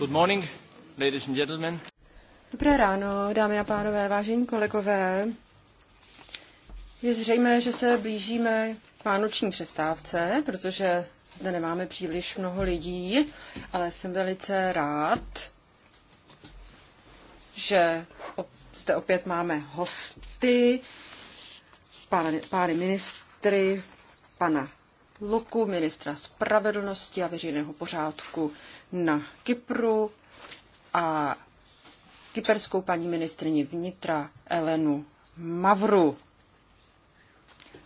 Good morning, ladies and gentlemen. Dobré ráno, dámy a pánové, vážení kolegové. Je zřejmé, že se blížíme k vánoční přestávce, protože zde nemáme příliš mnoho lidí, ale jsem velice rád, že zde opět máme hosty, pány, pány ministry, pana Luku, ministra spravedlnosti a veřejného pořádku na Kypru a kyperskou paní ministrině vnitra Elenu Mavru,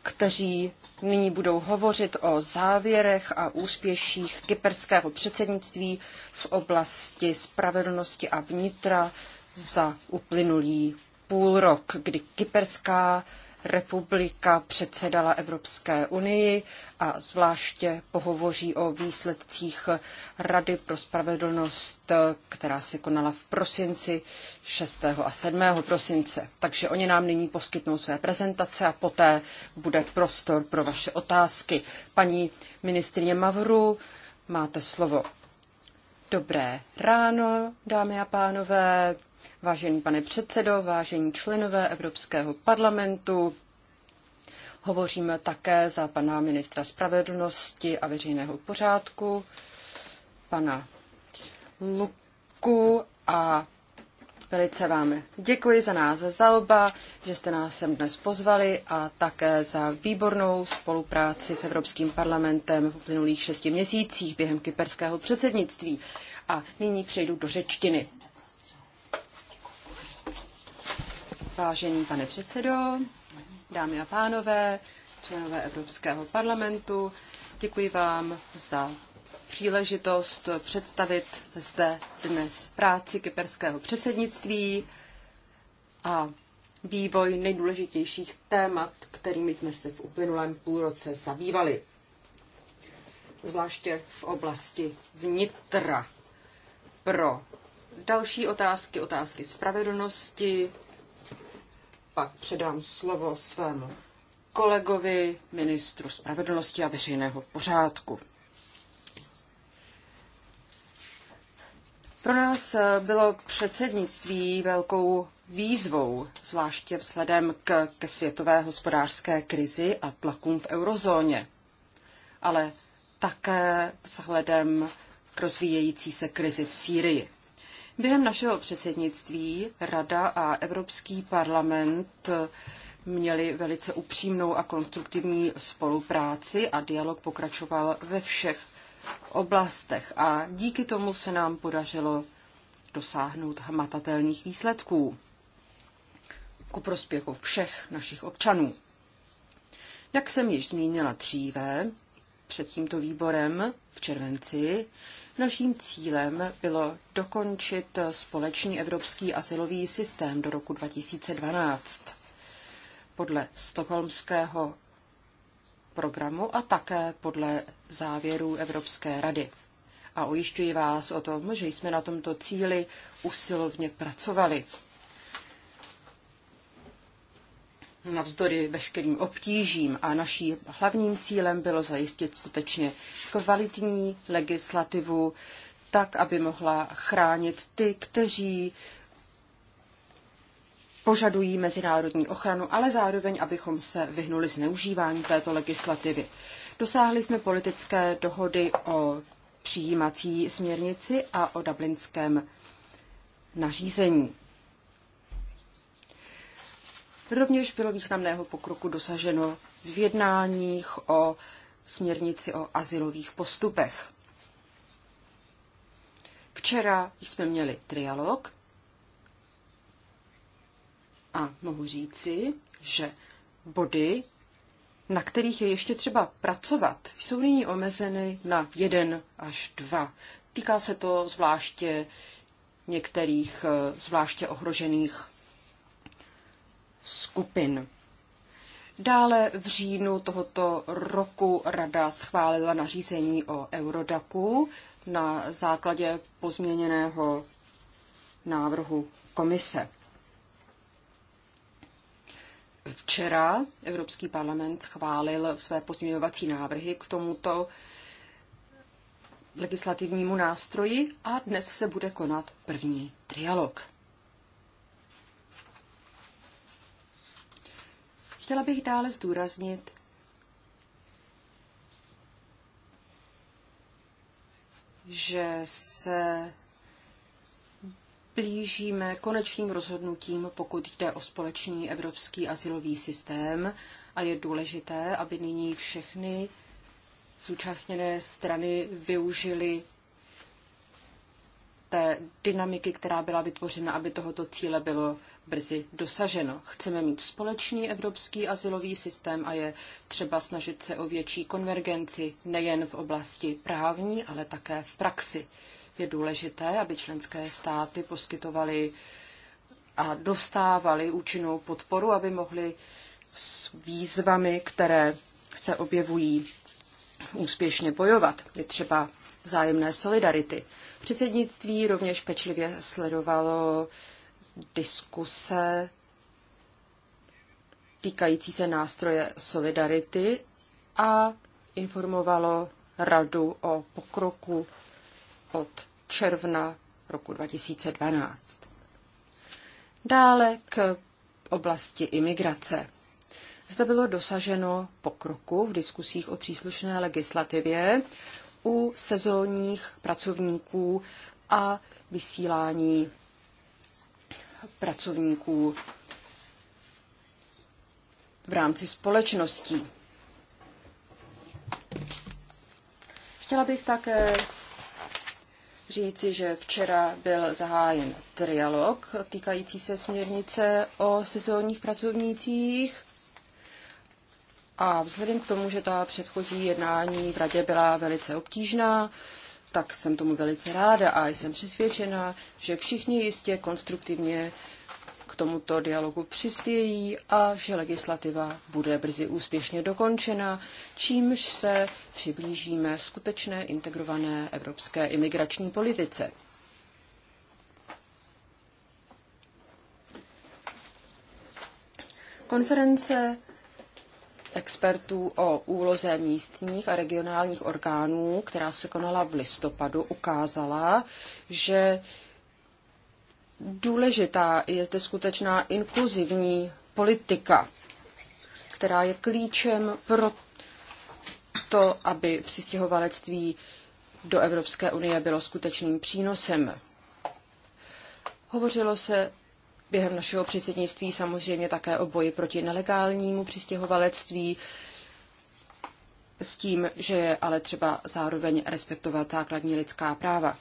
kteří nyní budou hovořit o závěrech a úspěších kyperského předsednictví v oblasti spravedlnosti a vnitra za uplynulý půl rok, kdy kyperská republika předsedala Evropské unii a zvláště pohovoří o výsledcích Rady pro spravedlnost, která se konala v prosinci 6. a 7. prosince. Takže oni nám nyní poskytnou své prezentace a poté bude prostor pro vaše otázky. Paní ministrině Mavru, máte slovo. Dobré ráno, dámy a pánové. Vážený pane předsedo, vážení členové Evropského parlamentu, hovořím také za pana ministra spravedlnosti a veřejného pořádku, pana Luku a velice vám děkuji za nás za oba, že jste nás sem dnes pozvali a také za výbornou spolupráci s Evropským parlamentem v uplynulých šesti měsících během kyperského předsednictví. A nyní přejdu do řečtiny. Vážený pane předsedo, dámy a pánové, členové Evropského parlamentu, děkuji vám za příležitost představit zde dnes práci kyperského předsednictví a vývoj nejdůležitějších témat, kterými jsme se v uplynulém půlroce zabývali. Zvláště v oblasti vnitra pro další otázky, otázky spravedlnosti, pak předám slovo svému kolegovi, ministru spravedlnosti a veřejného pořádku. Pro nás bylo předsednictví velkou výzvou, zvláště vzhledem k, ke světové hospodářské krizi a tlakům v eurozóně, ale také vzhledem k rozvíjející se krizi v Sýrii. Během našeho předsednictví Rada a Evropský parlament měli velice upřímnou a konstruktivní spolupráci a dialog pokračoval ve všech oblastech a díky tomu se nám podařilo dosáhnout hmatatelných výsledků ku prospěchu všech našich občanů. Jak jsem již zmínila dříve, před tímto výborem v červenci. Naším cílem bylo dokončit společný evropský asilový systém do roku 2012 podle stokholmského programu a také podle závěrů Evropské rady. A ujišťuji vás o tom, že jsme na tomto cíli usilovně pracovali. navzdory veškerým obtížím a naším hlavním cílem bylo zajistit skutečně kvalitní legislativu, tak, aby mohla chránit ty, kteří požadují mezinárodní ochranu, ale zároveň, abychom se vyhnuli zneužívání této legislativy. Dosáhli jsme politické dohody o přijímací směrnici a o dublinském nařízení. Rovněž bylo významného pokroku dosaženo v jednáních o směrnici o asilových postupech. Včera jsme měli trialog a mohu říci, že body, na kterých je ještě třeba pracovat, jsou nyní omezeny na jeden až dva. Týká se to zvláště některých eh, zvláště ohrožených skupin. Dále v říjnu tohoto roku Rada schválila nařízení o Eurodaku na základě pozměněného návrhu komise. Včera Evropský parlament schválil své pozměňovací návrhy k tomuto legislativnímu nástroji a dnes se bude konat první trialog. Chtěla bych dále zdůraznit, že se blížíme konečným rozhodnutím, pokud jde o společný evropský asilový systém a je důležité, aby nyní všechny zúčastněné strany využily té dynamiky, která byla vytvořena, aby tohoto cíle bylo brzy dosaženo. Chceme mít společný evropský asilový systém a je třeba snažit se o větší konvergenci nejen v oblasti právní, ale také v praxi. Je důležité, aby členské státy poskytovaly a dostávali účinnou podporu, aby mohli s výzvami, které se objevují, úspěšně bojovat. Je třeba vzájemné solidarity. Předsednictví rovněž pečlivě sledovalo diskuse týkající se nástroje Solidarity a informovalo radu o pokroku od června roku 2012. Dále k oblasti imigrace. Zde bylo dosaženo pokroku v diskusích o příslušné legislativě u sezónních pracovníků a vysílání pracovníků v rámci společností. Chtěla bych také říci, že včera byl zahájen trialog týkající se směrnice o sezónních pracovnících. A vzhledem k tomu, že ta předchozí jednání v radě byla velice obtížná, tak jsem tomu velice ráda a jsem přesvědčena, že všichni jistě konstruktivně k tomuto dialogu přispějí a že legislativa bude brzy úspěšně dokončena, čímž se přiblížíme skutečné integrované evropské imigrační politice. Konference expertů o úloze místních a regionálních orgánů, která se konala v listopadu, ukázala, že důležitá je zde skutečná inkluzivní politika, která je klíčem pro to, aby přistěhovalectví do Evropské unie bylo skutečným přínosem. Hovořilo se během našeho předsednictví samozřejmě také o boji proti nelegálnímu přistěhovalectví, s tím, že je ale třeba zároveň respektovat základní lidská práva.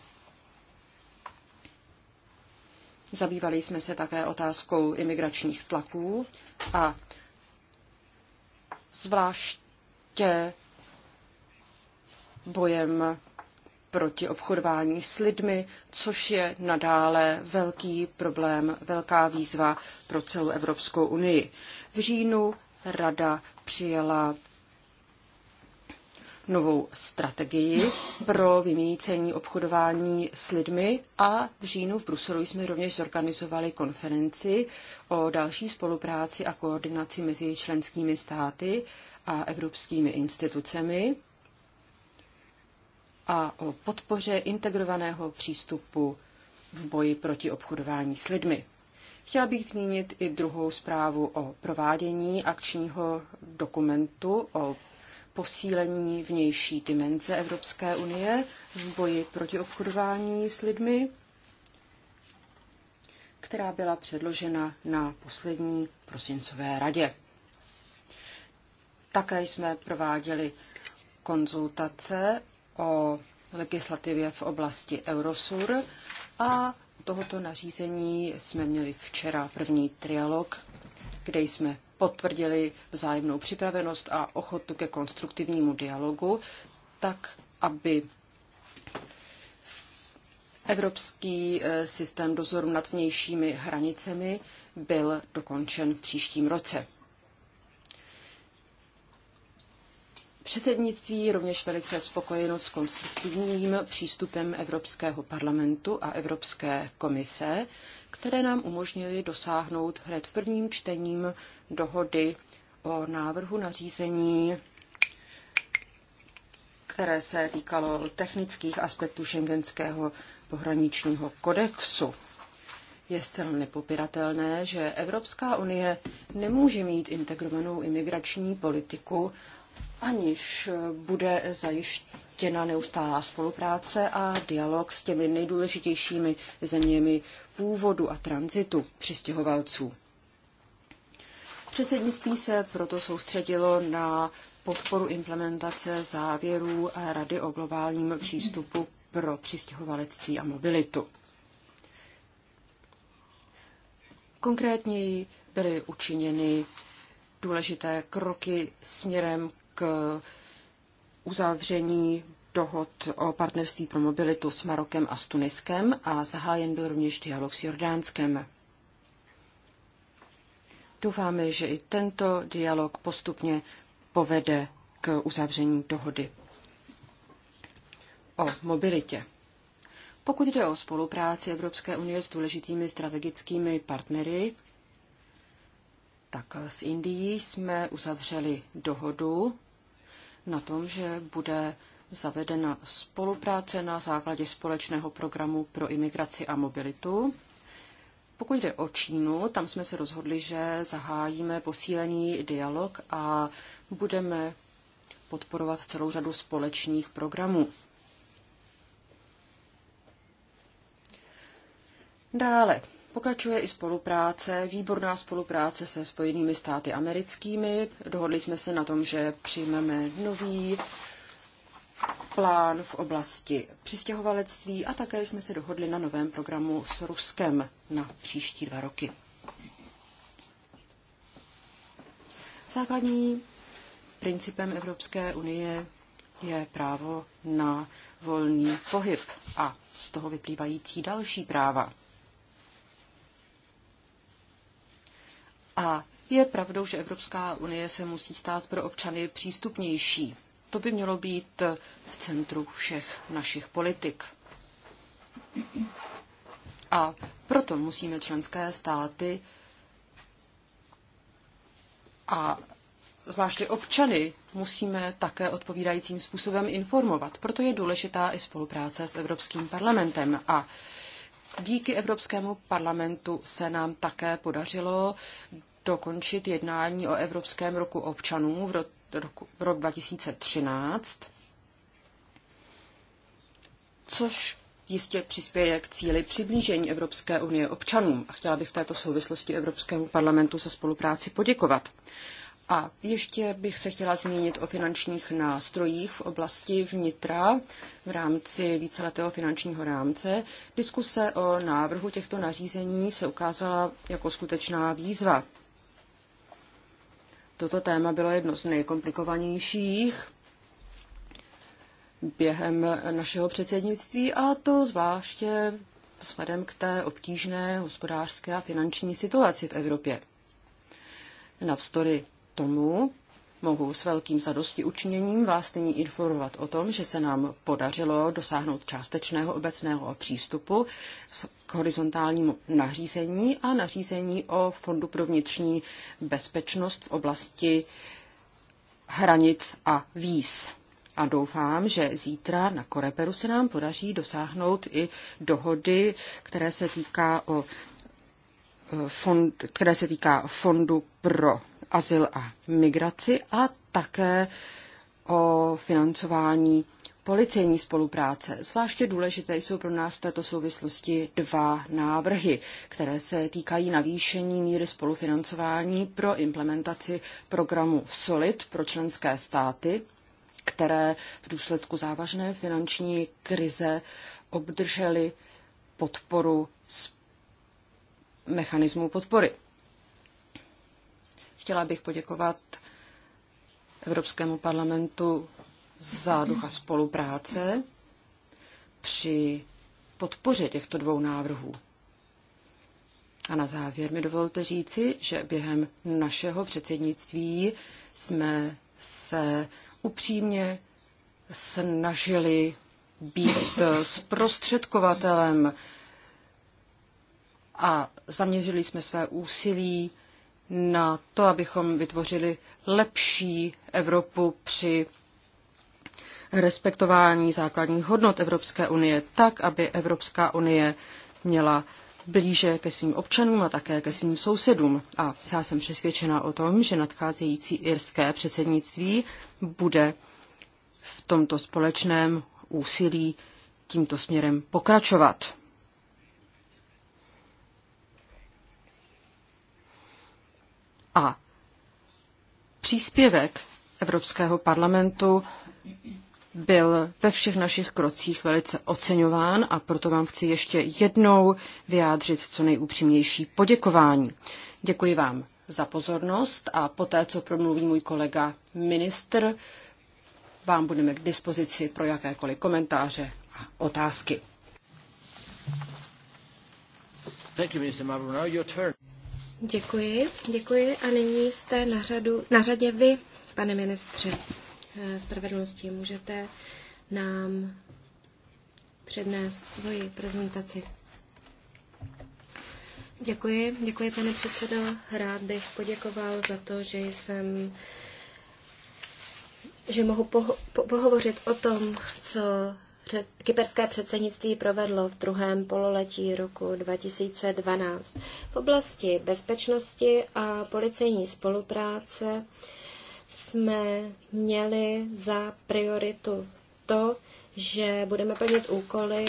Zabývali jsme se také otázkou imigračních tlaků a zvláště bojem proti obchodování s lidmi, což je nadále velký problém, velká výzva pro celou Evropskou unii. V říjnu rada přijela novou strategii pro vymícení obchodování s lidmi a v říjnu v Bruselu jsme rovněž zorganizovali konferenci o další spolupráci a koordinaci mezi členskými státy a evropskými institucemi a o podpoře integrovaného přístupu v boji proti obchodování s lidmi. Chtěla bych zmínit i druhou zprávu o provádění akčního dokumentu o posílení vnější dimenze Evropské unie v boji proti obchodování s lidmi, která byla předložena na poslední prosincové radě. Také jsme prováděli konzultace o legislativě v oblasti Eurosur a tohoto nařízení jsme měli včera první trialog, kde jsme potvrdili vzájemnou připravenost a ochotu ke konstruktivnímu dialogu, tak aby Evropský e, systém dozoru nad vnějšími hranicemi byl dokončen v příštím roce. Předsednictví rovněž velice spokojeno s konstruktivním přístupem Evropského parlamentu a Evropské komise, které nám umožnily dosáhnout hned v prvním čtením dohody o návrhu nařízení, které se týkalo technických aspektů šengenského pohraničního kodexu. Je zcela nepopiratelné, že Evropská unie nemůže mít integrovanou imigrační politiku, aniž bude zajištěna neustálá spolupráce a dialog s těmi nejdůležitějšími zeměmi původu a tranzitu přistěhovalců. Předsednictví se proto soustředilo na podporu implementace závěrů Rady o globálním přístupu pro přistěhovalectví a mobilitu. Konkrétně byly učiněny důležité kroky směrem k uzavření dohod o partnerství pro mobilitu s Marokem a s Tuniskem a zahájen byl rovněž dialog s Jordánskem. Doufáme, že i tento dialog postupně povede k uzavření dohody o mobilitě. Pokud jde o spolupráci Evropské unie s důležitými strategickými partnery, tak s Indií jsme uzavřeli dohodu na tom, že bude zavedena spolupráce na základě společného programu pro imigraci a mobilitu. Pokud jde o Čínu, tam jsme se rozhodli, že zahájíme posílený dialog a budeme podporovat celou řadu společných programů. Dále Pokračuje i spolupráce, výborná spolupráce se Spojenými státy americkými. Dohodli jsme se na tom, že přijmeme nový plán v oblasti přistěhovalectví a také jsme se dohodli na novém programu s Ruskem na příští dva roky. Základní principem Evropské unie je právo na volný pohyb a z toho vyplývající další práva. A je pravdou, že Evropská unie se musí stát pro občany přístupnější. To by mělo být v centru všech našich politik. A proto musíme členské státy a zvláště občany musíme také odpovídajícím způsobem informovat. Proto je důležitá i spolupráce s Evropským parlamentem. A Díky Evropskému parlamentu se nám také podařilo dokončit jednání o Evropském roku občanů v roku, v roku 2013, což jistě přispěje k cíli přiblížení Evropské unie občanům. A chtěla bych v této souvislosti Evropskému parlamentu za spolupráci poděkovat. A ještě bych se chtěla zmínit o finančních nástrojích v oblasti vnitra v rámci víceletého finančního rámce. Diskuse o návrhu těchto nařízení se ukázala jako skutečná výzva. Toto téma bylo jedno z nejkomplikovanějších během našeho předsednictví a to zvláště vzhledem k té obtížné hospodářské a finanční situaci v Evropě. Navzdory tomu mohu s velkým zadosti učiněním vás nyní informovat o tom, že se nám podařilo dosáhnout částečného obecného přístupu k horizontálnímu nařízení a nařízení o Fondu pro vnitřní bezpečnost v oblasti hranic a víz. A doufám, že zítra na Koreperu se nám podaří dosáhnout i dohody, které se týká, o eh, fond, které se týká fondu pro azyl a migraci a také o financování policejní spolupráce. Zvláště důležité jsou pro nás v této souvislosti dva návrhy, které se týkají navýšení míry spolufinancování pro implementaci programu SOLID pro členské státy, které v důsledku závažné finanční krize obdržely podporu z mechanismu podpory. Chtěla bych poděkovat Evropskému parlamentu za ducha spolupráce při podpoře těchto dvou návrhů. A na závěr mi dovolte říci, že během našeho předsednictví jsme se upřímně snažili být zprostředkovatelem a zaměřili jsme své úsilí na to, abychom vytvořili lepší Evropu při respektování základních hodnot Evropské unie, tak, aby Evropská unie měla blíže ke svým občanům a také ke svým sousedům. A já jsem přesvědčena o tom, že nadcházející irské předsednictví bude v tomto společném úsilí tímto směrem pokračovat. A příspěvek Evropského parlamentu byl ve všech našich krocích velice oceňován a proto vám chci ještě jednou vyjádřit co nejúpřímnější poděkování. Děkuji vám za pozornost a poté, co promluví můj kolega ministr, vám budeme k dispozici pro jakékoliv komentáře a otázky. Thank you, Mr. Děkuji, děkuji a nyní jste na, řadu, na řadě vy, pane ministře eh, spravedlnosti. Můžete nám přednést svoji prezentaci. Děkuji, děkuji pane předsedo. Rád bych poděkoval za to, že jsem že mohu poho- po- pohovořit o tom, co kyperské předsednictví provedlo v druhém pololetí roku 2012. V oblasti bezpečnosti a policejní spolupráce jsme měli za prioritu to, že budeme plnit úkoly,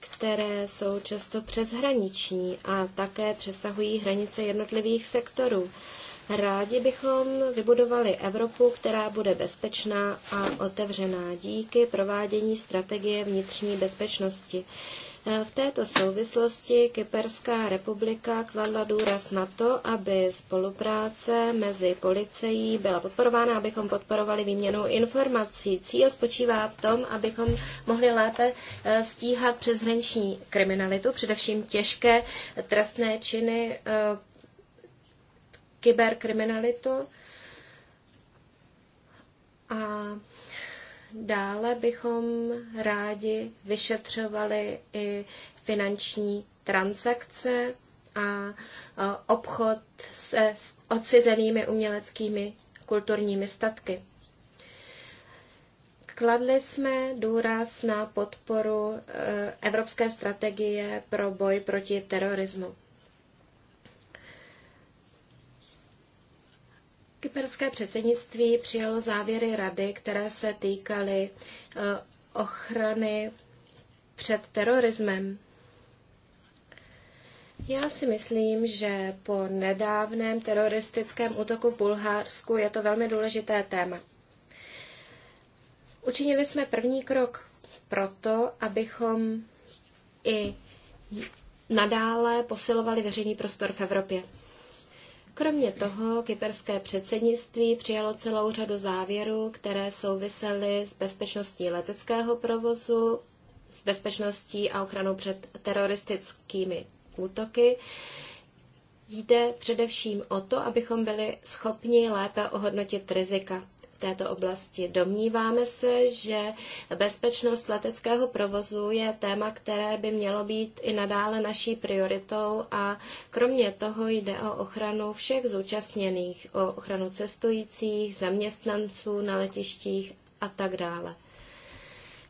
které jsou často přeshraniční a také přesahují hranice jednotlivých sektorů. Rádi bychom vybudovali Evropu, která bude bezpečná a otevřená díky provádění strategie vnitřní bezpečnosti. E, v této souvislosti Kyperská republika kladla důraz na to, aby spolupráce mezi policií byla podporována, abychom podporovali výměnu informací. Cíl spočívá v tom, abychom mohli lépe e, stíhat přeshraniční kriminalitu, především těžké trestné činy e, kyberkriminalitu. A dále bychom rádi vyšetřovali i finanční transakce a obchod se odcizenými uměleckými kulturními statky. Kladli jsme důraz na podporu e, Evropské strategie pro boj proti terorismu. Kyperské předsednictví přijalo závěry rady, které se týkaly eh, ochrany před terorismem. Já si myslím, že po nedávném teroristickém útoku v Bulharsku je to velmi důležité téma. Učinili jsme první krok proto, abychom i nadále posilovali veřejný prostor v Evropě. Kromě toho kyperské předsednictví přijalo celou řadu závěrů, které souvisely s bezpečností leteckého provozu, s bezpečností a ochranou před teroristickými útoky. Jde především o to, abychom byli schopni lépe ohodnotit rizika této oblasti. Domníváme se, že bezpečnost leteckého provozu je téma, které by mělo být i nadále naší prioritou a kromě toho jde o ochranu všech zúčastněných, o ochranu cestujících, zaměstnanců na letištích a tak dále.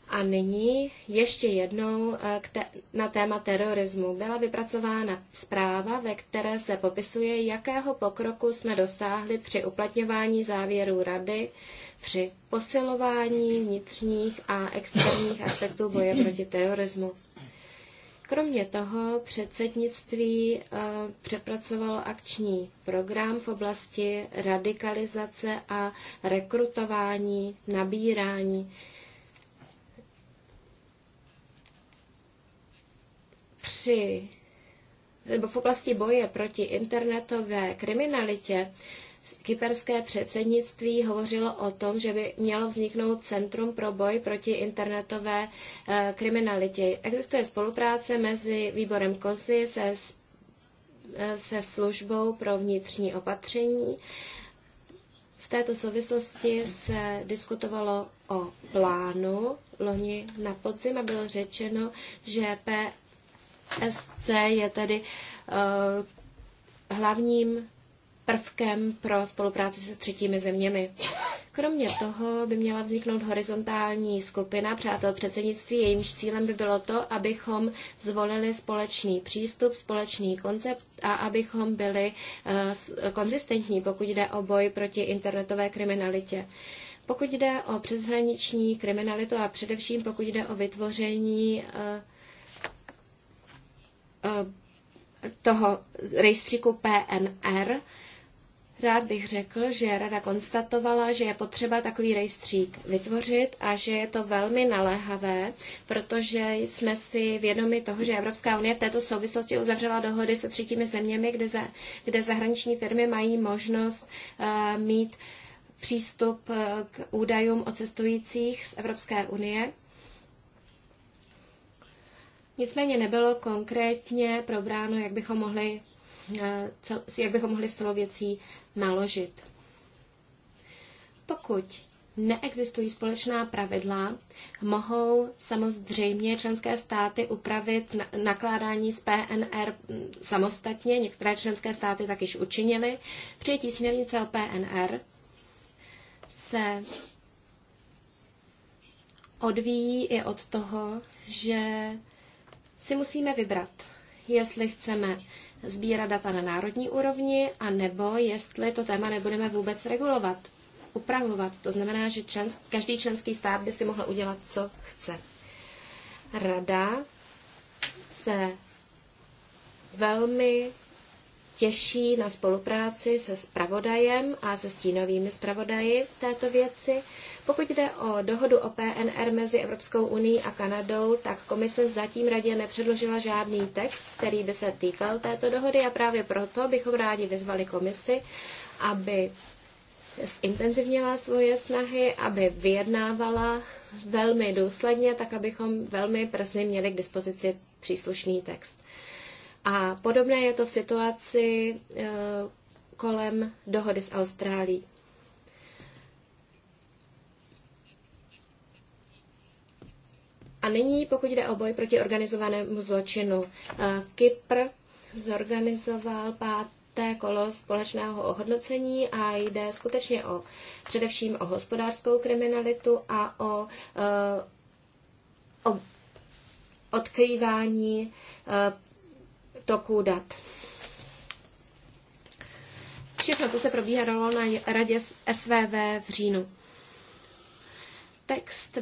A nyní ještě jednou eh, na téma terorismu byla vypracována zpráva, ve které se popisuje, jakého pokroku jsme dosáhli při uplatňování závěrů Rady, při posilování vnitřních a externích aspektů boje proti terorismu. Kromě toho předsednictví eh, přepracovalo akční program v oblasti radikalizace a rekrutování, nabírání při nebo v oblasti boje proti internetové kriminalitě kyperské předsednictví hovořilo o tom, že by mělo vzniknout centrum pro boj proti internetové eh, kriminalitě. Existuje spolupráce mezi výborem KOSY se, eh, se službou pro vnitřní opatření. V této souvislosti se diskutovalo o plánu loni na podzim a bylo řečeno, že P SC je tedy eh, hlavním prvkem pro spolupráci se třetími zeměmi. Kromě toho by měla vzniknout horizontální skupina přátel předsednictví, jejímž cílem by bylo to, abychom zvolili společný přístup, společný koncept a abychom byli uh, konzistentní, pokud jde o boj proti internetové kriminalitě. Pokud jde o přeshraniční kriminalitu a především pokud jde o vytvoření uh, Eh, toho rejstříku PNR, Rád bych řekl, že rada konstatovala, že je potřeba takový rejstřík vytvořit a že je to velmi naléhavé, protože jsme si vědomi toho, že Evropská unie v této souvislosti uzavřela dohody se třetími zeměmi, kde, za, kde zahraniční firmy mají možnost uh, mít přístup eh, k údajům o cestujících z Evropské unie. Nicméně nebylo konkrétně probráno, jak bychom mohli, eh, jak bychom mohli s celou věcí naložit. Pokud neexistují společná pravidla, mohou samozřejmě členské státy upravit nakládání z PNR hm, samostatně, některé členské státy tak již učinily. Přijetí směrnice o PNR se odvíjí i od toho, že si musíme vybrat, jestli chceme sbírat data na národní úrovni, a nebo jestli to téma nebudeme vůbec regulovat, upravovat. To znamená, že člensk, každý členský stát by si mohl udělat, co chce. Rada se velmi těší na spolupráci se spravodajem a se stínovými spravodaji v této věci. Pokud jde o dohodu o PNR mezi Evropskou unii a Kanadou, tak komise zatím radě nepředložila žádný text, který by se týkal této dohody a právě proto bychom rádi vyzvali komisi, aby zintenzivnila svoje snahy, aby vyjednávala velmi důsledně, tak abychom velmi brzy měli k dispozici příslušný text. A podobné je to v situaci eh, kolem dohody s Austrálií. A nyní, pokud jde o boj proti organizovanému zločinu, eh, Kypr zorganizoval páté kolo společného ohodnocení a jde skutečně o především o hospodářskou kriminalitu a o, eh, o odkrývání toků dat. Všechno to se probíhalo na radě SVV v říjnu. Text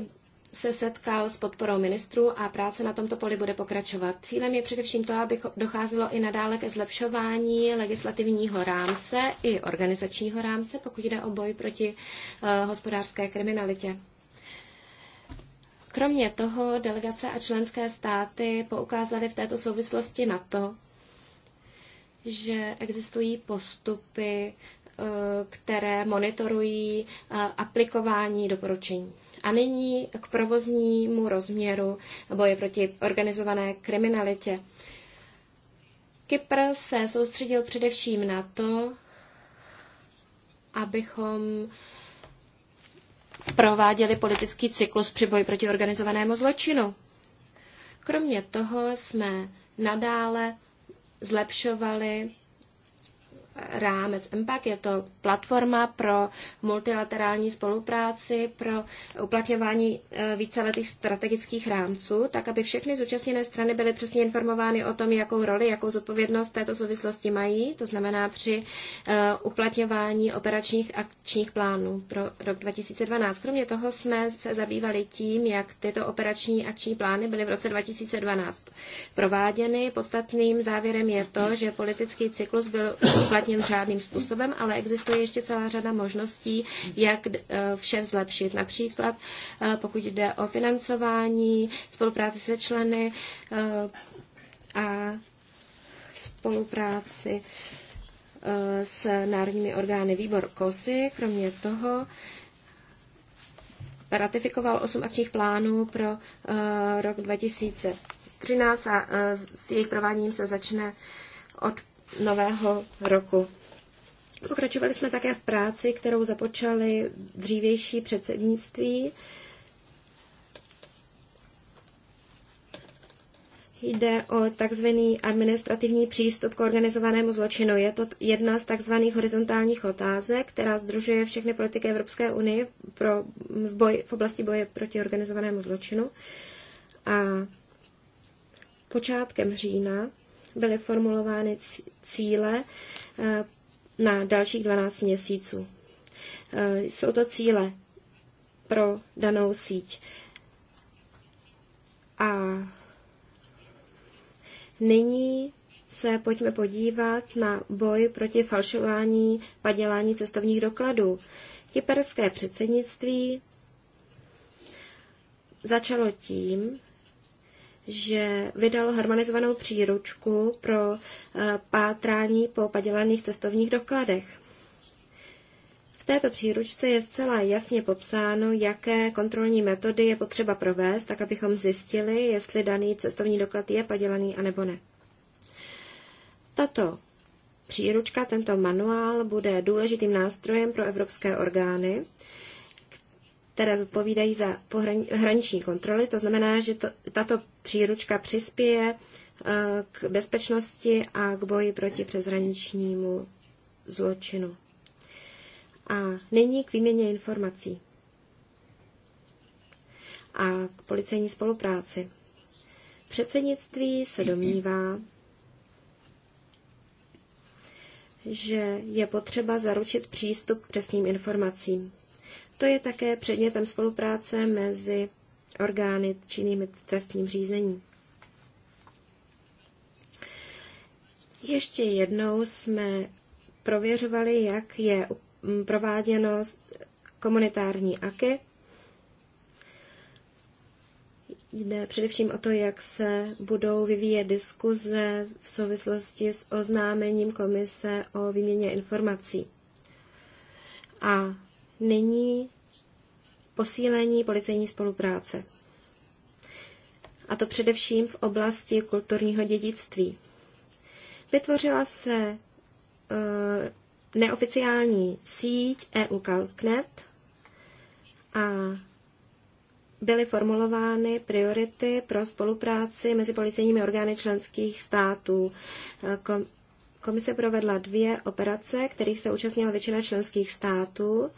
se setkal s podporou ministrů a práce na tomto poli bude pokračovat. Cílem je především to, aby docházelo i nadále ke zlepšování legislativního rámce i organizačního rámce, pokud jde o boj proti uh, hospodářské kriminalitě. Kromě toho delegace a členské státy poukázaly v této souvislosti na to, že existují postupy, eh, které monitorují eh, aplikování doporučení. A nyní k provoznímu rozměru boje proti organizované kriminalitě. Kypr se soustředil především na to, abychom prováděli politický cyklus při boji proti organizovanému zločinu. Kromě toho jsme nadále zlepšovali rámec MPAC. Je to platforma pro multilaterální spolupráci, pro uplatňování e, víceletých strategických rámců, tak aby všechny zúčastněné strany byly přesně informovány o tom, jakou roli, jakou zodpovědnost této souvislosti mají, to znamená při e, uplatňování operačních akčních plánů pro rok 2012. Kromě toho jsme se zabývali tím, jak tyto operační akční plány byly v roce 2012 prováděny. Podstatným závěrem je to, že politický cyklus byl uplatněn uplatněn žádným způsobem, ale existuje ještě celá řada možností, jak eh, vše zlepšit. Například eh, pokud jde o financování, spolupráci se členy eh, a spolupráci s národními orgány výbor KOSY. Kromě toho ratifikoval osm akčních plánů pro uh, rok 2013 a uh, s jejich prováděním se začne od nového roku. Pokračovali jsme také v práci, kterou započali dřívější předsednictví. Jde o takzvaný administrativní přístup k organizovanému zločinu. Je to jedna z takzvaných horizontálních otázek, která združuje všechny politiky Evropské unie pro, v, boj, v oblasti boje proti organizovanému zločinu. A počátkem října byly formulovány cíle eh, na dalších 12 měsíců. Eh, jsou to cíle pro danou síť. A nyní se pojďme podívat na boj proti falšování, padělání cestovních dokladů. Kyperské předsednictví začalo tím, že vydalo harmonizovanou příručku pro eh, pátrání po padělaných cestovních dokladech. V této příručce je zcela jasně popsáno, jaké kontrolní metody je potřeba provést, tak abychom zjistili, jestli daný cestovní doklad je padělaný anebo ne. Tato příručka, tento manuál bude důležitým nástrojem pro evropské orgány, které zodpovídají za hraniční kontroly. To znamená, že to, tato příručka přispěje eh, k bezpečnosti a k boji proti přeshraničnímu zločinu. A nyní k výměně informací a k policejní spolupráci. Předsednictví se domnívá, že je potřeba zaručit přístup k přesným informacím. To je také předmětem spolupráce mezi orgány činnými v trestním řízení. Ještě jednou jsme prověřovali, jak je prováděno komunitární aky. Jde především o to, jak se budou vyvíjet diskuze v souvislosti s oznámením komise o výměně informací. A není posílení policejní spolupráce. A to především v oblasti kulturního dědictví. Vytvořila se e, neoficiální síť EU Calcnet a byly formulovány priority pro spolupráci mezi policejními orgány členských států. E, komise provedla dvě operace, kterých se účastnila většina členských států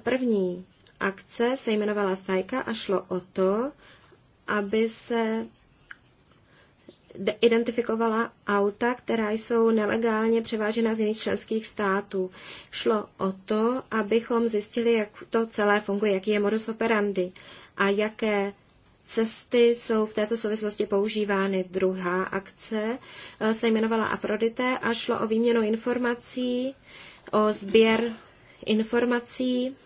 První akce se jmenovala Sajka a šlo o to, aby se identifikovala auta, která jsou nelegálně převážena z jiných členských států. Šlo o to, abychom zjistili, jak to celé funguje, jaký je modus operandi a jaké cesty jsou v této souvislosti používány. Druhá akce eh, se jmenovala Afrodite a šlo o výměnu informací, o sběr informací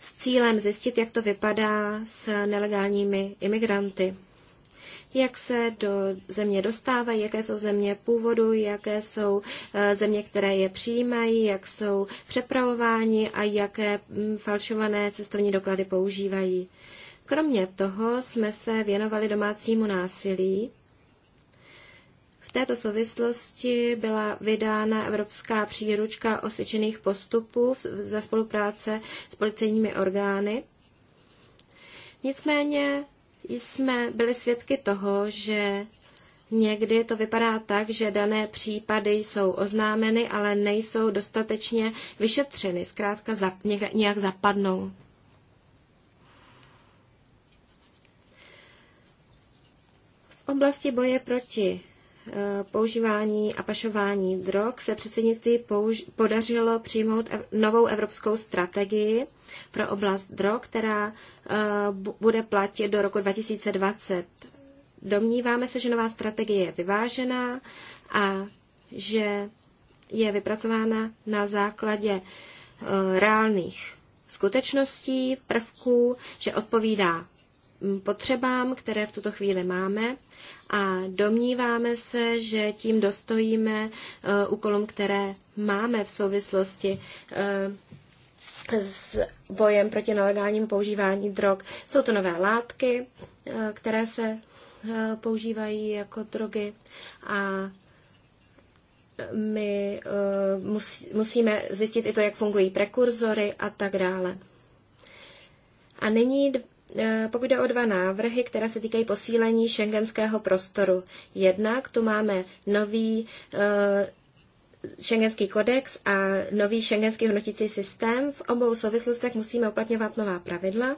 s cílem zjistit, jak to vypadá s nelegálními imigranty. Jak se do země dostávají, jaké jsou země původu, jaké jsou eh, země, které je přijímají, jak jsou přepravováni a jaké mm, falšované cestovní doklady používají. Kromě toho jsme se věnovali domácímu násilí této souvislosti byla vydána Evropská příručka osvědčených postupů za spolupráce s policejními orgány. Nicméně jsme byli svědky toho, že Někdy to vypadá tak, že dané případy jsou oznámeny, ale nejsou dostatečně vyšetřeny, zkrátka zap, nějak zapadnou. V oblasti boje proti Eh, používání a pašování drog se předsednictví použ- podařilo přijmout ev- novou evropskou strategii pro oblast drog, která uh, bude platit do roku 2020. Domníváme se, že nová strategie je vyvážená a že je vypracována na základě uh, reálných skutečností, prvků, že odpovídá hm, potřebám, které v tuto chvíli máme a domníváme se, že tím dostojíme e, úkolům, které máme v souvislosti e, s bojem proti nelegálnímu používání drog. Jsou to nové látky, e, které se používají jako drogy a my musíme zjistit i to, jak fungují prekurzory a tak dále. A nyní E, pokud jde o dva návrhy, které se týkají posílení šengenského prostoru. Jednak tu máme nový e, šengenský kodex a nový šengenský hodnotící systém. V obou souvislostech musíme uplatňovat nová pravidla.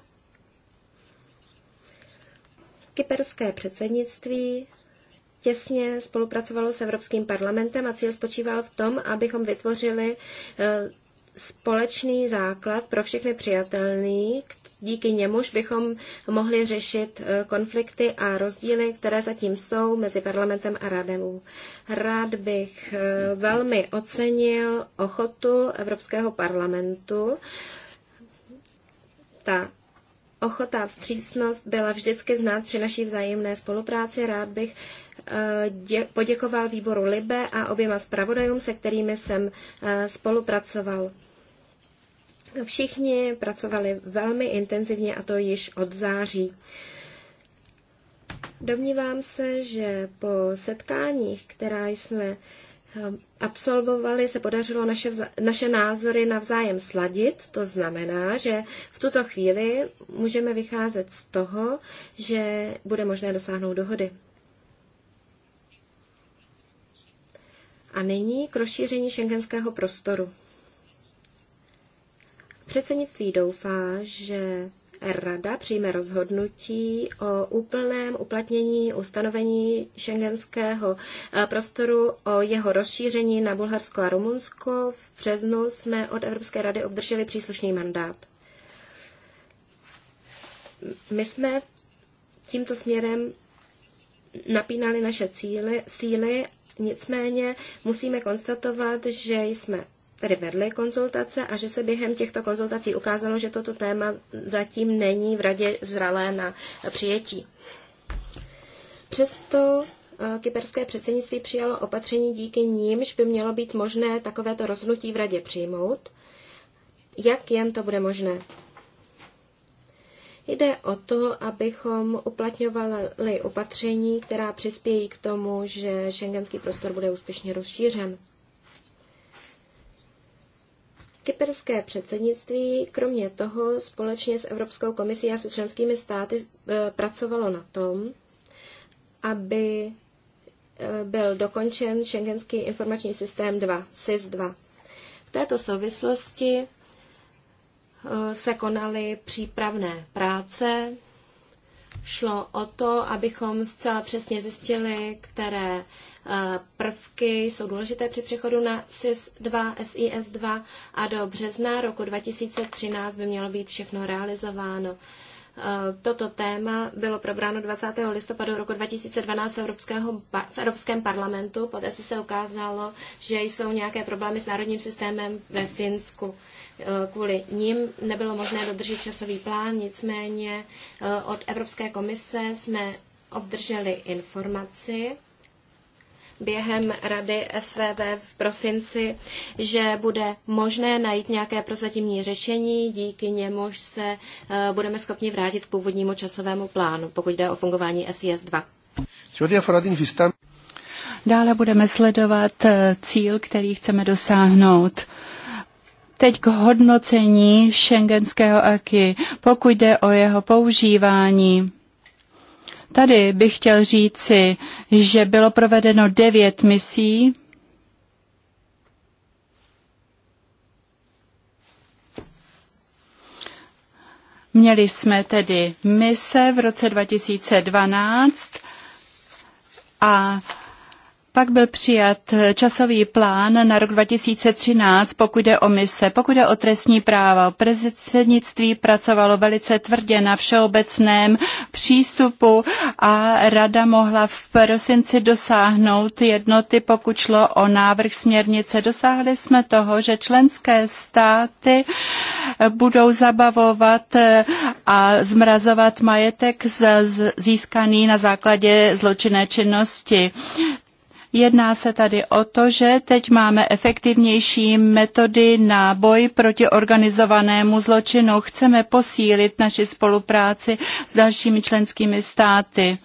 Kyperské předsednictví těsně spolupracovalo s Evropským parlamentem a cíl spočíval v tom, abychom vytvořili e, společný základ pro všechny přijatelný, díky němuž bychom mohli řešit eh, konflikty a rozdíly, které zatím jsou mezi parlamentem a radou. Rád bych eh, velmi ocenil ochotu Evropského parlamentu. Ta ochota a vstřícnost byla vždycky znát při naší vzájemné spolupráci. Rád bych poděkoval výboru Libe a oběma zpravodajům, se kterými jsem eh, spolupracoval. Všichni pracovali velmi intenzivně a to již od září. Domnívám se, že po setkáních, která jsme eh, absolvovali, se podařilo naše, naše názory navzájem sladit. To znamená, že v tuto chvíli můžeme vycházet z toho, že bude možné dosáhnout dohody. A nyní k rozšíření šengenského prostoru. Předsednictví doufá, že Rada přijme rozhodnutí o úplném uplatnění ustanovení šengenského eh, prostoru, o jeho rozšíření na Bulharsko a Rumunsko. V březnu jsme od Evropské rady obdrželi příslušný mandát. My jsme tímto směrem napínali naše cíly, síly Nicméně musíme konstatovat, že jsme tedy vedli konzultace a že se během těchto konzultací ukázalo, že toto téma zatím není v radě zralé na přijetí. Přesto eh, kyperské předsednictví přijalo opatření, díky nímž by mělo být možné takovéto rozhodnutí v radě přijmout. Jak jen to bude možné? Jde o to, abychom uplatňovali opatření, která přispějí k tomu, že šengenský prostor bude úspěšně rozšířen. Kyperské předsednictví kromě toho společně s Evropskou komisí a se členskými státy e, pracovalo na tom, aby e, byl dokončen šengenský informační systém 2, SIS 2. V této souvislosti se konaly přípravné práce. Šlo o to, abychom zcela přesně zjistili, které eh, prvky jsou důležité při přechodu na SIS 2, SIS 2 a do března roku 2013 by mělo být všechno realizováno. Eh, toto téma bylo probráno 20. listopadu roku 2012 v, Evropského, v Evropském parlamentu, poté co se ukázalo, že jsou nějaké problémy s národním systémem ve Finsku. Eh, kvůli ním nebylo možné dodržet časový plán, nicméně eh, od Evropské komise jsme obdrželi informaci během rady SVV v prosinci, že bude možné najít nějaké prozatímní řešení, díky němuž se eh, budeme schopni vrátit k původnímu časovému plánu, pokud jde o fungování SIS 2. Dále budeme sledovat cíl, který chceme dosáhnout Teď k hodnocení šengenského aky, pokud jde o jeho používání. Tady bych chtěl říci, že bylo provedeno devět misí. Měli jsme tedy mise v roce 2012 a pak byl přijat časový plán na rok 2013, pokud jde o mise, pokud jde o trestní práva. Prezidentství pracovalo velice tvrdě na všeobecném přístupu a rada mohla v prosinci dosáhnout jednoty, pokud šlo o návrh směrnice. Dosáhli jsme toho, že členské státy budou zabavovat a zmrazovat majetek získaný na základě zločinné činnosti. Jedná se tady o to, že teď máme efektivnější metody na boj proti organizovanému zločinu. Chceme posílit naši spolupráci s dalšími členskými státy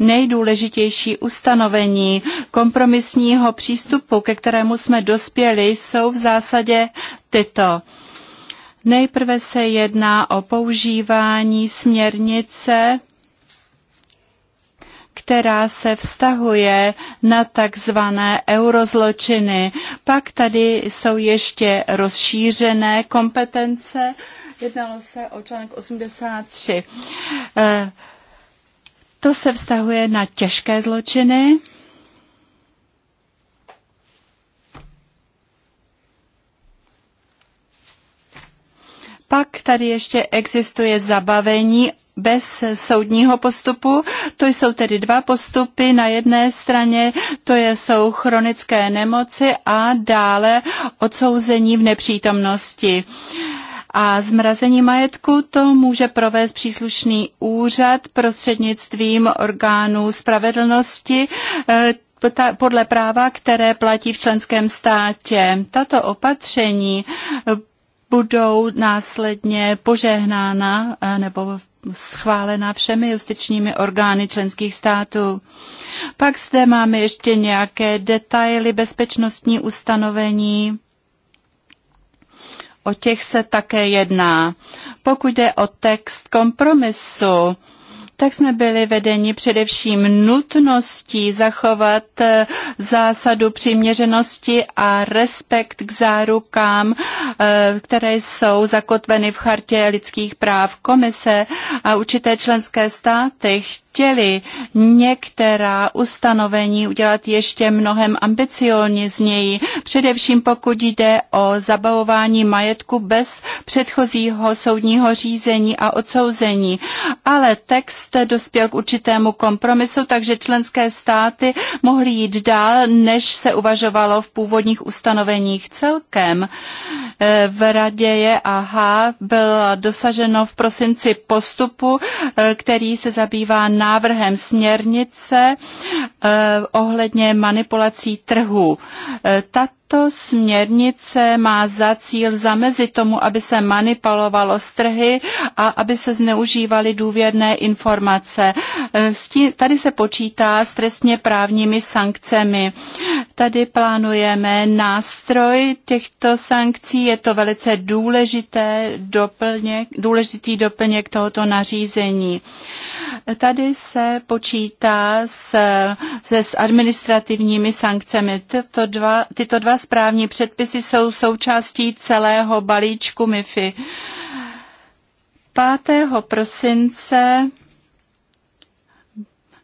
nejdůležitější ustanovení kompromisního přístupu, ke kterému jsme dospěli, jsou v zásadě tyto. Nejprve se jedná o používání směrnice která se vztahuje na takzvané eurozločiny. Pak tady jsou ještě rozšířené kompetence. Jednalo se o článek 83. Eh, to se vztahuje na těžké zločiny. Pak tady ještě existuje zabavení bez soudního postupu. To jsou tedy dva postupy. Na jedné straně to je, jsou chronické nemoci a dále odsouzení v nepřítomnosti. A zmrazení majetku to může provést příslušný úřad prostřednictvím orgánů spravedlnosti, eh, podle práva, které platí v členském státě. Tato opatření budou následně požehnána eh, nebo schválená všemi justičními orgány členských států. Pak zde máme ještě nějaké detaily bezpečnostní ustanovení. O těch se také jedná. Pokud jde o text kompromisu, tak jsme byli vedeni především nutností zachovat eh, zásadu přiměřenosti a respekt k zárukám, eh, které jsou zakotveny v chartě lidských práv komise a určité členské státy chtěli některá ustanovení udělat ještě mnohem něj, především pokud jde o zabavování majetku bez předchozího soudního řízení a odsouzení. Ale text jste dospěl k určitému kompromisu, takže členské státy mohly jít dál, než se uvažovalo v původních ustanoveních celkem. Eh, v radě je AH bylo dosaženo v prosinci postupu, eh, který se zabývá návrhem směrnice eh, ohledně manipulací trhu. Tato tato směrnice má za cíl zamezit tomu, aby se manipulovalo s trhy a aby se zneužívaly důvěrné informace. Tady se počítá s trestně právními sankcemi. Tady plánujeme nástroj těchto sankcí. Je to velice důležité doplněk, důležitý doplněk tohoto nařízení. Tady se počítá s, se, s administrativními sankcemi. Tyto dva, tyto dva správní předpisy jsou součástí celého balíčku MIFI. 5. prosince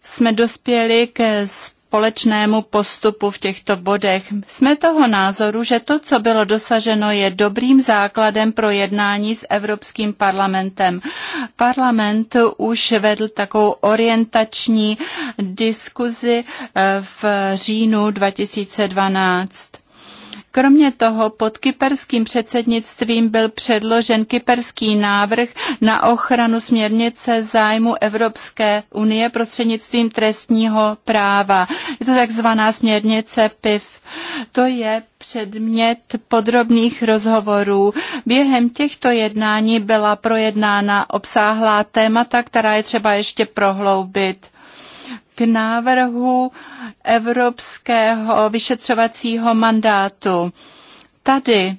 jsme dospěli ke společnému postupu v těchto bodech. Jsme toho názoru, že to, co bylo dosaženo, je dobrým základem pro jednání s Evropským parlamentem. Parlament už vedl takovou orientační diskuzi eh, v říjnu 2012. Kromě toho pod kyperským předsednictvím byl předložen kyperský návrh na ochranu směrnice zájmu Evropské unie prostřednictvím trestního práva. Je to takzvaná směrnice PIV. To je předmět podrobných rozhovorů. Během těchto jednání byla projednána obsáhlá témata, která je třeba ještě prohloubit k návrhu evropského vyšetřovacího mandátu. Tady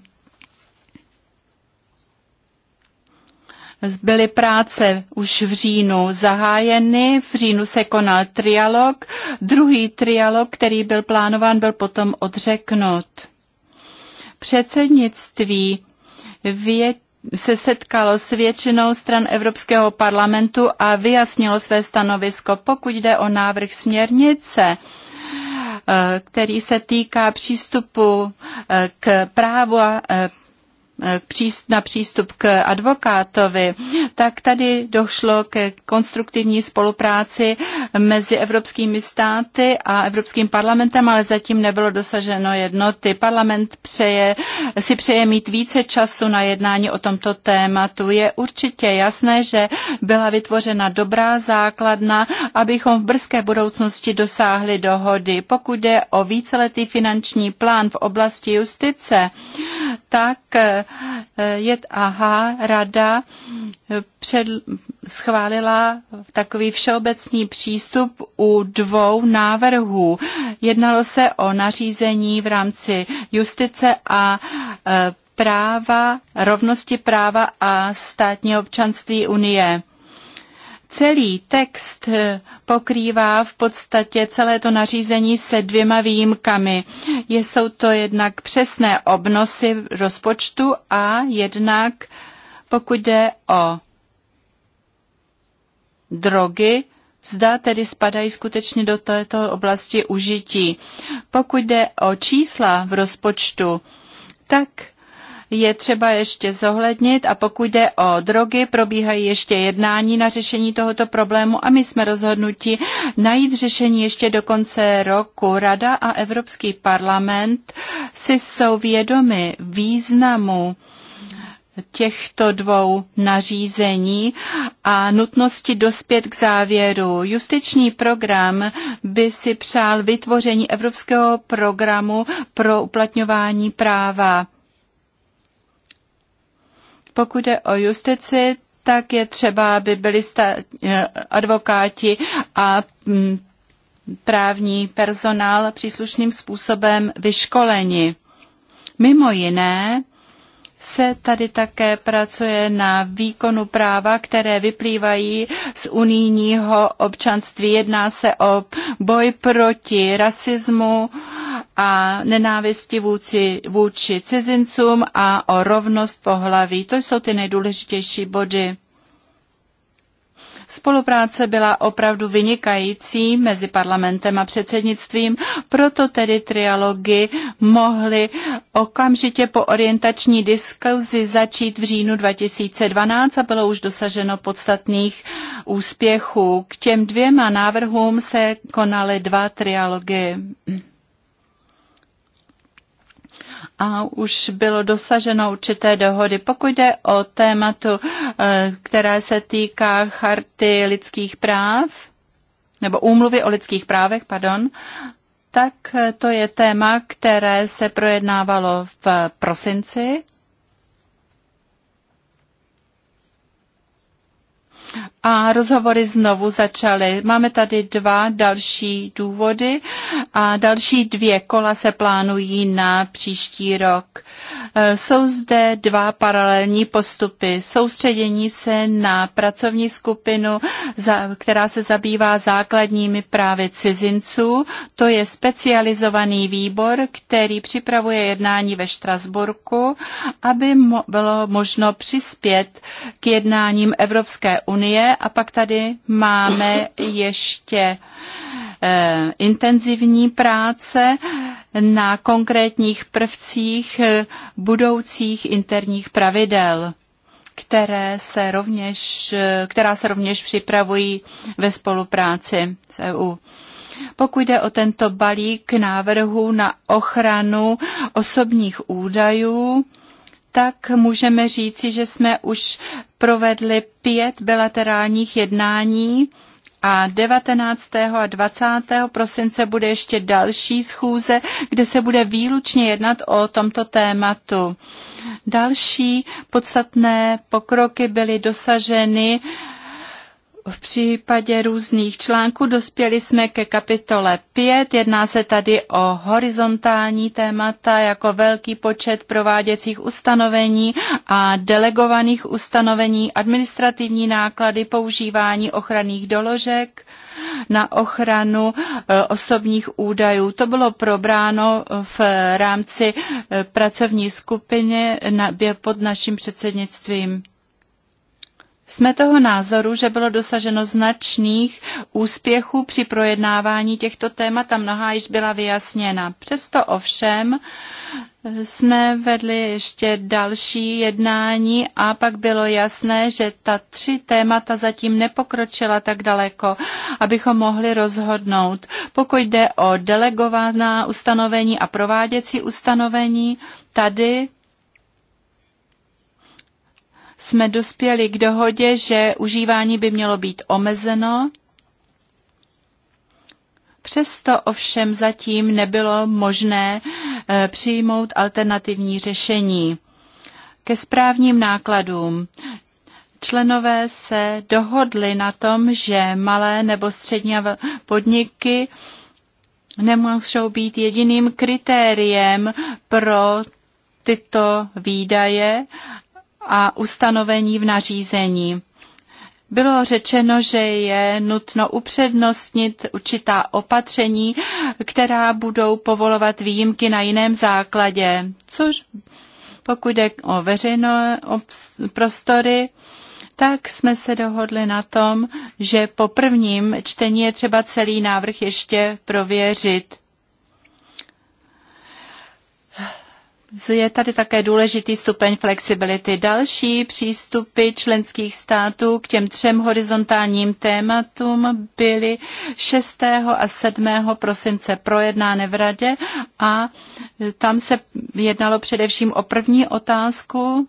byly práce už v říjnu zahájeny, v říjnu se konal trialog, druhý trialog, který byl plánován, byl potom odřeknut. Předsednictví vět se setkalo s většinou stran Evropského parlamentu a vyjasnilo své stanovisko, pokud jde o návrh směrnice eh, který se týká přístupu eh, k právu a eh, Eh, na přístup k advokátovi, tak tady došlo ke konstruktivní spolupráci mezi evropskými státy a Evropským parlamentem, ale zatím nebylo dosaženo jednoty. Parlament přeje, si přeje mít více času na jednání o tomto tématu. Je určitě jasné, že byla vytvořena dobrá základna, abychom v brzké budoucnosti dosáhli dohody. Pokud jde o víceletý finanční plán v oblasti justice, tak eh, aha, rada eh, před, schválila takový všeobecný přístup u dvou návrhů. Jednalo se o nařízení v rámci justice a eh, práva, rovnosti práva a státního občanství Unie. Celý text eh, pokrývá v podstatě celé to nařízení se dvěma výjimkami. Jsou to jednak přesné obnosy rozpočtu a jednak pokud jde o drogy, zda tedy spadají skutečně do této oblasti užití. Pokud jde o čísla v rozpočtu, tak je třeba ještě zohlednit a pokud jde o drogy, probíhají ještě jednání na řešení tohoto problému a my jsme rozhodnuti najít řešení ještě do konce roku. Rada a Evropský parlament si jsou vědomi významu těchto dvou nařízení a nutnosti dospět k závěru. Justiční program by si přál vytvoření evropského programu pro uplatňování práva. Pokud je o justici, tak je třeba, aby byli eh, advokáti a mm, právní personál příslušným způsobem vyškoleni. Mimo jiné se tady také pracuje na výkonu práva, které vyplývají z unijního občanství. Jedná se o boj proti rasismu, a nenávisti vůči, vůči cizincům a o rovnost pohlaví. To jsou ty nejdůležitější body. Spolupráce byla opravdu vynikající mezi parlamentem a předsednictvím, proto tedy trialogy mohly okamžitě po orientační diskuzi začít v říjnu 2012 a bylo už dosaženo podstatných úspěchů. K těm dvěma návrhům se konaly dva trialogy a už bylo dosaženo určité dohody. Pokud jde o tématu, eh, které se týká charty lidských práv, nebo úmluvy o lidských právech, pardon, tak eh, to je téma, které se projednávalo v prosinci a rozhovory znovu začaly. Máme tady dva další důvody a další dvě kola se plánují na příští rok. Eh, jsou zde dva paralelní postupy. Soustředění se na pracovní skupinu, která se zabývá základními právy cizinců. To je specializovaný výbor, který připravuje jednání ve Štrasburku, aby mo- bylo možno přispět k jednáním Evropské unie. A pak tady máme ještě eh, intenzivní práce na konkrétních prvcích eh, budoucích interních pravidel, které se rovněž, eh, která se rovněž připravují ve spolupráci s EU. Pokud jde o tento balík návrhu na ochranu osobních údajů, tak můžeme říci, že jsme už provedli pět bilaterálních jednání a 19. a 20. prosince bude ještě další schůze, kde se bude výlučně jednat o tomto tématu. Další podstatné pokroky byly dosaženy v případě různých článků dospěli jsme ke kapitole 5. Jedná se tady o horizontální témata jako velký počet prováděcích ustanovení a delegovaných ustanovení, administrativní náklady, používání ochranných doložek na ochranu eh, osobních údajů. To bylo probráno v rámci eh, pracovní skupiny pod naším předsednictvím. Jsme toho názoru, že bylo dosaženo značných úspěchů při projednávání těchto témat a mnoha již byla vyjasněna. Přesto ovšem eh, jsme vedli ještě další jednání a pak bylo jasné, že ta tři témata zatím nepokročila tak daleko, abychom mohli rozhodnout. Pokud jde o delegovaná ustanovení a prováděcí ustanovení, tady jsme dospěli k dohodě, že užívání by mělo být omezeno. Přesto ovšem zatím nebylo možné eh, přijmout alternativní řešení. Ke správním nákladům. Členové se dohodli na tom, že malé nebo střední podniky nemůžou být jediným kritériem pro tyto výdaje a ustanovení v nařízení. Bylo řečeno, že je nutno upřednostnit určitá opatření, která budou povolovat výjimky na jiném základě, což pokud jde o veřejné prostory, tak jsme se dohodli na tom, že po prvním čtení je třeba celý návrh ještě prověřit. je tady také důležitý stupeň flexibility. Další přístupy členských států k těm třem horizontálním tématům byly 6. a 7. prosince projednány v Radě a tam se jednalo především o první otázku,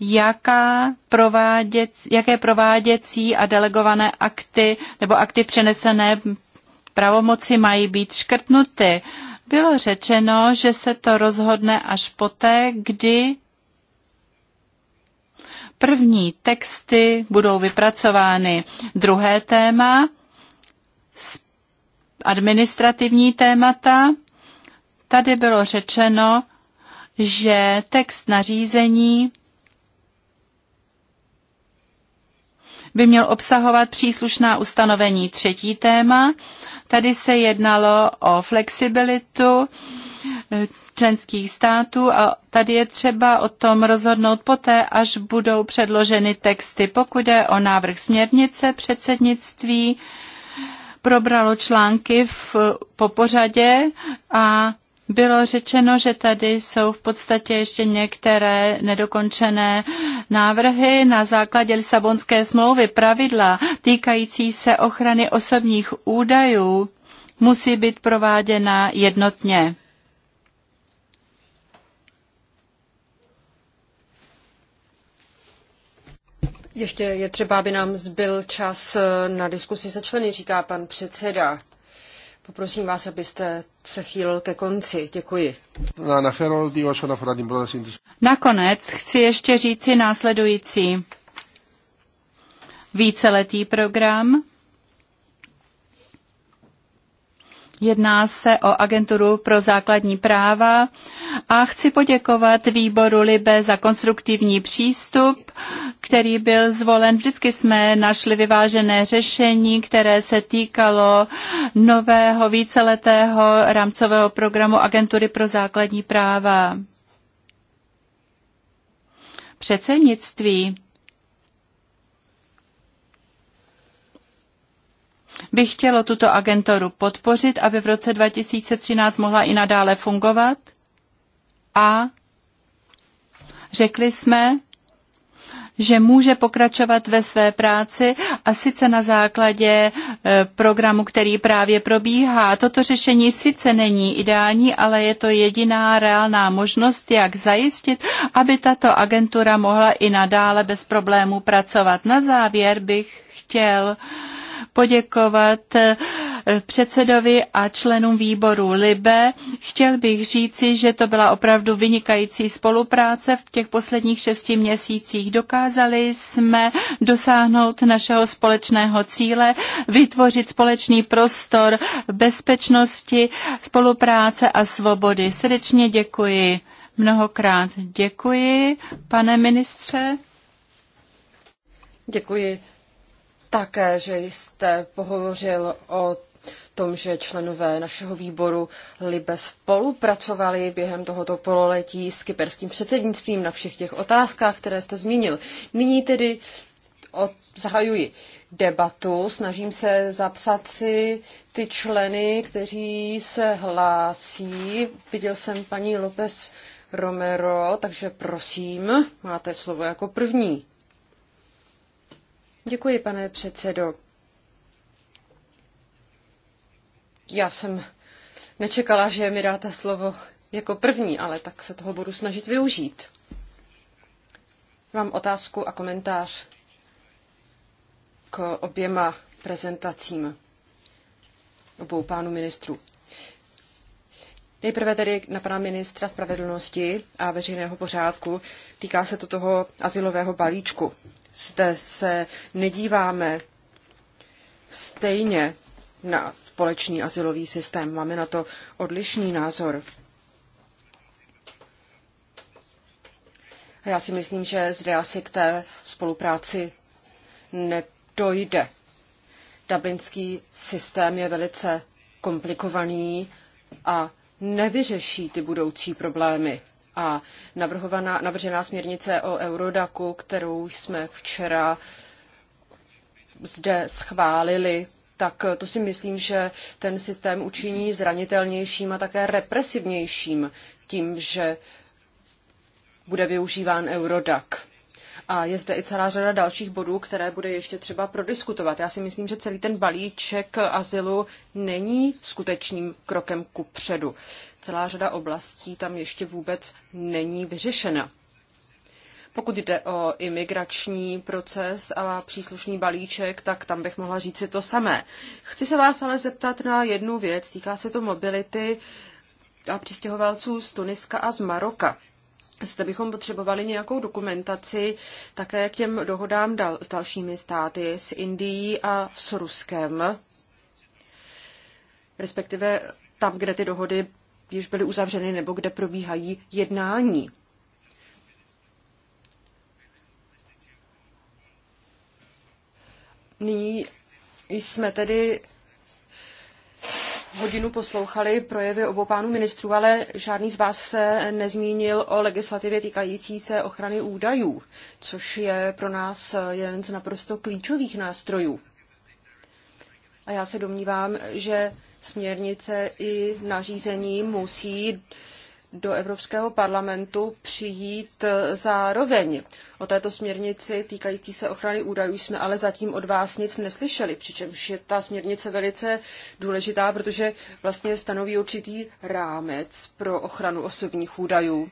jaká prováděc, jaké prováděcí a delegované akty nebo akty přenesené pravomoci mají být škrtnuty. Bylo řečeno, že se to rozhodne až poté, kdy první texty budou vypracovány. Druhé téma, administrativní témata. Tady bylo řečeno, že text nařízení by měl obsahovat příslušná ustanovení třetí téma Tady se jednalo o flexibilitu eh, členských států a tady je třeba o tom rozhodnout poté, až budou předloženy texty. Pokud je o návrh směrnice předsednictví, probralo články v, po pořadě a bylo řečeno, že tady jsou v podstatě ještě některé nedokončené návrhy na základě Lisabonské smlouvy pravidla týkající se ochrany osobních údajů musí být prováděna jednotně. Ještě je třeba, aby nám zbyl čas na diskusi se členy, říká pan předseda. Poprosím vás, abyste se chýlil ke konci. Děkuji. Nakonec chci ještě říci následující. Víceletý program Jedná se o agenturu pro základní práva a chci poděkovat výboru Libe za konstruktivní přístup, který byl zvolen. Vždycky jsme našli vyvážené řešení, které se týkalo nového víceletého rámcového programu agentury pro základní práva. Předsednictví by chtělo tuto agenturu podpořit, aby v roce 2013 mohla i nadále fungovat. A řekli jsme, že může pokračovat ve své práci a sice na základě e, programu, který právě probíhá. Toto řešení sice není ideální, ale je to jediná reálná možnost, jak zajistit, aby tato agentura mohla i nadále bez problémů pracovat. Na závěr bych chtěl uh, poděkovat eh, předsedovi a členům výboru Libe. Chtěl bych říci, že to byla opravdu vynikající spolupráce v těch posledních šesti měsících. Dokázali jsme dosáhnout našeho společného cíle, vytvořit společný prostor bezpečnosti, spolupráce a svobody. Srdečně děkuji. Mnohokrát děkuji, pane ministře. Děkuji také, že jste pohovořil o tom, že členové našeho výboru Libe spolupracovali během tohoto pololetí s kyperským předsednictvím na všech těch otázkách, které jste zmínil. Nyní tedy od, zahajuji debatu, snažím se zapsat si ty členy, kteří se hlásí. Viděl jsem paní López Romero, takže prosím, máte slovo jako první. Děkuji, pane předsedo. Já jsem nečekala, že mi dáte slovo jako první, ale tak se toho budu snažit využít. Mám otázku a komentář k oběma prezentacím obou pánů ministrů. Nejprve tedy na pana ministra spravedlnosti a veřejného pořádku. Týká se to toho asilového balíčku zde se nedíváme stejně na společný asilový systém. Máme na to odlišný názor. A já si myslím, že zde asi k té spolupráci nedojde. Dublinský systém je velice komplikovaný a nevyřeší ty budoucí problémy a navrhovaná, navržená směrnice o Eurodaku, kterou jsme včera zde schválili, tak to si myslím, že ten systém učiní zranitelnějším a také represivnějším tím, že bude využíván Eurodac. A je zde i celá řada dalších bodů, které bude ještě třeba prodiskutovat. Já si myslím, že celý ten balíček azylu není skutečným krokem ku předu. Celá řada oblastí tam ještě vůbec není vyřešena. Pokud jde o imigrační proces a příslušný balíček, tak tam bych mohla říct si to samé. Chci se vás ale zeptat na jednu věc, týká se to mobility a přistěhovalců z Tuniska a z Maroka zde bychom potřebovali nějakou dokumentaci také k těm dohodám dal, s dalšími státy, s Indií a s Ruskem, respektive tam, kde ty dohody již byly uzavřeny nebo kde probíhají jednání. Nyní jsme tedy hodinu poslouchali projevy obou pánů ministrů, ale žádný z vás se nezmínil o legislativě týkající se ochrany údajů, což je pro nás jeden z naprosto klíčových nástrojů. A já se domnívám, že směrnice i nařízení musí do Evropského parlamentu přijít e, zároveň. O této směrnici týkající se ochrany údajů jsme ale zatím od vás nic neslyšeli, přičemž je ta směrnice velice důležitá, protože vlastně stanoví určitý rámec pro ochranu osobních údajů.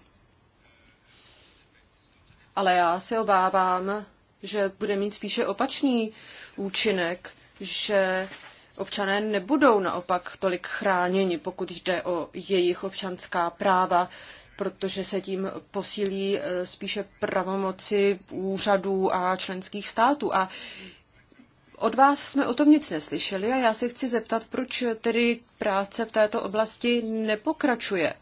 Ale já se obávám, že bude mít spíše opačný účinek, že občané nebudou naopak tolik chráněni, pokud jde o jejich občanská práva, protože se tím posílí eh, spíše pravomoci úřadů a členských států. A od vás jsme o tom nic neslyšeli a já se chci zeptat, proč tedy práce v této oblasti nepokračuje.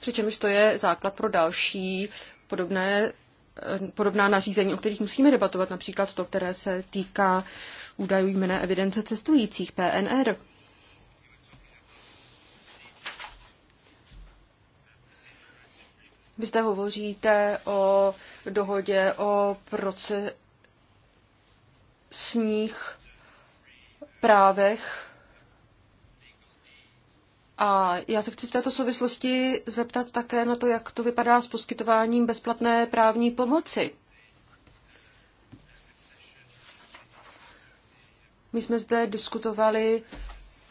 Přičemž to je základ pro další podobné Eh, podobná nařízení, o kterých musíme debatovat, například to, které se týká údajů jména evidence cestujících, PNR. Vy zde hovoříte o dohodě o procesních právech a já se chci v této souvislosti zeptat také na to, jak to vypadá s poskytováním bezplatné právní pomoci. My jsme zde diskutovali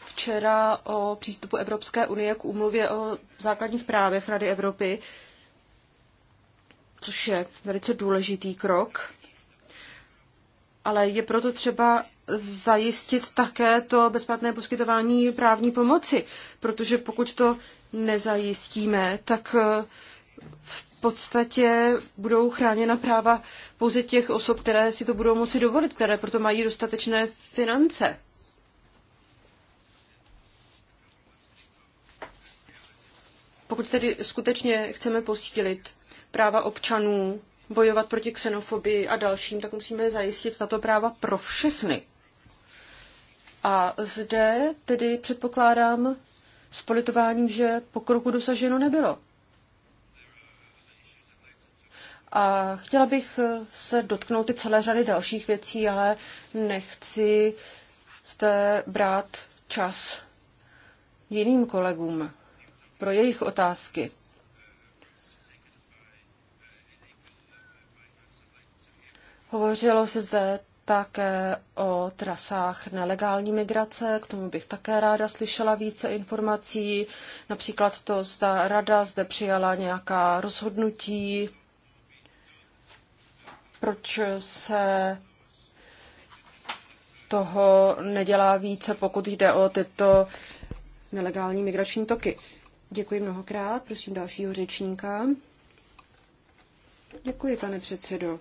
včera o přístupu Evropské unie k úmluvě o základních právech Rady Evropy, což je velice důležitý krok, ale je proto třeba zajistit také to bezplatné poskytování právní pomoci, protože pokud to nezajistíme, tak eh, v podstatě budou chráněna práva pouze těch osob, které si to budou moci dovolit, které proto mají dostatečné finance. Pokud tedy skutečně chceme posílit práva občanů, bojovat proti xenofobii a dalším, tak musíme zajistit tato práva pro všechny. A zde tedy předpokládám s politováním, že pokroku dosaženo nebylo. A chtěla bych se dotknout i celé řady dalších věcí, ale nechci zde brát čas jiným kolegům pro jejich otázky. Hovořilo se zde také o trasách nelegální migrace, k tomu bych také ráda slyšela více informací, například to, zda rada zde přijala nějaká rozhodnutí, proč se toho nedělá více, pokud jde o tyto nelegální migrační toky. Děkuji mnohokrát, prosím dalšího řečníka. Děkuji, pane předsedo.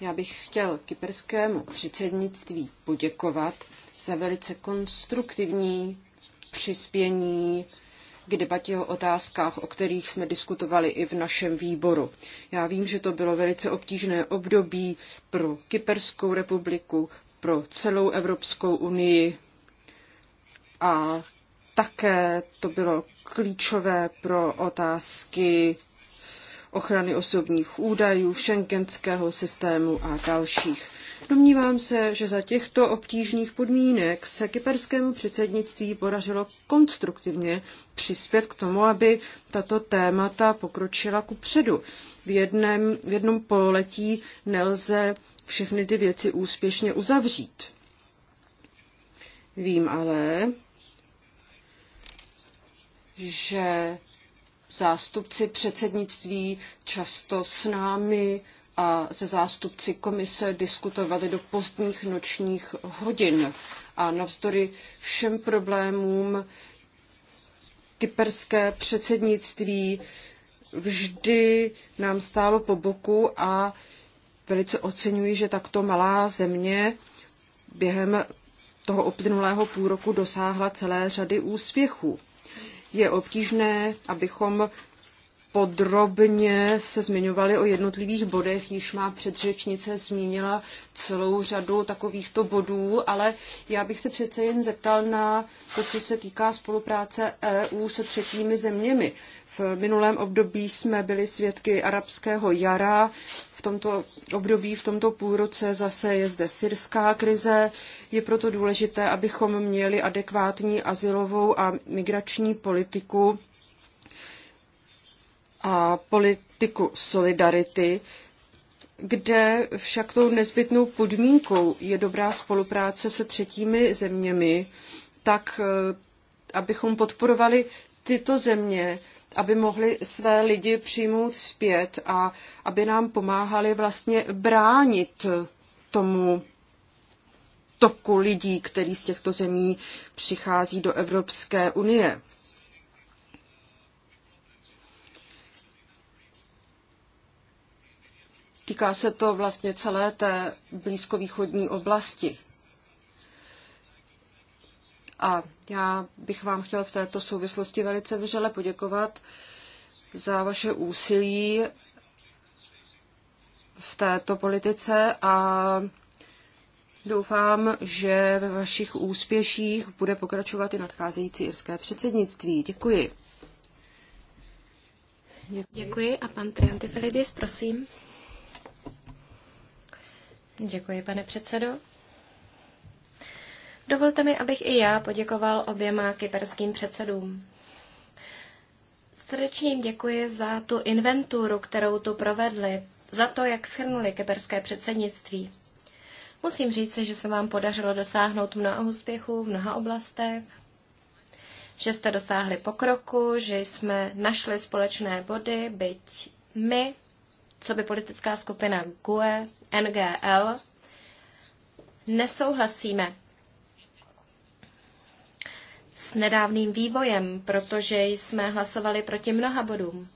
Já bych chtěl kyperskému předsednictví poděkovat za velice konstruktivní přispění k debatě o otázkách, o kterých jsme diskutovali i v našem výboru. Já vím, že to bylo velice obtížné období pro Kyperskou republiku, pro celou Evropskou unii a také to bylo klíčové pro otázky ochrany osobních údajů, šenkenského systému a dalších. Domnívám se, že za těchto obtížných podmínek se kyperskému předsednictví podařilo konstruktivně přispět k tomu, aby tato témata pokročila ku předu. V, jednom v jednom pololetí nelze všechny ty věci úspěšně uzavřít. Vím ale, že zástupci předsednictví často s námi a se zástupci komise diskutovali do pozdních nočních hodin. A navzdory všem problémům kyperské předsednictví vždy nám stálo po boku a velice oceňuji, že takto malá země během toho uplynulého půl roku dosáhla celé řady úspěchů je obtížné, abychom podrobně se zmiňovali o jednotlivých bodech, již má předřečnice zmínila celou řadu takovýchto bodů, ale já bych se přece jen zeptal na to, co se týká spolupráce EU se třetími zeměmi. V minulém období jsme byli svědky arabského jara, v tomto období, v tomto půlroce zase je zde syrská krize. Je proto důležité, abychom měli adekvátní asilovou a migrační politiku a politiku solidarity, kde však tou nezbytnou podmínkou je dobrá spolupráce se třetími zeměmi, tak eh, abychom podporovali tyto země aby mohli své lidi přijmout zpět a aby nám pomáhali vlastně bránit tomu toku lidí, který z těchto zemí přichází do Evropské unie. Týká se to vlastně celé té blízkovýchodní oblasti. A já bych vám chtěl v této souvislosti velice vřele poděkovat za vaše úsilí v této politice a doufám, že ve vašich úspěších bude pokračovat i nadcházející irské předsednictví. Děkuji. Děkuji. Děkuji a pan Triantifilidis, prosím. Děkuji, pane předsedo. Dovolte mi, abych i já poděkoval oběma kyperským předsedům. Srdečně jim děkuji za tu inventuru, kterou tu provedli, za to, jak schrnuli kyperské předsednictví. Musím říct, že se vám podařilo dosáhnout mnoha úspěchů v mnoha oblastech, že jste dosáhli pokroku, že jsme našli společné body, byť my, co by politická skupina GUE, NGL, nesouhlasíme s nedávným vývojem, protože jsme hlasovali proti mnoha bodům.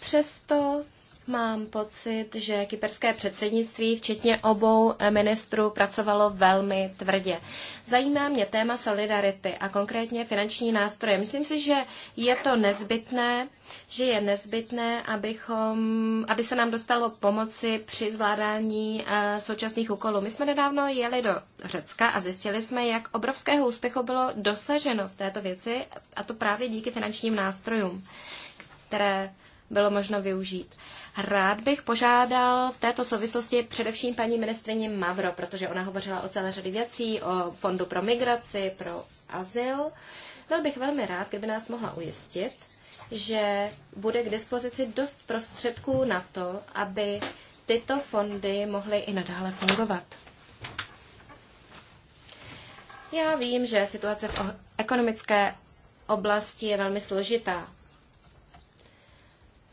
Přesto Mám pocit, že kyperské předsednictví, včetně obou ministrů, pracovalo velmi tvrdě. Zajímá mě téma solidarity a konkrétně finanční nástroje. Myslím si, že je to nezbytné, že je nezbytné, abychom, aby se nám dostalo pomoci při zvládání eh, současných úkolů. My jsme nedávno jeli do Řecka a zjistili jsme, jak obrovského úspěchu bylo dosaženo v této věci, a to právě díky finančním nástrojům, které bylo možno využít. Rád bych požádal v této souvislosti především paní ministrině Mavro, protože ona hovořila o celé řady věcí, o fondu pro migraci, pro azyl. Byl bych velmi rád, kdyby nás mohla ujistit, že bude k dispozici dost prostředků na to, aby tyto fondy mohly i nadále fungovat. Já vím, že situace v ekonomické oblasti je velmi složitá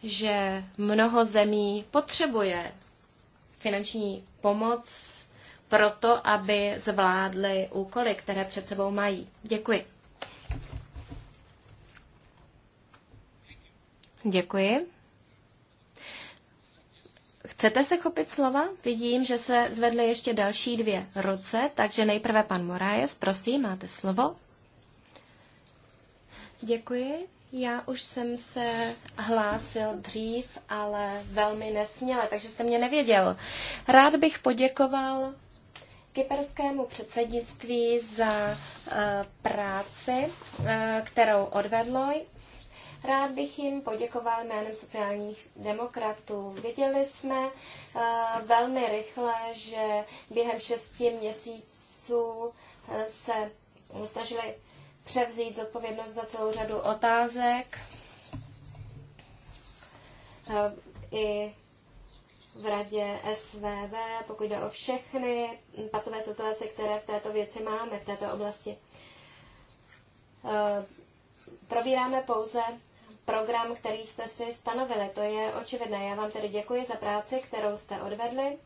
že mnoho zemí potřebuje finanční pomoc pro to, aby zvládly úkoly, které před sebou mají. Děkuji. Děkuji. Chcete se chopit slova? Vidím, že se zvedly ještě další dvě ruce, takže nejprve pan Morajes, prosím, máte slovo. Děkuji. Já už jsem se hlásil dřív, ale velmi nesměle, takže jste mě nevěděl. Rád bych poděkoval kyperskému předsednictví za eh, práci, eh, kterou odvedlo. Rád bych jim poděkoval jménem sociálních demokratů. Viděli jsme eh, velmi rychle, že během šesti měsíců se snažili převzít zodpovědnost za celou řadu otázek. Eh, I v radě SVV, pokud jde o všechny patové situace, které v této věci máme, v této oblasti. Eh, probíráme pouze program, který jste si stanovili. To je očividné. Já vám tedy děkuji za práci, kterou jste odvedli.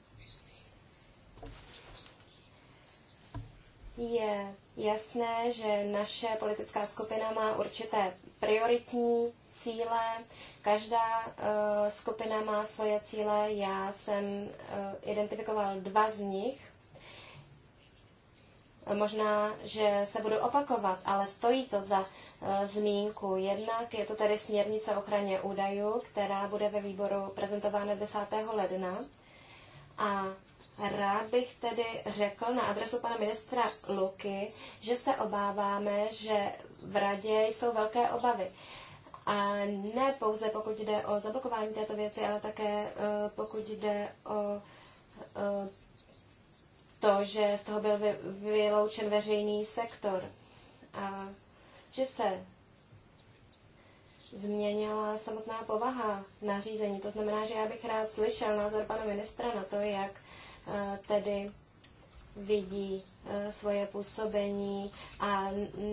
Je jasné, že naše politická skupina má určité prioritní cíle, každá uh, skupina má svoje cíle, já jsem uh, identifikoval dva z nich. Možná, že se budu opakovat, ale stojí to za uh, zmínku. Jednak je to tedy směrnice o ochraně údajů, která bude ve výboru prezentována 10. ledna. A Rád bych tedy řekl na adresu pana ministra Luky, že se obáváme, že v radě jsou velké obavy. A ne pouze pokud jde o zablokování této věci, ale také eh, pokud jde o eh, to, že z toho byl vyloučen veřejný sektor a že se změnila samotná povaha nařízení. To znamená, že já bych rád slyšel názor pana ministra na to, jak Eh, tedy vidí eh, svoje působení a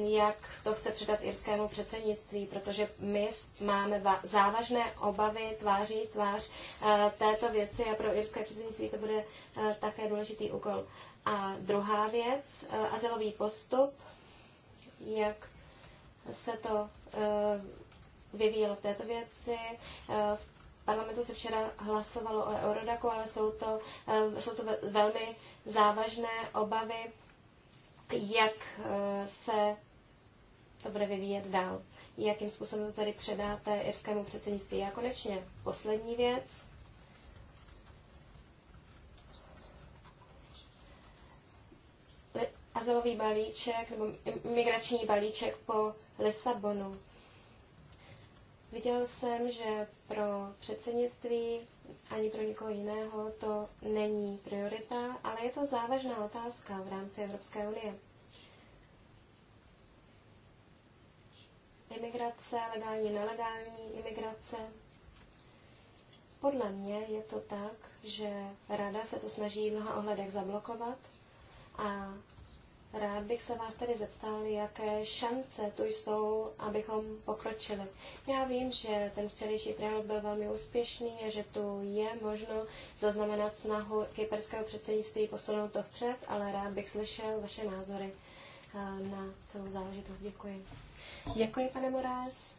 jak to chce předat irskému předsednictví, protože my máme závažné obavy tváří tvář eh, této věci a pro irské předsednictví to bude také důležitý úkol. A druhá věc, azylový postup, jak se to vyvíjelo v této věci. V parlamentu se včera hlasovalo o Eurodaku, ale jsou to, eh, jsou to velmi závažné obavy, jak eh, se to bude vyvíjet dál. Jakým způsobem to tady předáte irskému předsednictví. A konečně poslední věc. Azylový balíček nebo migrační balíček po Lisabonu. Viděl jsem, že pro předsednictví ani pro nikoho jiného to není priorita, ale je to závažná otázka v rámci Evropské unie. Imigrace, legální, nelegální imigrace. Podle mě je to tak, že Rada se to snaží v mnoha ohledech zablokovat a Rád bych se vás tedy zeptal, jaké šance tu jsou, abychom pokročili. Já vím, že ten včerejší trialog byl velmi úspěšný a že tu je možno zaznamenat snahu kyperského předsednictví posunout to vpřed, ale rád bych slyšel vaše názory eh, na celou záležitost. Děkuji. Děkuji, pane Moráz.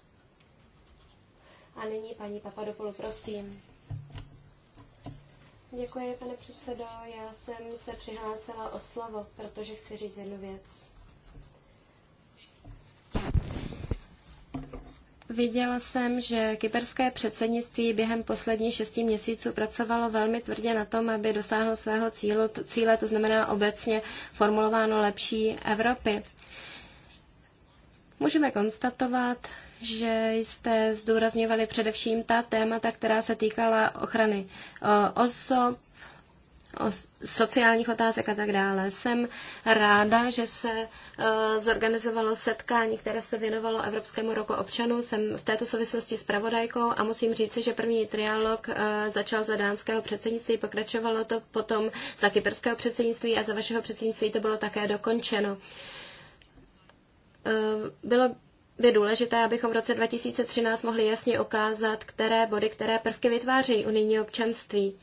A nyní paní Papadopoulou, prosím. Děkuji, pane předsedo. Já jsem se přihlásila o slovo, protože chci říct jednu věc. Viděla jsem, že kyperské předsednictví během posledních šesti měsíců pracovalo velmi tvrdě na tom, aby dosáhlo svého cílu, cíle, to znamená obecně formulováno lepší Evropy. Můžeme konstatovat, že jste zdůrazňovali především ta témata, která se týkala ochrany osob, o sociálních otázek a tak dále. Jsem ráda, že se zorganizovalo setkání, které se věnovalo Evropskému roku občanů. Jsem v této souvislosti s pravodajkou a musím říci, že první trialog začal za dánského předsednictví, pokračovalo to potom za kyperského předsednictví a za vašeho předsednictví to bylo také dokončeno. Bylo by důležité, abychom v roce 2013 mohli jasně ukázat, které body, které prvky vytvářejí unijní občanství.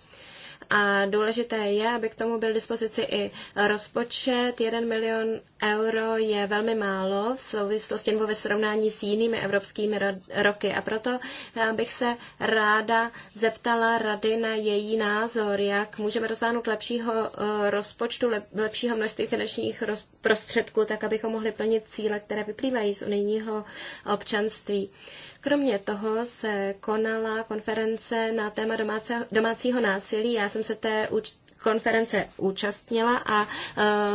A důležité je, aby k tomu byl dispozici i rozpočet 1 milion euro je velmi málo v souvislosti nebo ve srovnání s jinými evropskými roky. A proto eh, bych se ráda zeptala rady na její názor, jak můžeme dosáhnout lepšího eh, rozpočtu, lepšího množství finančních prostředků, tak abychom mohli plnit cíle, které vyplývají z unijního občanství. Kromě toho se konala konference na téma domáce, domácího násilí. Já jsem se té úč- konference účastnila a e,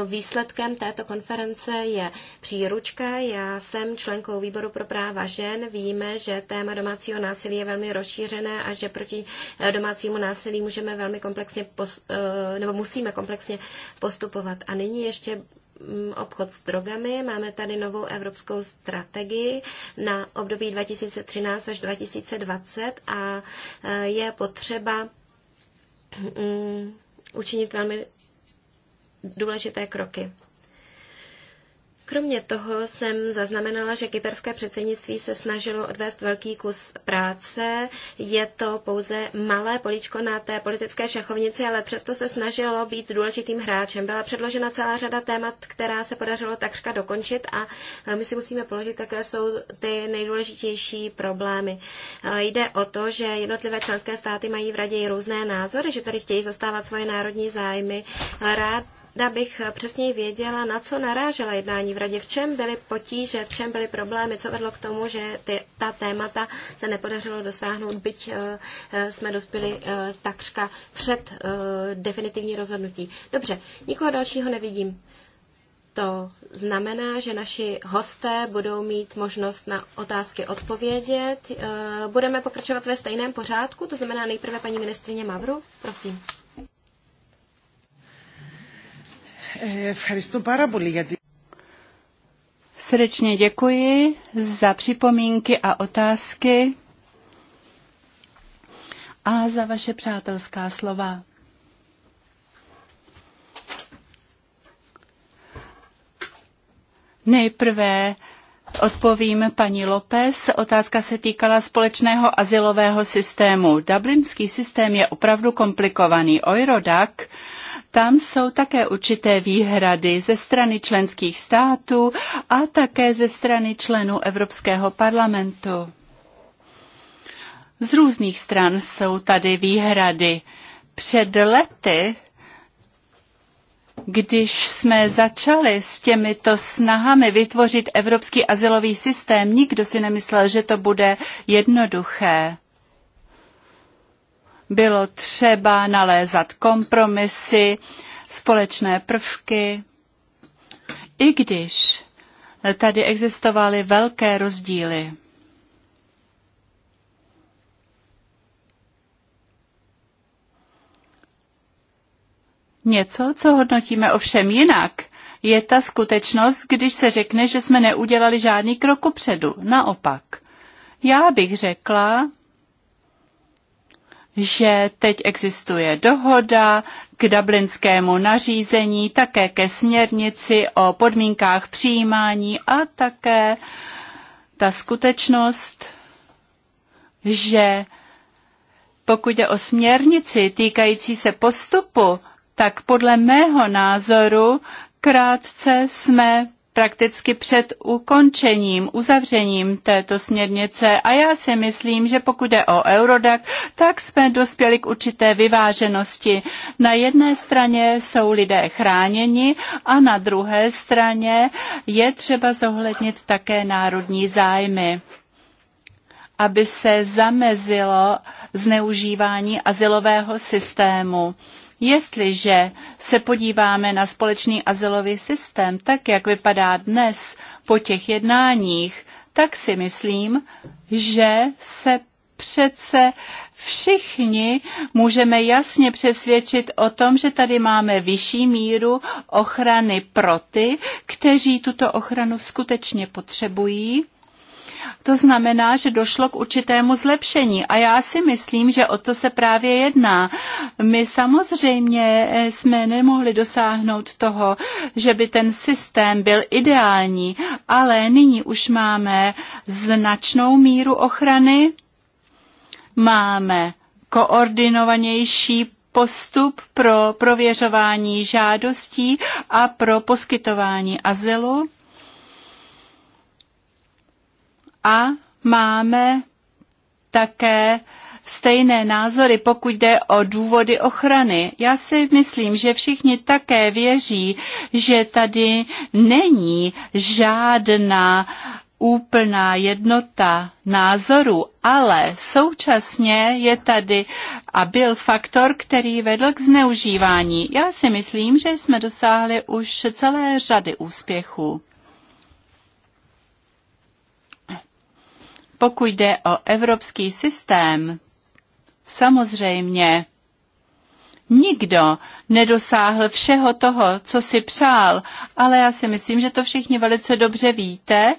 výsledkem této konference je příručka. Já jsem členkou výboru pro práva žen. Víme, že téma domácího násilí je velmi rozšířené a že proti e, domácímu násilí můžeme velmi komplexně e, nebo musíme komplexně postupovat. A nyní ještě mm, obchod s drogami. Máme tady novou evropskou strategii na období 2013 až 2020 a je potřeba mm, učinit velmi důležité kroky. Kromě toho jsem zaznamenala, že kyperské předsednictví se snažilo odvést velký kus práce. Je to pouze malé políčko na té politické šachovnici, ale přesto se snažilo být důležitým hráčem. Byla předložena celá řada témat, která se podařilo takřka dokončit a my si musíme položit, jaké jsou ty nejdůležitější problémy. Jde o to, že jednotlivé členské státy mají v raději různé názory, že tady chtějí zastávat svoje národní zájmy. Rád ráda bych eh, přesněji věděla, na co narážela jednání v radě, v čem byly potíže, v čem byly problémy, co vedlo k tomu, že ty, ta témata se nepodařilo dosáhnout, byť eh, eh, jsme dospěli takřka před definitivní rozhodnutí. Dobře, nikoho dalšího nevidím. To znamená, že naši hosté budou mít možnost na otázky odpovědět. Budeme pokračovat ve stejném pořádku, to znamená nejprve paní ministrině Mavru. Prosím. Eh, ευχαριστώ πάρα πολύ γιατί... Srdečně děkuji za připomínky a otázky a za vaše přátelská slova. Nejprve odpovím paní López. Otázka se týkala společného asilového systému. Dublinský systém je opravdu komplikovaný. Eurodак tam jsou také určité výhrady ze strany členských států a také ze strany členů Evropského parlamentu. Z různých stran jsou tady výhrady. Před lety když jsme začali s těmito snahami vytvořit evropský asilový systém, nikdo si nemyslel, že to bude jednoduché bylo třeba nalézat kompromisy, společné prvky, i když tady existovaly velké rozdíly. Něco, co hodnotíme ovšem jinak, je ta skutečnost, když se řekne, že jsme neudělali žádný krok upředu. Naopak. Já bych řekla, že teď existuje dohoda k dublinskému nařízení, také ke směrnici o podmínkách přijímání a také ta skutečnost, že pokud je o směrnici týkající se postupu, tak podle mého názoru krátce jsme prakticky před ukončením, uzavřením této směrnice a já si myslím, že pokud jde o Eurodac, tak jsme dospěli k určité vyváženosti. Na jedné straně jsou lidé chráněni a na druhé straně je třeba zohlednit také národní zájmy aby se zamezilo zneužívání asilového systému. Jestliže se podíváme na společný azylový systém, tak jak vypadá dnes po těch jednáních, tak si myslím, že se přece všichni můžeme jasně přesvědčit o tom, že tady máme vyšší míru ochrany pro ty, kteří tuto ochranu skutečně potřebují to znamená, že došlo k určitému zlepšení a já si myslím, že o to se právě jedná. My samozřejmě eh, jsme nemohli dosáhnout toho, že by ten systém byl ideální, ale nyní už máme značnou míru ochrany, máme koordinovanější postup pro prověřování žádostí a pro poskytování azylu a máme také stejné názory, pokud jde o důvody ochrany. Já si myslím, že všichni také věří, že tady není žádná úplná jednota názoru, ale současně je tady a byl faktor, který vedl k zneužívání. Já si myslím, že jsme dosáhli už celé řady úspěchů. Pokud jde o evropský systém, samozřejmě nikdo nedosáhl všeho toho, co si přál, ale já si myslím, že to všichni velice dobře víte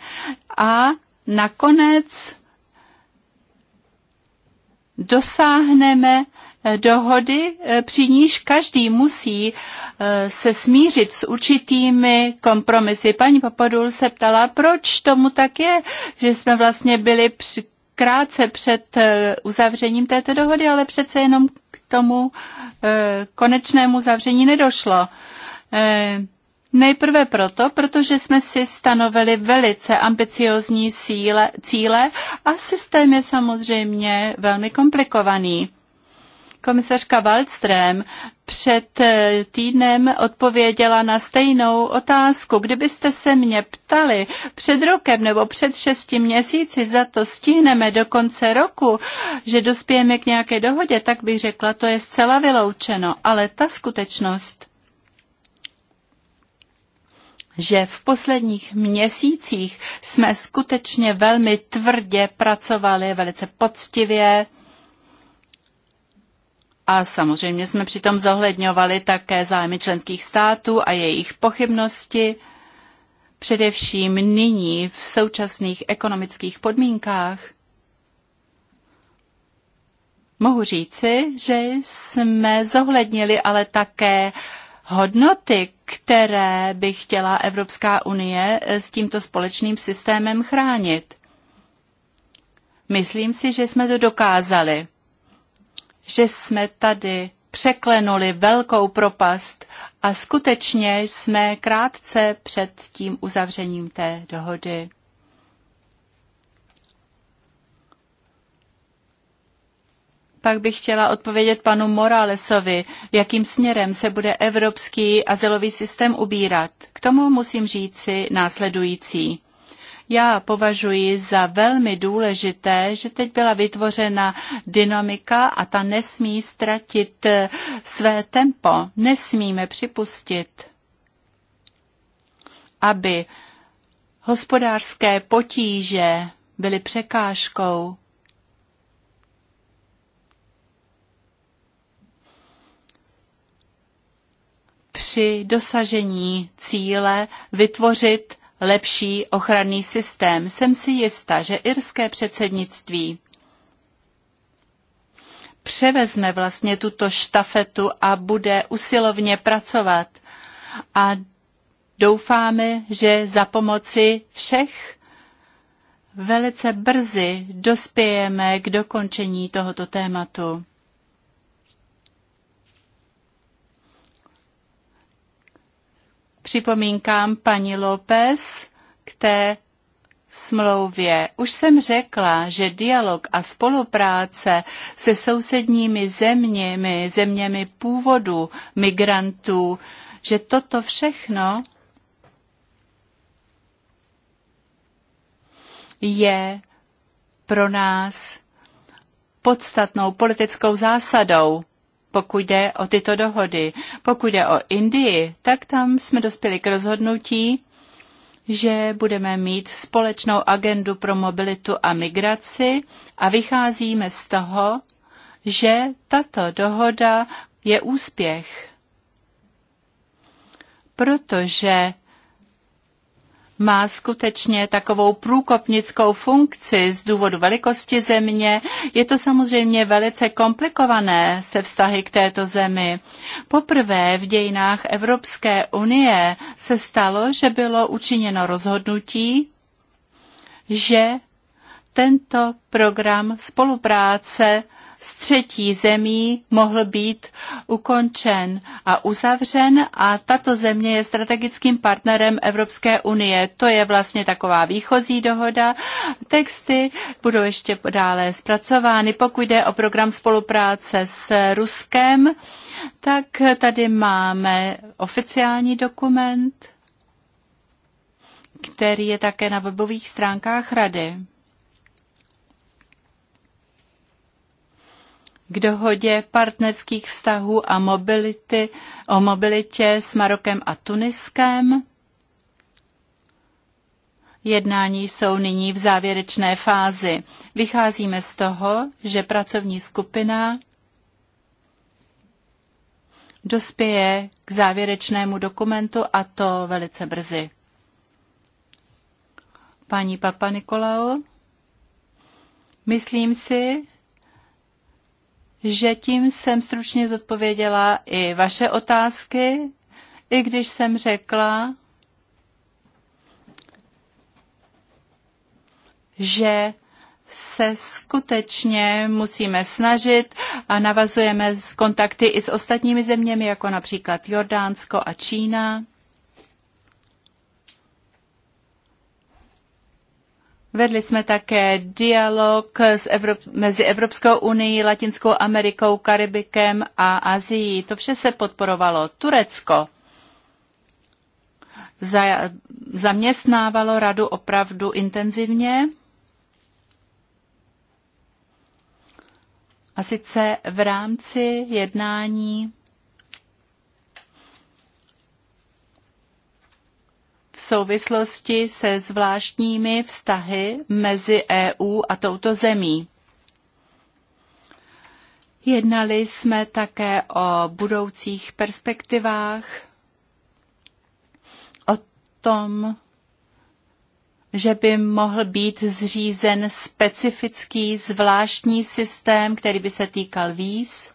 a nakonec dosáhneme dohody, eh, při níž každý musí eh, se smířit s určitými kompromisy. Paní Papadul se ptala, proč tomu tak je, že jsme vlastně byli při krátce před eh, uzavřením této dohody, ale přece jenom k tomu konečnému zavření nedošlo. Nejprve proto, protože jsme si stanovili velice ambiciozní cíle, cíle a systém je samozřejmě velmi komplikovaný. Komisařka Waldström před eh, týdnem odpověděla na stejnou otázku. Kdybyste se mě ptali před rokem nebo před šesti měsíci, za to stíneme do konce roku, že dospějeme k nějaké dohodě, tak bych řekla, to je zcela vyloučeno. Ale ta skutečnost, že v posledních měsících jsme skutečně velmi tvrdě pracovali, velice poctivě, a samozřejmě jsme přitom zohledňovali také zájmy členských států a jejich pochybnosti, především nyní v současných ekonomických podmínkách. Mohu říci, že jsme zohlednili ale také hodnoty, které by chtěla Evropská unie s tímto společným systémem chránit. Myslím si, že jsme to dokázali že jsme tady překlenuli velkou propast a skutečně jsme krátce před tím uzavřením té dohody. Pak bych chtěla odpovědět panu Moralesovi, jakým směrem se bude evropský azylový systém ubírat. K tomu musím říci následující. Já považuji za velmi důležité, že teď byla vytvořena dynamika a ta nesmí ztratit eh, své tempo. Nesmíme připustit, aby hospodářské potíže byly překážkou při dosažení cíle vytvořit lepší ochranný systém. Jsem si jista, že irské předsednictví převezme vlastně tuto štafetu a bude usilovně pracovat. A doufáme, že za pomoci všech velice brzy dospějeme k dokončení tohoto tématu. připomínkám paní López k té smlouvě. Už jsem řekla, že dialog a spolupráce se sousedními zeměmi, zeměmi původu migrantů, že toto všechno je pro nás podstatnou politickou zásadou pokud jde o tyto dohody. Pokud jde o Indii, tak tam jsme dospěli k rozhodnutí, že budeme mít společnou agendu pro mobilitu a migraci a vycházíme z toho, že tato dohoda je úspěch. Protože má skutečně takovou průkopnickou funkci z důvodu velikosti země. Je to samozřejmě velice komplikované se vztahy k této zemi. Poprvé v dějinách Evropské unie se stalo, že bylo učiněno rozhodnutí, že tento program spolupráce z třetí zemí mohl být ukončen a uzavřen a tato země je strategickým partnerem Evropské unie. To je vlastně taková výchozí dohoda. Texty budou ještě dále zpracovány. Pokud jde o program spolupráce s Ruskem, tak tady máme oficiální dokument, který je také na webových stránkách Rady. k dohodě partnerských vztahů a mobility, o mobilitě s Marokem a Tuniskem. Jednání jsou nyní v závěrečné fázi. Vycházíme z toho, že pracovní skupina dospěje k závěrečnému dokumentu a to velice brzy. Paní Papa Nikolao, myslím si, že tím jsem stručně zodpověděla i vaše otázky, i když jsem řekla, že se skutečně musíme snažit a navazujeme kontakty i s ostatními zeměmi, jako například Jordánsko a Čína. Vedli jsme také dialog s Evrop- mezi Evropskou unii, Latinskou Amerikou, Karibikem a Azií. To vše se podporovalo. Turecko za- zaměstnávalo radu opravdu intenzivně. A sice v rámci jednání v souvislosti se zvláštními vztahy mezi EU a touto zemí. Jednali jsme také o budoucích perspektivách, o tom, že by mohl být zřízen specifický zvláštní systém, který by se týkal víz.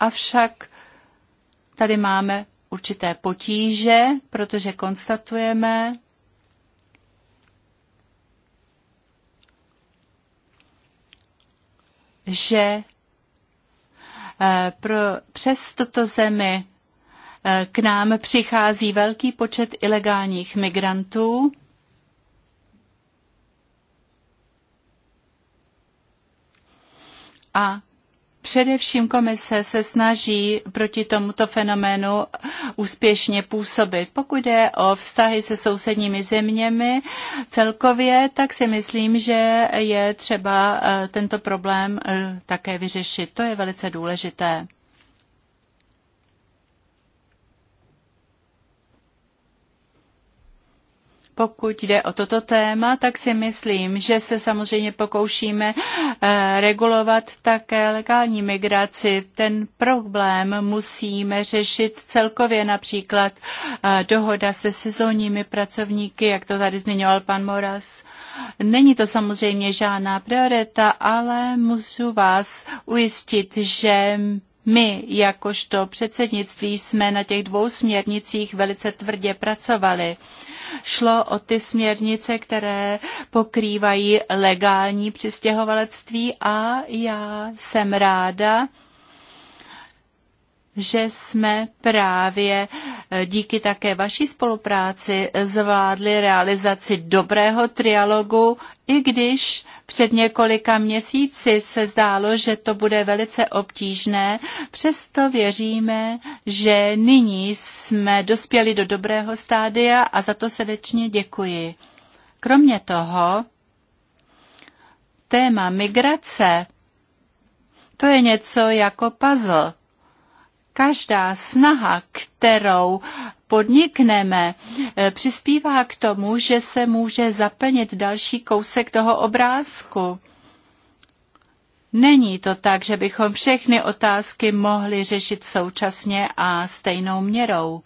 Avšak tady máme určité potíže, protože konstatujeme, že eh, pro, přes tuto zemi eh, k nám přichází velký počet ilegálních migrantů. A Především komise se snaží proti tomuto fenoménu úspěšně působit. Pokud jde o vztahy se sousedními zeměmi celkově, tak si myslím, že je třeba eh, tento problém eh, také vyřešit. To je velice důležité. Pokud jde o toto téma, tak si myslím, že se samozřejmě pokoušíme eh, regulovat také legální migraci. Ten problém musíme řešit celkově například eh, dohoda se sezónními pracovníky, jak to tady zmiňoval pan Moras. Není to samozřejmě žádná priorita, ale musím vás ujistit, že my, jakožto předsednictví, jsme na těch dvou směrnicích velice tvrdě pracovali. Šlo o ty směrnice, které pokrývají legální přistěhovalectví a já jsem ráda, že jsme právě eh, díky také vaší spolupráci zvládli realizaci dobrého trialogu, i když před několika měsíci se zdálo, že to bude velice obtížné, přesto věříme, že nyní jsme dospěli do dobrého stádia a za to srdečně děkuji. Kromě toho, téma migrace, to je něco jako puzzle. Každá snaha, kterou podnikneme, eh, přispívá k tomu, že se může zaplnit další kousek toho obrázku. Není to tak, že bychom všechny otázky mohli řešit současně a stejnou měrou.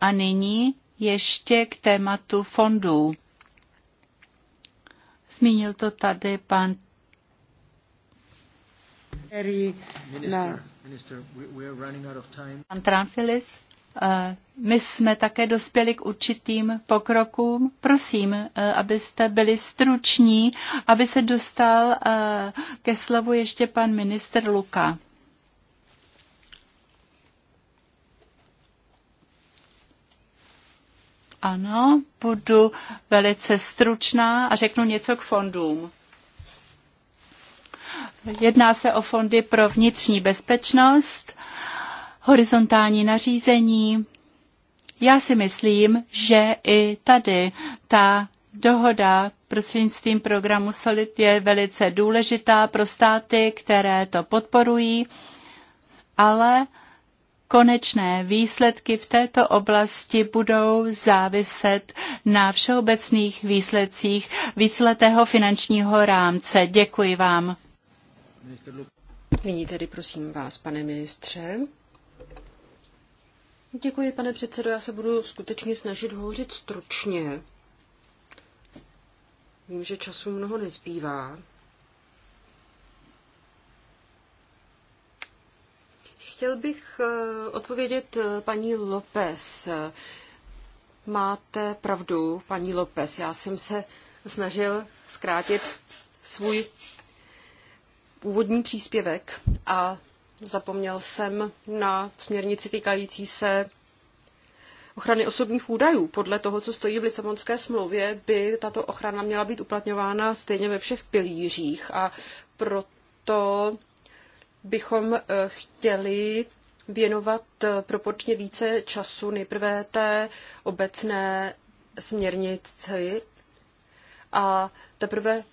A nyní ještě k tématu fondů. Zmínil to tady pan který na... Pan Tranfilis, eh, my jsme také dospěli k určitým pokrokům. Prosím, eh, abyste byli struční, aby se dostal eh, ke slovu ještě pan minister Luka. Ano, budu velice stručná a řeknu něco k fondům. Jedná se o fondy pro vnitřní bezpečnost, horizontální nařízení. Já si myslím, že i tady ta dohoda prostřednictvím programu SOLID je velice důležitá pro státy, které to podporují, ale konečné výsledky v této oblasti budou záviset na všeobecných výsledcích víceletého finančního rámce. Děkuji vám. Nyní tedy prosím vás, pane ministře. Děkuji, pane předsedo. Já se budu skutečně snažit hovořit stručně. Vím, že času mnoho nezbývá. Chtěl bych eh, odpovědět eh, paní Lopez. Máte pravdu, paní Lopez. Já jsem se snažil zkrátit svůj úvodní příspěvek a zapomněl jsem na směrnici týkající se ochrany osobních údajů. Podle toho, co stojí v Lisabonské smlouvě, by tato ochrana měla být uplatňována stejně ve všech pilířích a proto bychom eh, chtěli věnovat eh, proporčně více času nejprve té obecné směrnici a teprve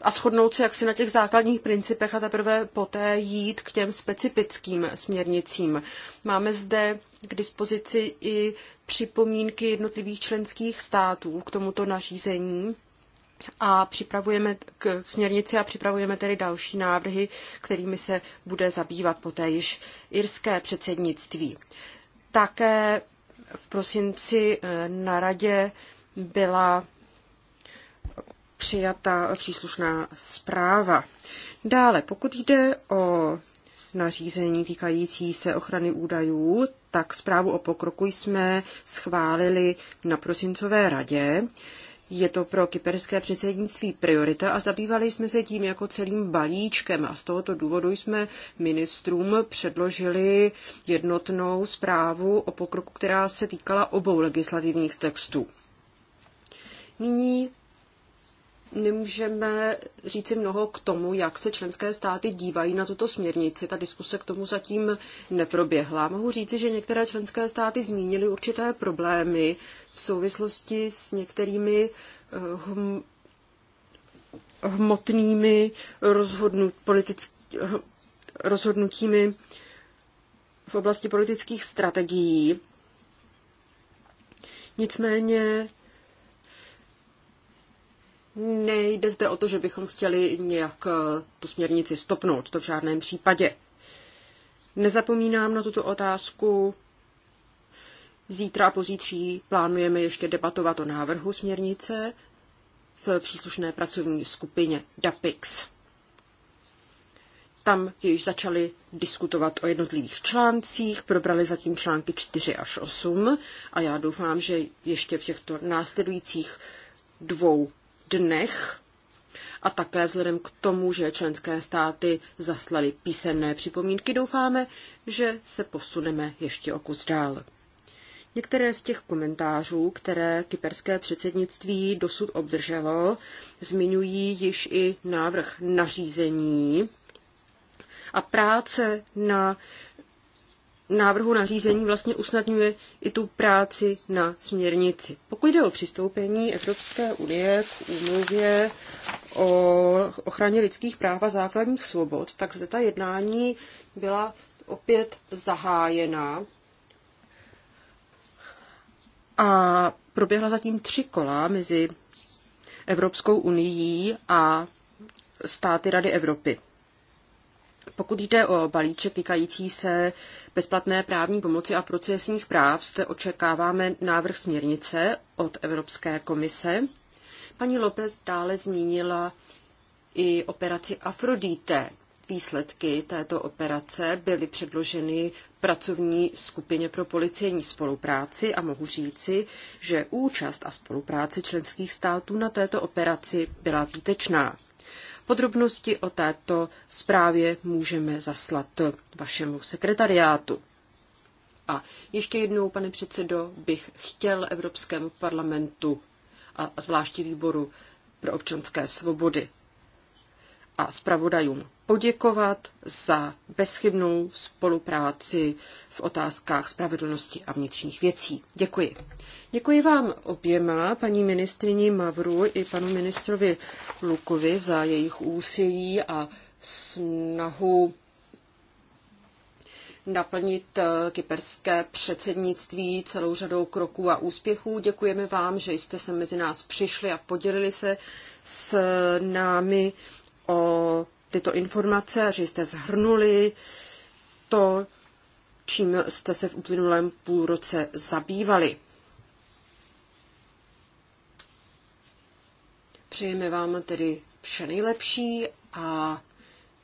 a shodnout se jaksi na těch základních principech a teprve poté jít k těm specifickým směrnicím. Máme zde k dispozici i připomínky jednotlivých členských států k tomuto nařízení a připravujeme k směrnici a připravujeme tedy další návrhy, kterými se bude zabývat poté již irské předsednictví. Také v prosinci eh, na radě byla přijata příslušná zpráva. Dále, pokud jde o nařízení týkající se ochrany údajů, tak zprávu o pokroku jsme schválili na prosincové radě. Je to pro kyperské předsednictví priorita a zabývali jsme se tím jako celým balíčkem a z tohoto důvodu jsme ministrům předložili jednotnou zprávu o pokroku, která se týkala obou legislativních textů. Nyní nemůžeme říci mnoho k tomu, jak se členské státy dívají na tuto směrnici. Ta diskuse k tomu zatím neproběhla. Mohu říci, že některé členské státy zmínily určité problémy v souvislosti s některými eh, hm, hmotnými politick, hm, rozhodnutími v oblasti politických strategií. Nicméně Nejde zde o to, že bychom chtěli nějak eh, tu směrnici stopnout, to v žádném případě. Nezapomínám na tuto otázku. Zítra a pozítří plánujeme ještě debatovat o návrhu směrnice v příslušné pracovní skupině DAPIX. Tam již začali diskutovat o jednotlivých článcích, probrali zatím články 4 až 8 a já doufám, že ještě v těchto následujících dvou dnech a také vzhledem k tomu, že členské státy zaslaly písemné připomínky, doufáme, že se posuneme ještě o kus dál. Některé z těch komentářů, které kyperské předsednictví dosud obdrželo, zmiňují již i návrh nařízení a práce na návrhu nařízení vlastně usnadňuje i tu práci na směrnici. Pokud jde o přistoupení Evropské unie k úmluvě o ochraně lidských práv a základních svobod, tak zde ta jednání byla opět zahájena a proběhla zatím tři kola mezi Evropskou unii a státy Rady Evropy. Pokud jde o balíček týkající se bezplatné právní pomoci a procesních práv, zde očekáváme návrh směrnice od Evropské komise. Paní López dále zmínila i operaci Afrodite. Výsledky této operace byly předloženy pracovní skupině pro policejní spolupráci a mohu říci, že účast a spolupráce členských států na této operaci byla výtečná. Podrobnosti o této zprávě můžeme zaslat vašemu sekretariátu. A ještě jednou, pane předsedo, bych chtěl Evropskému parlamentu a zvláště výboru pro občanské svobody a zpravodajům poděkovat za bezchybnou spolupráci v otázkách spravedlnosti a vnitřních věcí. Děkuji. Děkuji vám oběma, paní ministrině Mavru i panu ministrovi Lukovi za jejich úsilí a snahu naplnit eh, kyperské předsednictví celou řadou kroků a úspěchů. Děkujeme vám, že jste se mezi nás přišli a podělili se s námi o tyto informace, že jste zhrnuli to, čím jste se v uplynulém půlroce zabývali. Přejeme vám tedy vše nejlepší a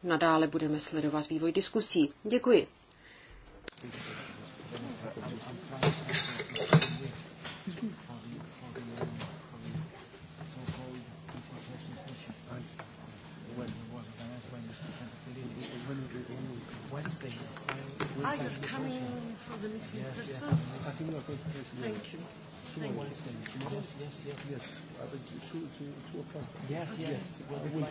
nadále budeme sledovat vývoj diskusí. Děkuji. Ah, you're coming for the missing yes, persons? Yes. I think we are going to Thank you. Thank You. Yes, yes, yes. Yes, I two, two, two o'clock. Yes, yes. yes. Uh, we'll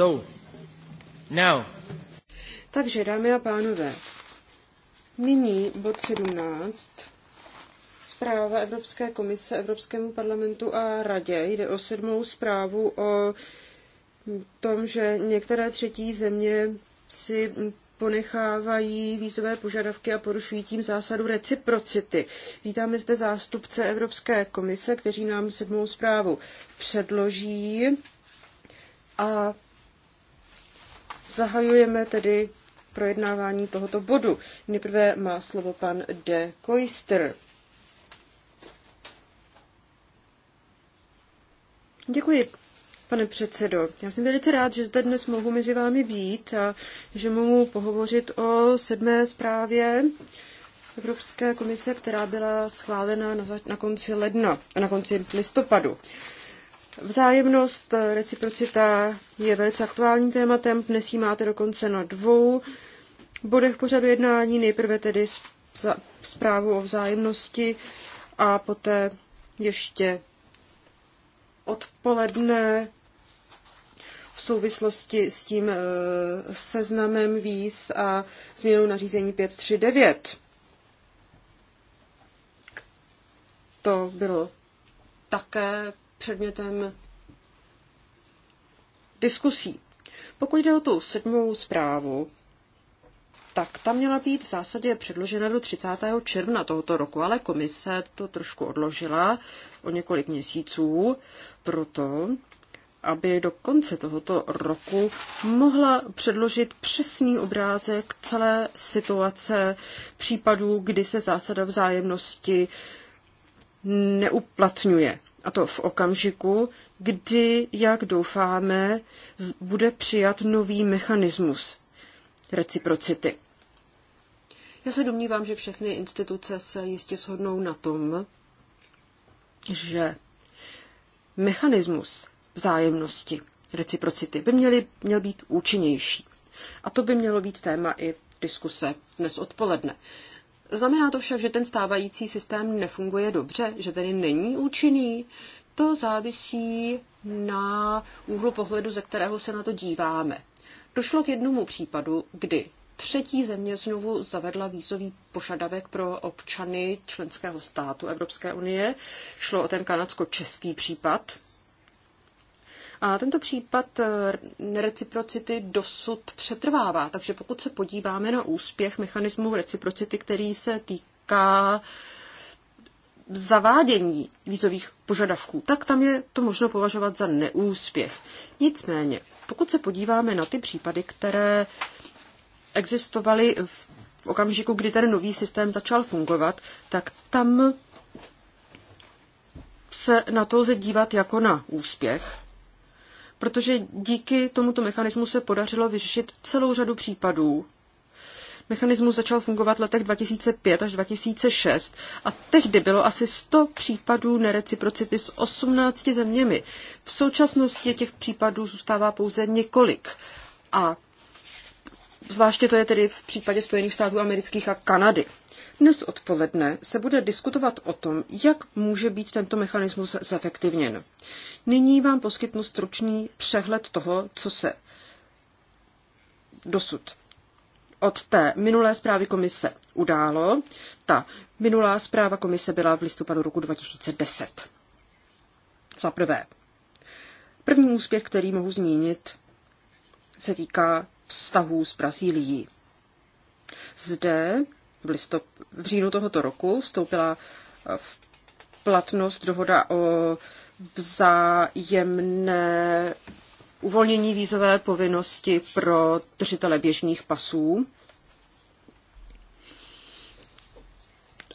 So, now. Takže, dámy a pánové, nyní bod 17. Zpráva Evropské komise Evropskému parlamentu a radě. Jde o sedmou zprávu o tom, že některé třetí země si ponechávají vízové požadavky a porušují tím zásadu reciprocity. Vítáme zde zástupce Evropské komise, kteří nám sedmou zprávu předloží. A Zahajujeme tedy projednávání tohoto bodu. Nejprve má slovo pan De Koister. Děkuji, pane předsedo. Já jsem velice rád, že zde dnes mohu mezi vámi být a že mohu pohovořit o sedmé zprávě Evropské komise, která byla schválena na, na konci ledna, na konci listopadu. Uh, Vzájemnost, eh, reciprocita je velice aktuálním tématem. Dnes ji máte dokonce na dvou bodech pořadu jednání. Nejprve tedy zprávu o vzájemnosti a poté ještě odpoledne v souvislosti s tím eh, seznamem víz a změnou nařízení 539. To bylo také předmětem diskusí. Pokud jde o tu sedmou zprávu, tak ta měla být v zásadě předložena do 30. června tohoto roku, ale komise to trošku odložila o několik měsíců, proto aby do konce tohoto roku mohla předložit přesný obrázek celé situace případů, kdy se zásada vzájemnosti neuplatňuje. A to v okamžiku, kdy, jak doufáme, bude přijat nový mechanismus reciprocity. Já se domnívám, že všechny instituce se jistě shodnou na tom, že mechanismus vzájemnosti, reciprocity by měly, měl být účinnější. A to by mělo být téma i diskuse dnes odpoledne. Znamená to však, že ten stávající systém nefunguje dobře, že tedy není účinný. To závisí na úhlu pohledu, ze kterého se na to díváme. Došlo k jednomu případu, kdy třetí země znovu zavedla vízový požadavek pro občany členského státu Evropské unie. Šlo o ten kanadsko-český případ. A tento případ eh, reciprocity dosud přetrvává. Takže pokud se podíváme na úspěch mechanismu reciprocity, který se týká zavádění vízových požadavků, tak tam je to možno považovat za neúspěch. Nicméně, pokud se podíváme na ty případy, které existovaly v v okamžiku, kdy ten nový systém začal fungovat, tak tam se na to lze dívat jako na úspěch protože díky tomuto mechanismu se podařilo vyřešit celou řadu případů. Mechanismus začal fungovat v letech 2005 až 2006 a tehdy bylo asi 100 případů nereciprocity s 18 zeměmi. V současnosti těch případů zůstává pouze několik a zvláště to je tedy v případě Spojených států amerických a Kanady. Dnes odpoledne se bude diskutovat o tom, jak může být tento mechanismus zefektivněn. Nyní vám poskytnu stručný přehled toho, co se dosud od té minulé zprávy komise událo. Ta minulá zpráva komise byla v listopadu roku 2010. Za prvé, první úspěch, který mohu zmínit, se týká vztahů s Brazílií. Zde v, listop, v říjnu tohoto roku vstoupila v platnost dohoda o vzájemné uvolnění vízové povinnosti pro držitele běžných pasů.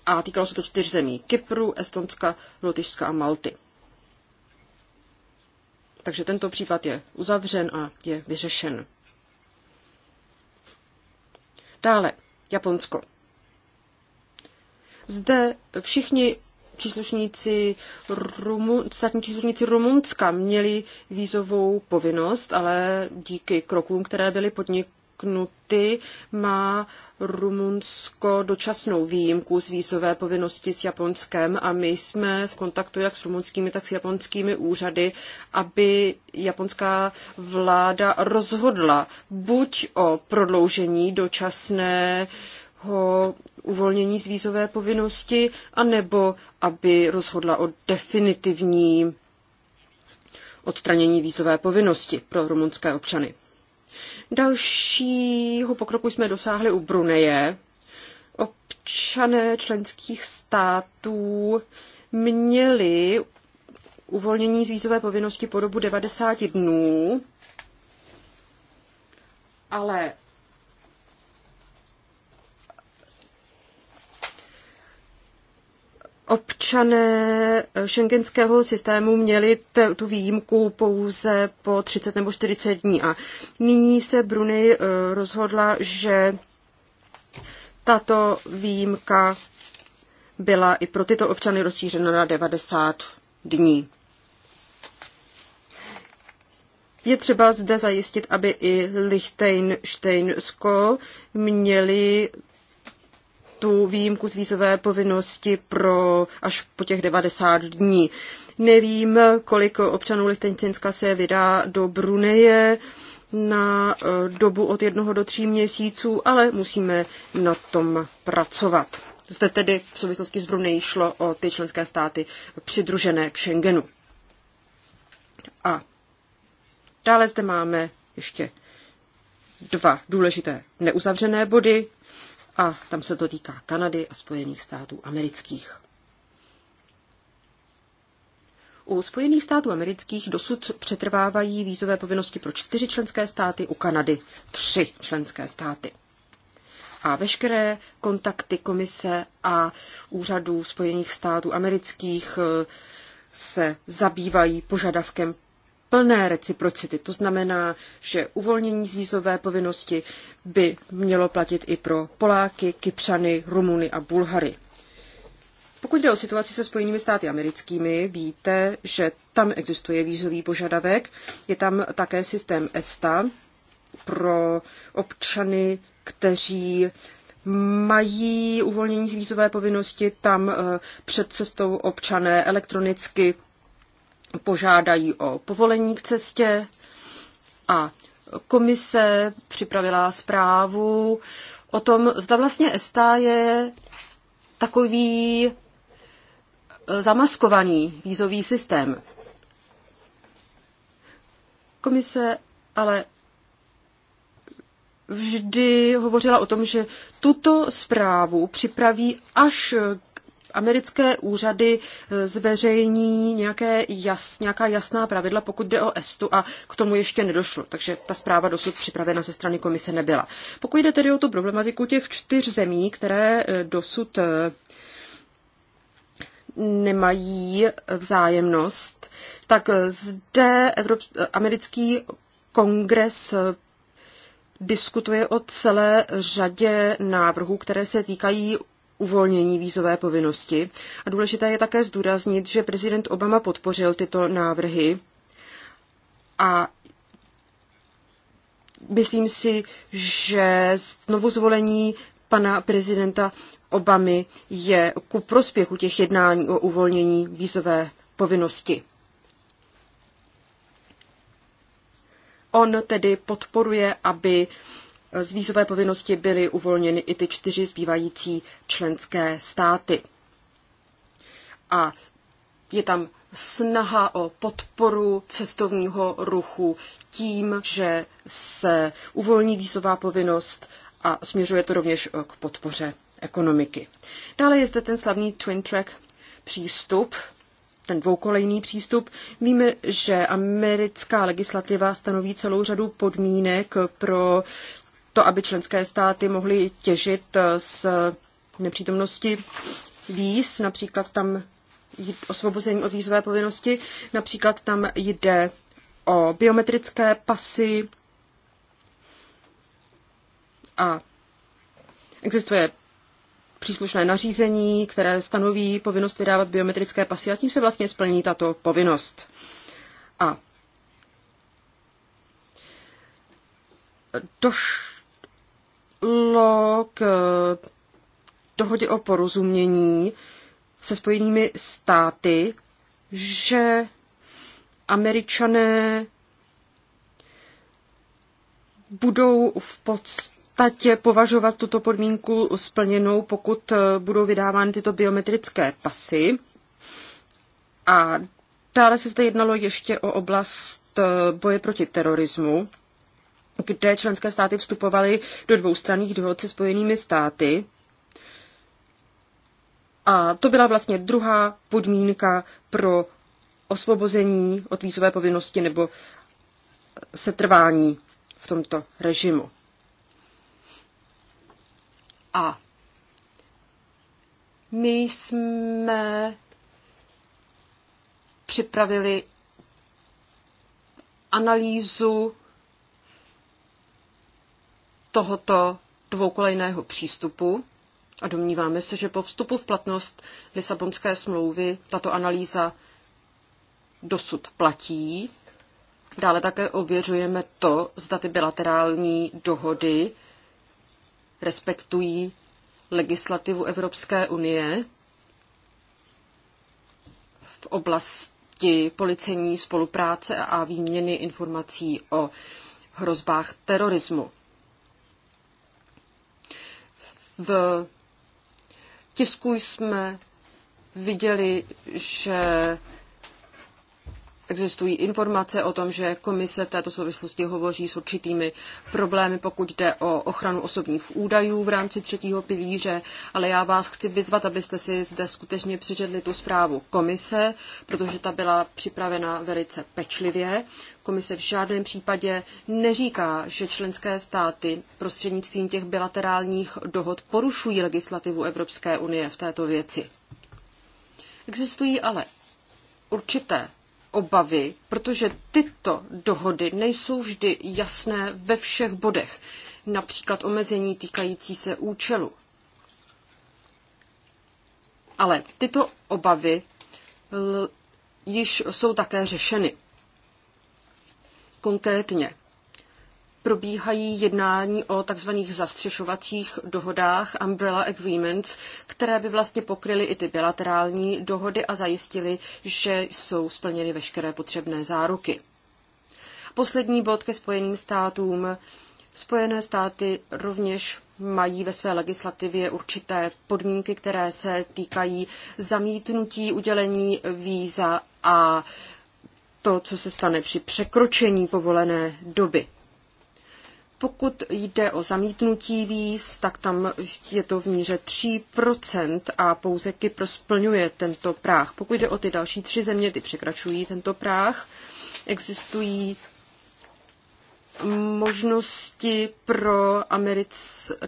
A týkalo se to čtyř zemí. Kypru, Estonska, Lotyšska a Malty. Takže tento případ je uzavřen a je vyřešen. Dále, Japonsko. Zde všichni příslušníci Rumu, státní příslušníci Rumunska měli vízovou povinnost, ale díky krokům, které byly podniknuty, má Rumunsko dočasnou výjimku z vízové povinnosti s Japonskem a my jsme v kontaktu jak s rumunskými, tak s japonskými úřady, aby japonská vláda rozhodla buď o prodloužení dočasné uvolnění z vízové povinnosti, anebo aby rozhodla o definitivní odstranění vízové povinnosti pro rumunské občany. Dalšího pokroku jsme dosáhli u Bruneje. Občané členských států měli uvolnění z vízové povinnosti po dobu 90 dnů, ale občané eh, šengenského systému měli tu výjimku pouze po 30 nebo 40 dní. A nyní se Brunei eh, rozhodla, že tato výjimka byla i pro tyto občany rozšířena na 90 dní. Je třeba zde zajistit, aby i Liechtensteinsko měli tu výjimku z vízové povinnosti pro až po těch 90 dní. Nevím, kolik občanů Lichtenstinska se vydá do Bruneje na eh, dobu od jednoho do tří měsíců, ale musíme na tom pracovat. Zde tedy v souvislosti s Brunei šlo o ty členské státy přidružené k Schengenu. A dále zde máme ještě dva důležité neuzavřené body a tam se to týká Kanady a Spojených států amerických. U Spojených států amerických dosud přetrvávají vízové povinnosti pro čtyři členské státy, u Kanady tři členské státy. A veškeré kontakty komise a úřadů Spojených států amerických eh, se zabývají požadavkem plné reciprocity. To znamená, že uvolnění z vízové povinnosti by mělo platit i pro Poláky, Kypřany, Rumuny a Bulhary. Pokud jde o situaci se Spojenými státy americkými, víte, že tam existuje vízový požadavek. Je tam také systém ESTA pro občany, kteří mají uvolnění z vízové povinnosti, tam eh, před cestou občané elektronicky požádají o povolení k cestě a komise připravila zprávu o tom, zda vlastně ESTA je takový eh, zamaskovaný vízový systém. Komise ale vždy hovořila o tom, že tuto zprávu připraví až americké úřady eh, zveřejní nějaké jas, nějaká jasná pravidla, pokud jde o Estu a k tomu ještě nedošlo. Takže ta zpráva dosud připravena ze strany komise nebyla. Pokud jde tedy o tu problematiku těch čtyř zemí, které eh, dosud eh, nemají vzájemnost, tak zde Evrop- americký kongres diskutuje o celé řadě návrhů, které se týkají uvolnění vízové povinnosti. A důležité je také zdůraznit, že prezident Obama podpořil tyto návrhy a myslím si, že znovu zvolení pana prezidenta Obamy je ku prospěchu těch jednání o uvolnění vízové povinnosti. On tedy podporuje, aby z vízové povinnosti byly uvolněny i ty čtyři zbývající členské státy. A je tam snaha o podporu cestovního ruchu tím, že se uvolní vízová povinnost a směřuje to rovněž k podpoře ekonomiky. Dále je zde ten slavný twin track přístup, ten dvoukolejný přístup. Víme, že americká legislativa stanoví celou řadu podmínek pro to, aby členské státy mohly těžit eh, z nepřítomnosti víz, například tam osvobození od vízové povinnosti, například tam jde o biometrické pasy a existuje příslušné nařízení, které stanoví povinnost vydávat biometrické pasy a tím se vlastně splní tato povinnost. A doš, došlo k eh, dohodě o porozumění se spojenými státy, že američané budou v podstatě považovat tuto podmínku splněnou, pokud eh, budou vydávány tyto biometrické pasy. A dále se zde jednalo ještě o oblast eh, boje proti terorismu kde členské státy vstupovaly do dvoustranných dohod se spojenými státy. A to byla vlastně druhá podmínka pro osvobození od vízové povinnosti nebo setrvání v tomto režimu. A my jsme připravili analýzu tohoto dvoukolejného přístupu a domníváme se, že po vstupu v platnost Lisabonské smlouvy tato analýza dosud platí. Dále také ověřujeme to, zda ty bilaterální dohody respektují legislativu Evropské unie v oblasti policejní spolupráce a výměny informací o hrozbách terorismu. V tisku jsme viděli, že Existují informace o tom, že komise v této souvislosti hovoří s určitými problémy, pokud jde o ochranu osobních údajů v rámci třetího pilíře, ale já vás chci vyzvat, abyste si zde skutečně přečetli tu zprávu komise, protože ta byla připravena velice pečlivě. Komise v žádném případě neříká, že členské státy prostřednictvím těch bilaterálních dohod porušují legislativu Evropské unie v této věci. Existují ale určité obavy, protože tyto dohody nejsou vždy jasné ve všech bodech, například omezení týkající se účelu. Ale tyto obavy již jsou také řešeny. Konkrétně probíhají jednání o takzvaných zastřešovacích dohodách, umbrella agreements, které by vlastně pokryly i ty bilaterální dohody a zajistily, že jsou splněny veškeré potřebné záruky. Poslední bod ke Spojeným státům. Spojené státy rovněž mají ve své legislativě určité podmínky, které se týkají zamítnutí udělení víza a to, co se stane při překročení povolené doby. Pokud jde o zamítnutí víz, tak tam je to v míře 3% a pouze Kypr splňuje tento práh. Pokud jde o ty další tři země, ty překračují tento práh, existují možnosti pro americké,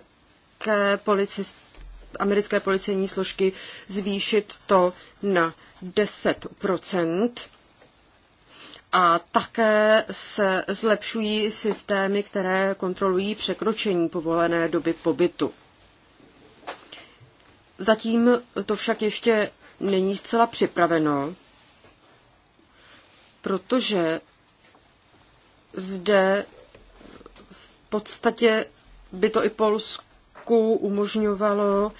policist, americké policejní složky zvýšit to na 10 a také se zlepšují systémy, které kontrolují překročení povolené doby pobytu. Zatím to však ještě není zcela připraveno, protože zde v podstatě by to i Polsku umožňovalo,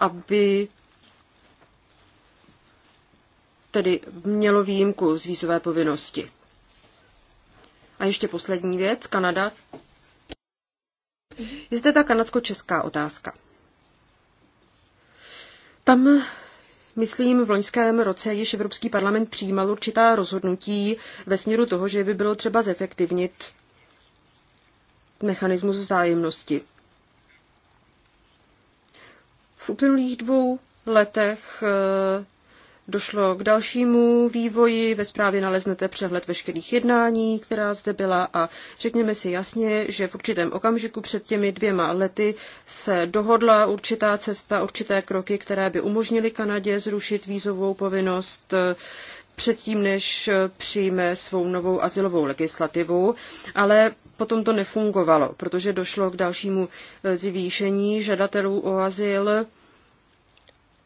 aby tedy mělo výjimku z vízové povinnosti. A ještě poslední věc, Kanada. Je zde ta kanadsko-česká otázka. Tam, myslím, v loňském roce již Evropský parlament přijímal určitá rozhodnutí ve směru toho, že by bylo třeba zefektivnit mechanismus vzájemnosti. V uplynulých dvou letech eh, došlo k dalšímu vývoji. Ve zprávě naleznete přehled veškerých jednání, která zde byla a řekněme si jasně, že v určitém okamžiku před těmi dvěma lety se dohodla určitá cesta, určité kroky, které by umožnily Kanadě zrušit vízovou povinnost eh, předtím, než eh, přijme svou novou asilovou legislativu, ale potom to nefungovalo, protože došlo k dalšímu eh, zvýšení žadatelů o azyl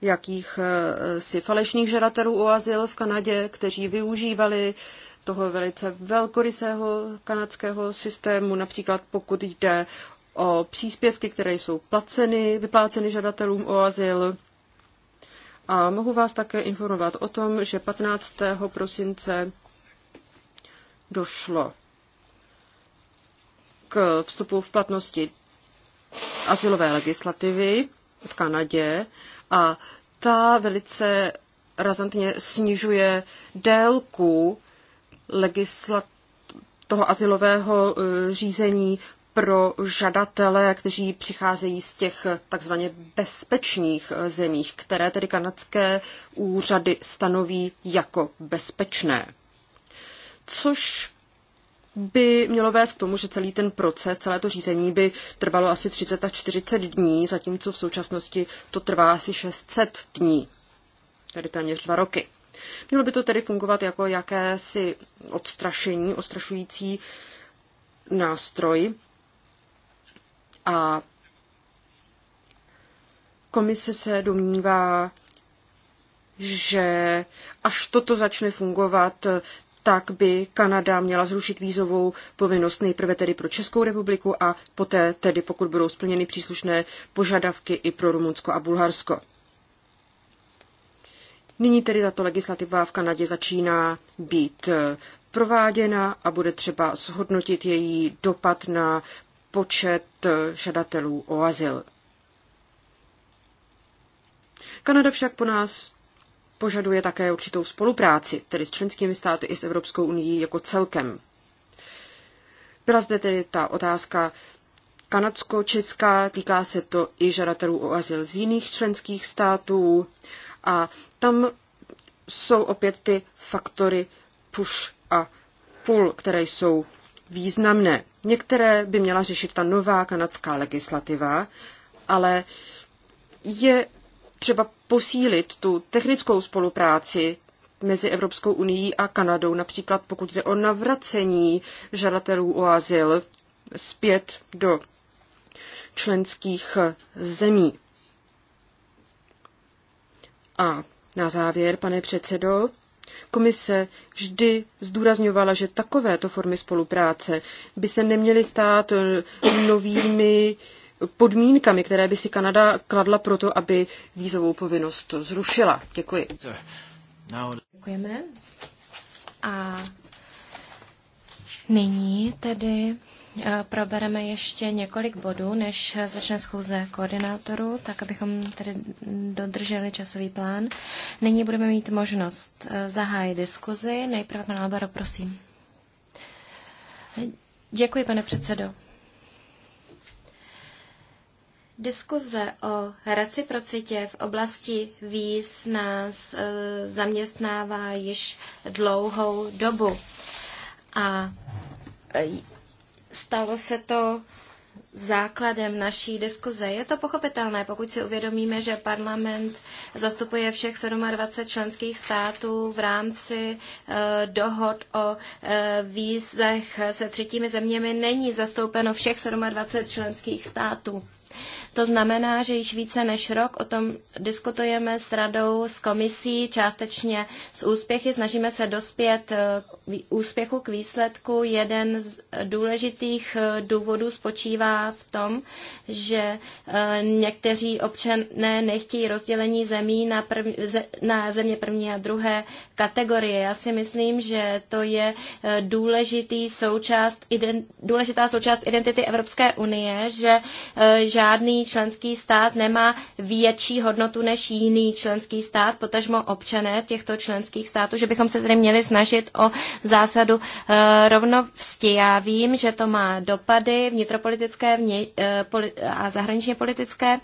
jakých eh, si falešných žadatelů o azyl v Kanadě, kteří využívali toho velice velkorysého kanadského systému, například pokud jde o příspěvky, které jsou placeny, vypláceny žadatelům o azyl. A mohu vás také informovat o tom, že 15. prosince došlo k vstupu v platnosti asilové legislativy v Kanadě a ta velice razantně snižuje délku legislat toho asilového e, řízení pro žadatele, kteří přicházejí z těch takzvaně bezpečných e, zemích, které tedy kanadské úřady stanoví jako bezpečné. Což by mělo vést k tomu, že celý ten proces, celé to řízení by trvalo asi 30 až 40 dní, zatímco v současnosti to trvá asi 600 dní, tedy téměř dva roky. Mělo by to tedy fungovat jako jakési odstrašení, odstrašující nástroj a komise se domnívá, že až toto začne fungovat, tak by Kanada měla zrušit vízovou povinnost nejprve tedy pro Českou republiku a poté tedy, pokud budou splněny příslušné požadavky i pro Rumunsko a Bulharsko. Nyní tedy tato legislativa v Kanadě začíná být eh, prováděna a bude třeba zhodnotit její dopad na počet eh, žadatelů o azyl. Kanada však po nás požaduje také určitou spolupráci, tedy s členskými státy i s Evropskou unii jako celkem. Byla zde tedy ta otázka kanadsko-česká, týká se to i žadatelů o azyl z jiných členských států a tam jsou opět ty faktory push a pull, které jsou významné. Některé by měla řešit ta nová kanadská legislativa, ale je třeba posílit tu technickou spolupráci mezi Evropskou unii a Kanadou, například pokud jde o navracení žadatelů o azyl zpět do členských zemí. A na závěr, pane předsedo, Komise vždy zdůrazňovala, že takovéto formy spolupráce by se neměly stát novými podmínkami, které by si Kanada kladla pro to, aby vízovou povinnost zrušila. Děkuji. Děkujeme. A nyní tedy eh, probereme ještě několik bodů, než začne schůze koordinátorů, tak abychom tedy dodrželi časový plán. Nyní budeme mít možnost eh, zahájit diskuzi. Nejprve pan Albaro, prosím. Děkuji, pane předsedo. Diskuze o reciprocitě v oblasti víz nás e, zaměstnává již dlouhou dobu. A e, stalo se to základem naší diskuze. Je to pochopitelné, pokud si uvědomíme, že parlament zastupuje všech 27 členských států v rámci eh, dohod o eh, vízech se třetími zeměmi. Není zastoupeno všech 27 členských států. To znamená, že již více než rok o tom diskutujeme s radou, s komisí, částečně s úspěchy. Snažíme se dospět eh, k úspěchu, k výsledku. Jeden z důležitých eh, důvodů spočívá v tom, že eh, někteří občané nechtějí rozdělení zemí na, prv, na země první a druhé kategorie. Já si myslím, že to je důležitý součást, důležitá součást identity Evropské unie, že žádný členský stát nemá větší hodnotu než jiný členský stát, potažmo občané těchto členských států, že bychom se tedy měli snažit o zásadu eh, rovnosti. Já vím, že to má dopady vnitropolitické vně, eh, a zahraničně politické,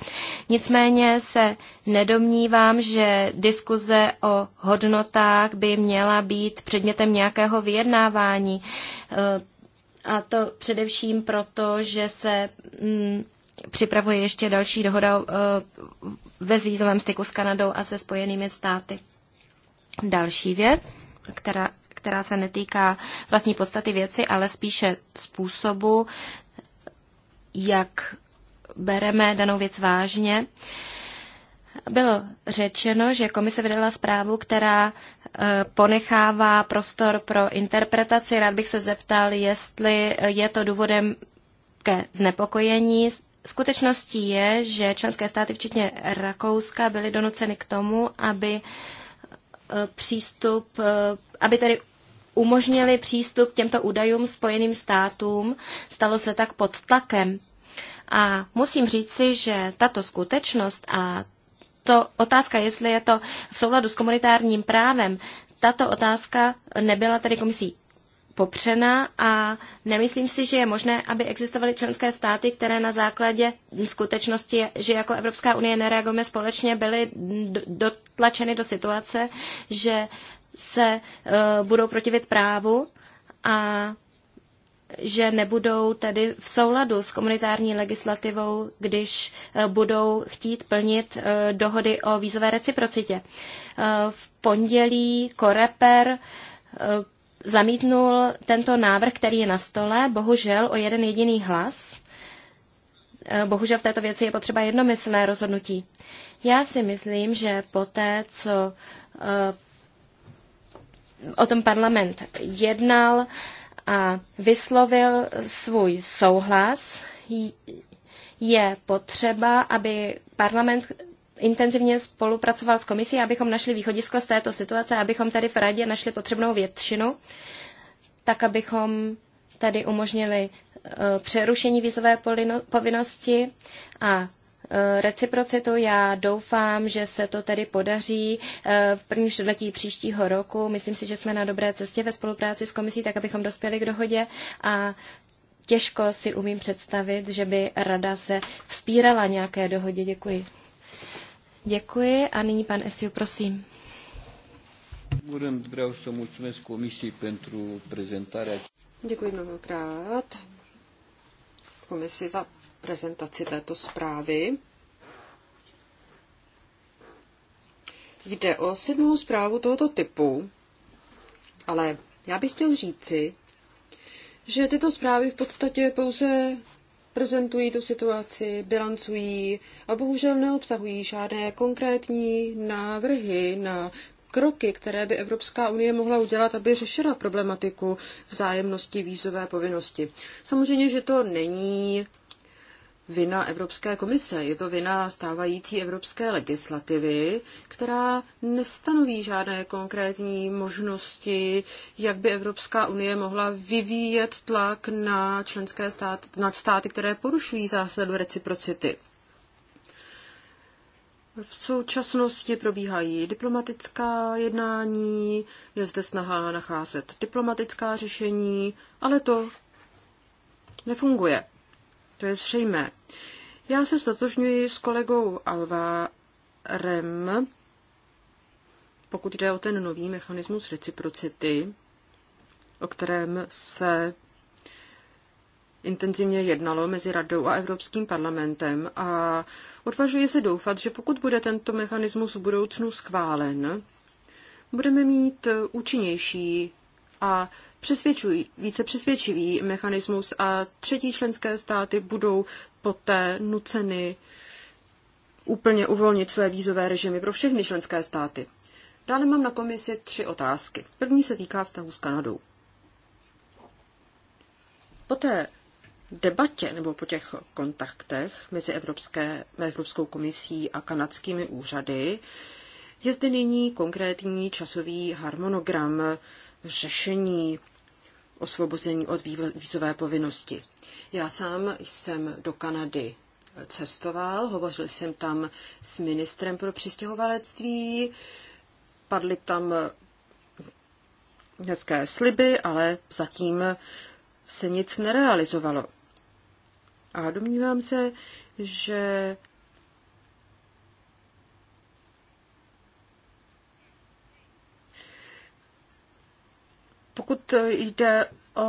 nicméně se nedomnívám, že diskuze o hodnotách by měla být předmětem nějakého vyjednávání. Eh, a to především proto, že se mm, připravuje ještě další dohoda eh, ve zvízovém styku s Kanadou a se Spojenými státy. Další věc, která, která se netýká vlastní podstaty věci, ale spíše způsobu, jak bereme danou věc vážně. Bylo řečeno, že komise vydala zprávu, která eh, ponechává prostor pro interpretaci. Rád bych se zeptal, jestli je to důvodem ke znepokojení Skutečností je, že členské státy, včetně Rakouska, byly donuceny k tomu, aby e, přístup, e, aby tedy umožnili přístup k těmto údajům spojeným státům. Stalo se tak pod tlakem. A musím říci, že tato skutečnost a to otázka, jestli je to v souladu s komunitárním právem, tato otázka nebyla tedy komisí popřena a nemyslím si, že je možné, aby existovaly členské státy, které na základě skutečnosti, že jako Evropská unie nereagujeme společně, byly dotlačeny do situace, že se uh, budou protivit právu a že nebudou tedy v souladu s komunitární legislativou, když eh, budou chtít plnit eh, dohody o vízové reciprocitě. V pondělí Koreper zamítnul tento návrh, který je na stole, bohužel o jeden jediný hlas. Eh, bohužel v této věci je potřeba jednomyslné rozhodnutí. Já si myslím, že poté, co eh, o tom parlament jednal a vyslovil svůj souhlas, je potřeba, aby parlament intenzivně spolupracoval s komisí, abychom našli východisko z této situace, abychom tady v radě našli potřebnou většinu, tak abychom tady umožnili e, přerušení vízové povinnosti a e, reciprocitu. Já doufám, že se to tedy podaří e, v prvním čtvrtletí příštího roku. Myslím si, že jsme na dobré cestě ve spolupráci s komisí, tak abychom dospěli k dohodě a těžko si umím představit, že by rada se vzpírala nějaké dohodě. Děkuji. Děkuji a nyní pan Esiu, prosím. În rând vreau să mulțumesc Comisiei pentru Děkuji mnohokrát komisi za prezentaci této zprávy. Jde o sedmou zprávu tohoto typu, ale já bych chtěl říci, že tyto zprávy v podstatě pouze prezentují tu situaci, bilancují a bohužel neobsahují žádné konkrétní návrhy na kroky, které by Evropská unie mohla udělat, aby řešila problematiku vzájemnosti vízové povinnosti. Samozřejmě, že to není vina Evropské komise, je to vina stávající evropské legislativy, která nestanoví žádné konkrétní možnosti, jak by Evropská unie mohla vyvíjet tlak na členské státy, na státy, které porušují zásadu reciprocity. V současnosti probíhají diplomatická jednání, je zde snaha nacházet diplomatická řešení, ale to nefunguje. To je zřejmé. Já se statožňuji s kolegou Alvarem, pokud jde o ten nový mechanismus reciprocity, o kterém se intenzivně jednalo mezi Radou a Evropským parlamentem a odvažuji se doufat, že pokud bude tento mechanismus v budoucnu schválen, budeme mít účinnější a přesvědčují, více přesvědčivý mechanismus a třetí členské státy budou poté nuceny úplně uvolnit své vízové režimy pro všechny členské státy. Dále mám na komisi tři otázky. První se týká vztahu s Kanadou. Po té debatě nebo po těch kontaktech mezi, Evropské, mezi Evropskou komisí a kanadskými úřady je zde nyní konkrétní časový harmonogram řešení osvobození od vízové povinnosti. Já sám jsem do Kanady cestoval, hovořil jsem tam s ministrem pro přistěhovalectví, padly tam hezké sliby, ale zatím se nic nerealizovalo. A domnívám se, že Pokud jde o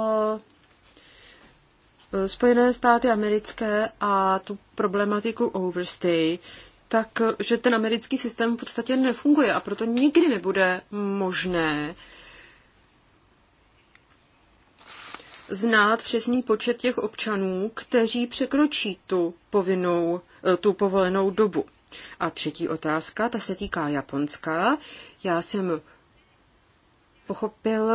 e, Spojené státy americké a tu problematiku overstay, tak že ten americký systém v podstatě nefunguje a proto nikdy nebude možné znát přesný počet těch občanů, kteří překročí tu povinnou, e, tu povolenou dobu. A třetí otázka, ta se týká Japonska. Já jsem pochopil,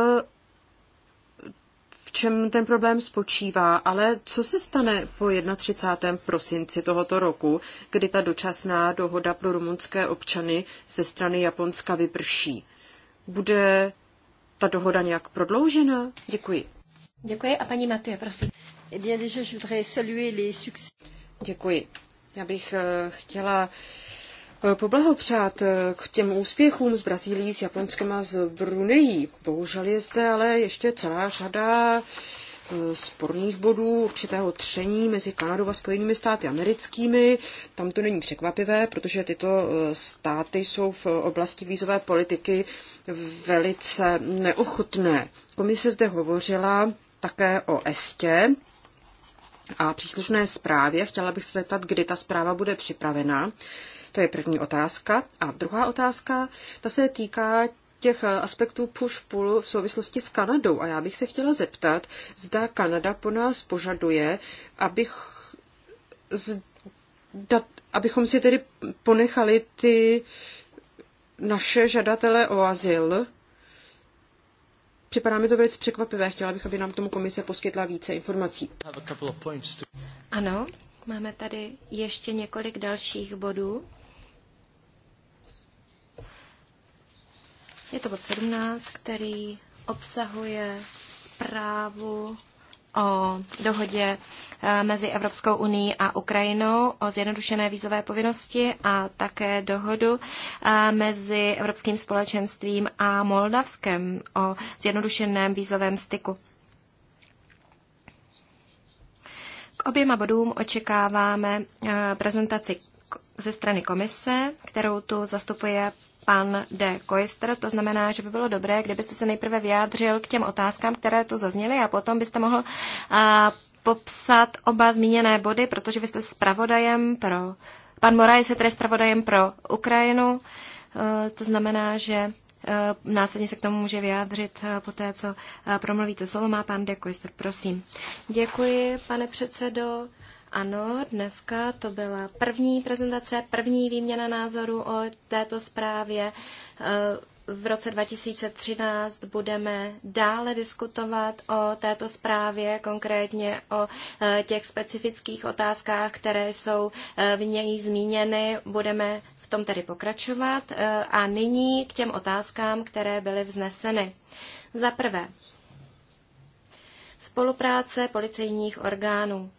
čem ten problém spočívá, ale co se stane po 31. prosinci tohoto roku, kdy ta dočasná dohoda pro rumunské občany ze strany Japonska vyprší? Bude ta dohoda nějak prodloužena? Děkuji. Děkuji a paní Matuje, prosím. Eh Děkuji. Já bych eh, chtěla poblahopřát eh, k těm úspěchům z Brazílii, s Japonskem a z Brunejí. Bohužel je zde ale ještě celá řada eh, sporných bodů, určitého tření mezi Kanadou a Spojenými státy americkými. Tam to není překvapivé, protože tyto eh, státy jsou v oblasti vízové politiky velice neochotné. Komise zde hovořila také o Estě a příslušné zprávě. Chtěla bych se zeptat, kdy ta zpráva bude připravena. To je první otázka. A druhá otázka, ta se týká těch aspektů push-pull v souvislosti s Kanadou. A já bych se chtěla zeptat, zda Kanada po nás požaduje, abych, zda, abychom si tedy ponechali ty naše žadatele o azyl. Připadá mi to velice překvapivé. Chtěla bych, aby nám tomu komise poskytla více informací. Ano, máme tady ještě několik dalších bodů. Je to bod 17, který obsahuje zprávu o dohodě eh, mezi Evropskou unii a Ukrajinou o zjednodušené vízové povinnosti a také dohodu eh, mezi Evropským společenstvím a Moldavskem o zjednodušeném vízovém styku. K oběma bodům očekáváme eh, prezentaci ze strany komise, kterou tu zastupuje pan de Koister. To znamená, že by bylo dobré, kdybyste se nejprve vyjádřil k těm otázkám, které tu zazněly a potom byste mohl a, popsat oba zmíněné body, protože vy jste spravodajem pro... Pan Moraj se tedy spravodajem pro Ukrajinu. E, to znamená, že e, Následně se k tomu může vyjádřit e, po té, co e, promluvíte slovo. Má pan Koester, prosím. Děkuji, pane předsedo. Ano, dneska to byla první prezentace, první výměna názoru o této zprávě. E, v roce 2013 budeme dále diskutovat o této zprávě, konkrétně o e, těch specifických otázkách, které jsou e, v něj zmíněny. Budeme v tom tedy pokračovat. A nyní k těm otázkám, které byly vzneseny. Za prvé, spolupráce policejních orgánů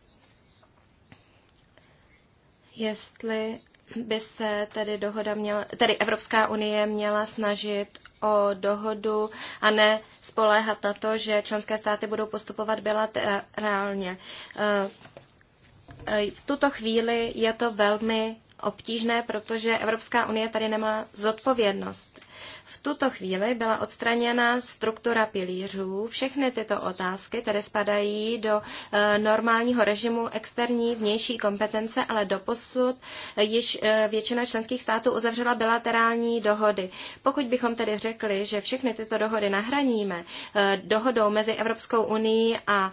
jestli by se tedy dohoda měla, tedy Evropská unie měla snažit o dohodu a ne spoléhat na to, že členské státy budou postupovat bilaterálně. Eh, eh, v tuto chvíli je to velmi obtížné, protože Evropská unie tady nemá zodpovědnost tuto chvíli byla odstraněna struktura pilířů. Všechny tyto otázky tedy spadají do eh, normálního režimu externí vnější kompetence, ale doposud eh, již eh, většina členských států uzavřela bilaterální dohody. Pokud bychom tedy řekli, že všechny tyto dohody nahraníme dohodou mezi Evropskou unii a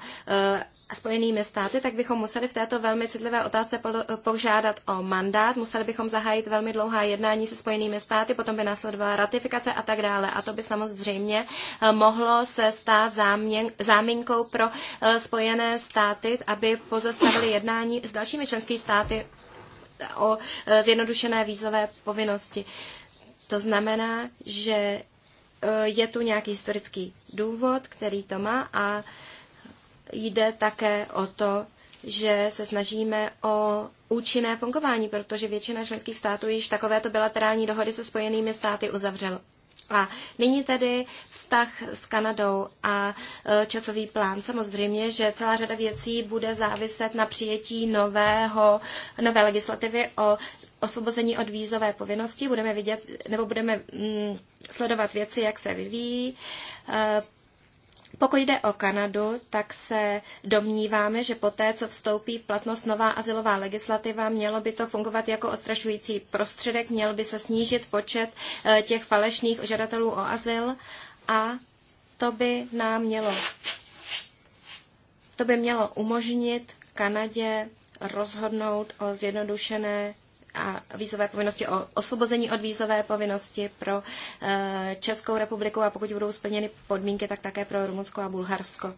Spojenými státy, tak bychom museli v této velmi citlivé otázce požádat o mandát, museli bychom zahájit velmi dlouhá jednání se Spojenými státy, potom by následovala ratifikace a tak dále. A to by samozřejmě eh, mohlo se stát záměn, záminkou pro eh, Spojené státy, aby pozastavili jednání s dalšími členskými státy o eh, zjednodušené vízové povinnosti. To znamená, že je tu nějaký historický důvod, který to má a jde také o to, že se snažíme o účinné fungování, protože většina členských států již takovéto bilaterální dohody se spojenými státy uzavřelo. A nyní tedy vztah s Kanadou a e, časový plán. Samozřejmě, že celá řada věcí bude záviset na přijetí nového, nové legislativy o osvobození od vízové povinnosti. Budeme vidět, nebo budeme mm, sledovat věci, jak se vyvíjí. E, pokud jde o Kanadu, tak se domníváme, že poté, co vstoupí v platnost nová asilová legislativa, mělo by to fungovat jako odstrašující prostředek, měl by se snížit počet eh, těch falešných žadatelů o azyl a to by nám mělo, to by mělo umožnit Kanadě rozhodnout o zjednodušené a vízové povinnosti, o osvobození od vízové povinnosti pro eh, Českou republiku a pokud budou splněny podmínky, tak také pro Rumunsko a Bulharsko.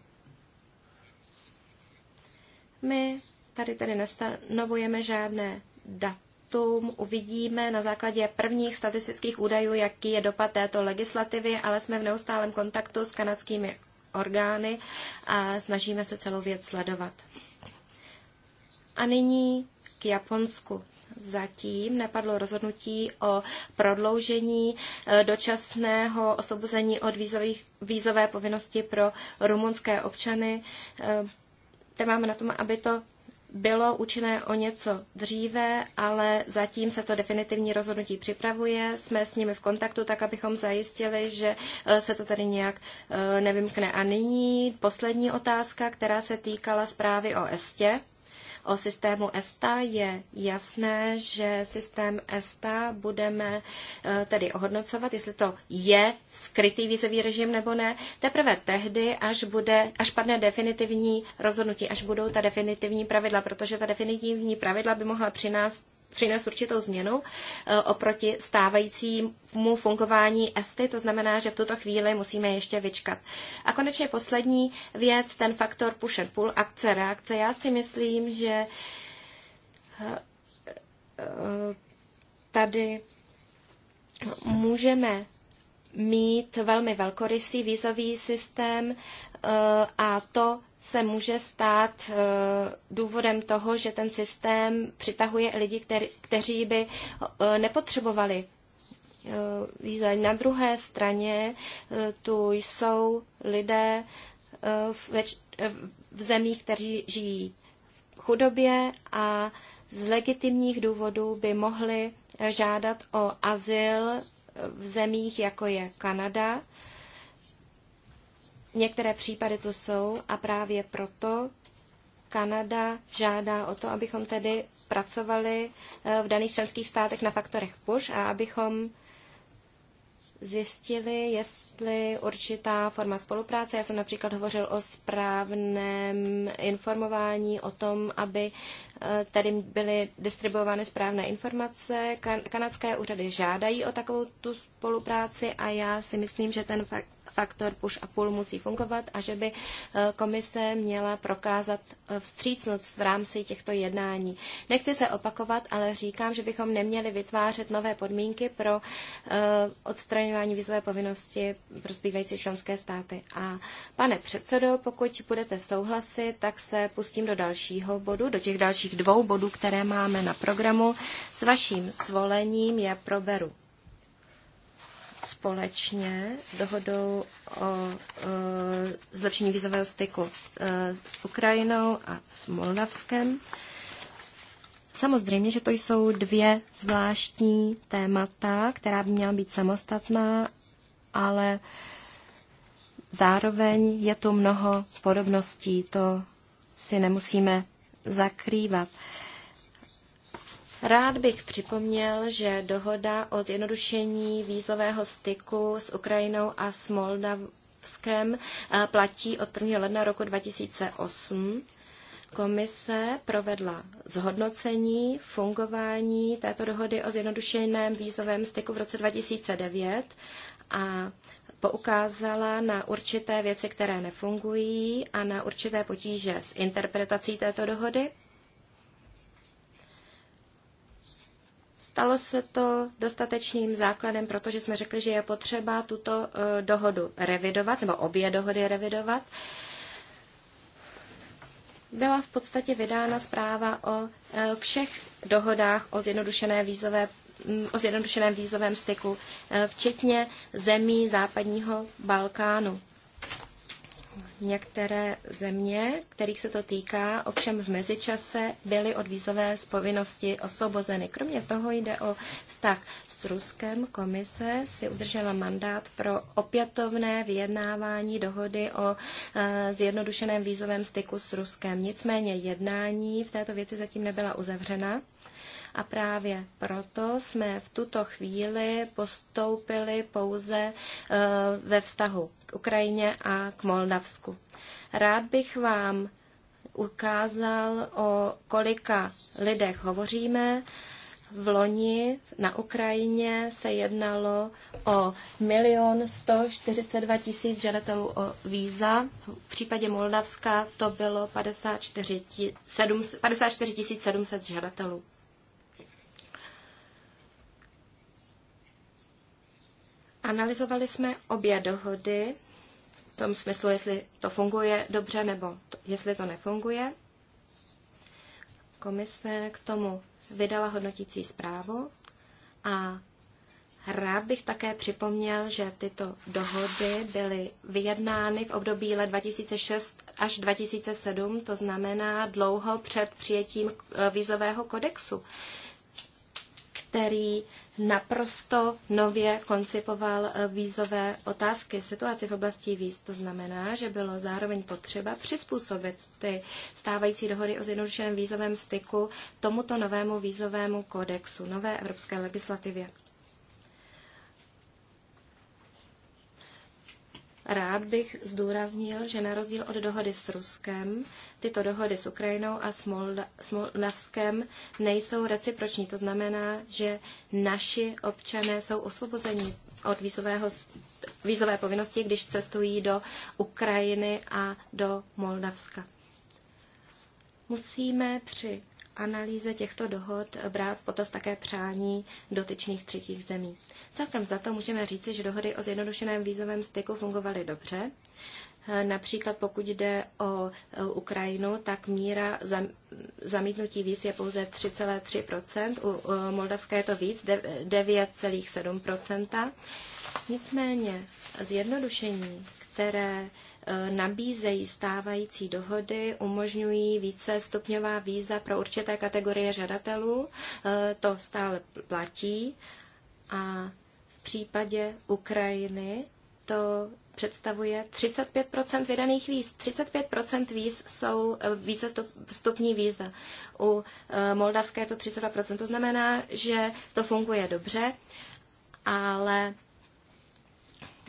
My tady tedy nestanovujeme žádné datum. Uvidíme na základě prvních statistických údajů, jaký je dopad této legislativy, ale jsme v neustálém kontaktu s kanadskými orgány a snažíme se celou věc sledovat. A nyní k Japonsku zatím nepadlo rozhodnutí o prodloužení eh, dočasného osobození od vízových, vízové povinnosti pro rumunské občany. Eh, Trváme na tom, aby to bylo účinné o něco dříve, ale zatím se to definitivní rozhodnutí připravuje. Jsme s nimi v kontaktu, tak abychom zajistili, že eh, se to tady nějak nevymkne. A nyní poslední otázka, která se týkala zprávy o Estě o systému ESTA, je jasné, že systém ESTA budeme eh, tedy ohodnocovat, jestli to je skrytý vízový režim nebo ne, teprve tehdy, až, bude, až padne definitivní rozhodnutí, až budou ta definitivní pravidla, protože ta definitivní pravidla by mohla přinást přinést určitou změnu eh, oproti stávajícímu fungování ESTY, to znamená, že v tuto chvíli musíme ještě vyčkat. A konečně poslední věc, ten faktor push and pull, akce, reakce. Já si myslím, že eh, eh, tady můžeme mít velmi velkorysý vízový systém a to se může stát eh, důvodem toho, že ten systém přitahuje lidi, kteří by eh, nepotřebovali eh, na druhé straně tu jsou lidé v, v zemích, kteří žijí v chudobě a z legitimních důvodů by mohli žádat o azyl v zemích, jako je Kanada. Některé případy tu jsou a právě proto Kanada žádá o to, abychom tedy pracovali eh, v daných členských státech na faktorech push a abychom zjistili, jestli určitá forma spolupráce, já jsem například hovořil o správném informování, o tom, aby eh, tady byly distribuovány správné informace. Kanadské úřady žádají o takovou tu spolupráci a já si myslím, že ten fakt faktor push a pull musí fungovat a že by eh, komise měla prokázat eh, vstřícnost v rámci těchto jednání. Nechci se opakovat, ale říkám, že bychom neměli vytvářet nové podmínky pro eh, odstraňování vizové povinnosti pro zbývající členské státy. A pane předsedo, pokud budete souhlasit, tak se pustím do dalšího bodu, do těch dalších dvou bodů, které máme na programu. S vaším svolením je proberu společně s dohodou o zlepšení vízového styku e, s Ukrajinou a s Moldavskem. Samozřejmě, že to jsou dvě zvláštní témata, která by měla být samostatná, ale zároveň je tu mnoho podobností, to si nemusíme zakrývat. Rád bych připomněl, že dohoda o zjednodušení vízového styku s Ukrajinou a s Moldavskem eh, platí od 1. ledna roku 2008. Komise provedla zhodnocení fungování této dohody o zjednodušeném vízovém styku v roce 2009 a poukázala na určité věci, které nefungují a na určité potíže s interpretací této dohody. Stalo se to dostatečným základem, protože jsme řekli, že je potřeba tuto eh, dohodu revidovat, nebo obě dohody revidovat. Byla v podstatě vydána zpráva o eh, všech dohodách o zjednodušené vízové mm, o zjednodušeném vízovém styku, eh, včetně zemí západního Balkánu. Některé země, kterých se to týká, ovšem v mezičase byly od vízové spovinnosti osvobozeny. Kromě toho jde o vztah s Ruskem. Komise si udržela mandát pro opětovné vyjednávání dohody o e, zjednodušeném vízovém styku s Ruskem. Nicméně jednání v této věci zatím nebyla uzavřena a právě proto jsme v tuto chvíli postoupili pouze eh, ve vztahu k Ukrajině a k Moldavsku. Rád bych vám ukázal, o kolika lidech hovoříme. V loni na Ukrajině se jednalo o 1 142 000 žadatelů o víza. V případě Moldavska to bylo 54 700 žadatelů. Analyzovali jsme obě dohody, v tom smyslu, jestli to funguje dobře nebo to, jestli to nefunguje. Komise k tomu vydala hodnotící zprávu a rád bych také připomněl, že tyto dohody byly vyjednány v období let 2006 až 2007, to znamená dlouho před přijetím vízového kodexu který naprosto nově koncipoval eh, vízové otázky situaci v oblasti víz. To znamená, že bylo zároveň potřeba přizpůsobit ty stávající dohody o zjednodušeném vízovém styku tomuto novému vízovému kodexu, nové evropské legislativě. Rád bych zdůraznil, že na rozdíl od dohody s Ruskem, tyto dohody s Ukrajinou a s, Moldavskem nejsou reciproční. To znamená, že naši občané jsou osvobozeni od vízového, vízové povinnosti, když cestují do Ukrajiny a do Moldavska. Musíme při analýze těchto dohod brát v potaz také přání dotyčných třetích zemí. Celkem za to můžeme říci, že dohody o zjednodušeném vízovém styku fungovaly dobře. Eh, například pokud jde o eh, Ukrajinu, tak míra zamítnutí víz je pouze 3,3%, u Moldavské je to víc, 9,7%. Nicméně zjednodušení, které Eh, nabízejí stávající dohody, umožňují více stupňová víza pro určité kategorie žadatelů. Eh, to stále platí. A v případě Ukrajiny to představuje 35 vydaných víz. 35 víz jsou eh, více stupní víza. U Moldavské je to 32 To znamená, že to funguje dobře, ale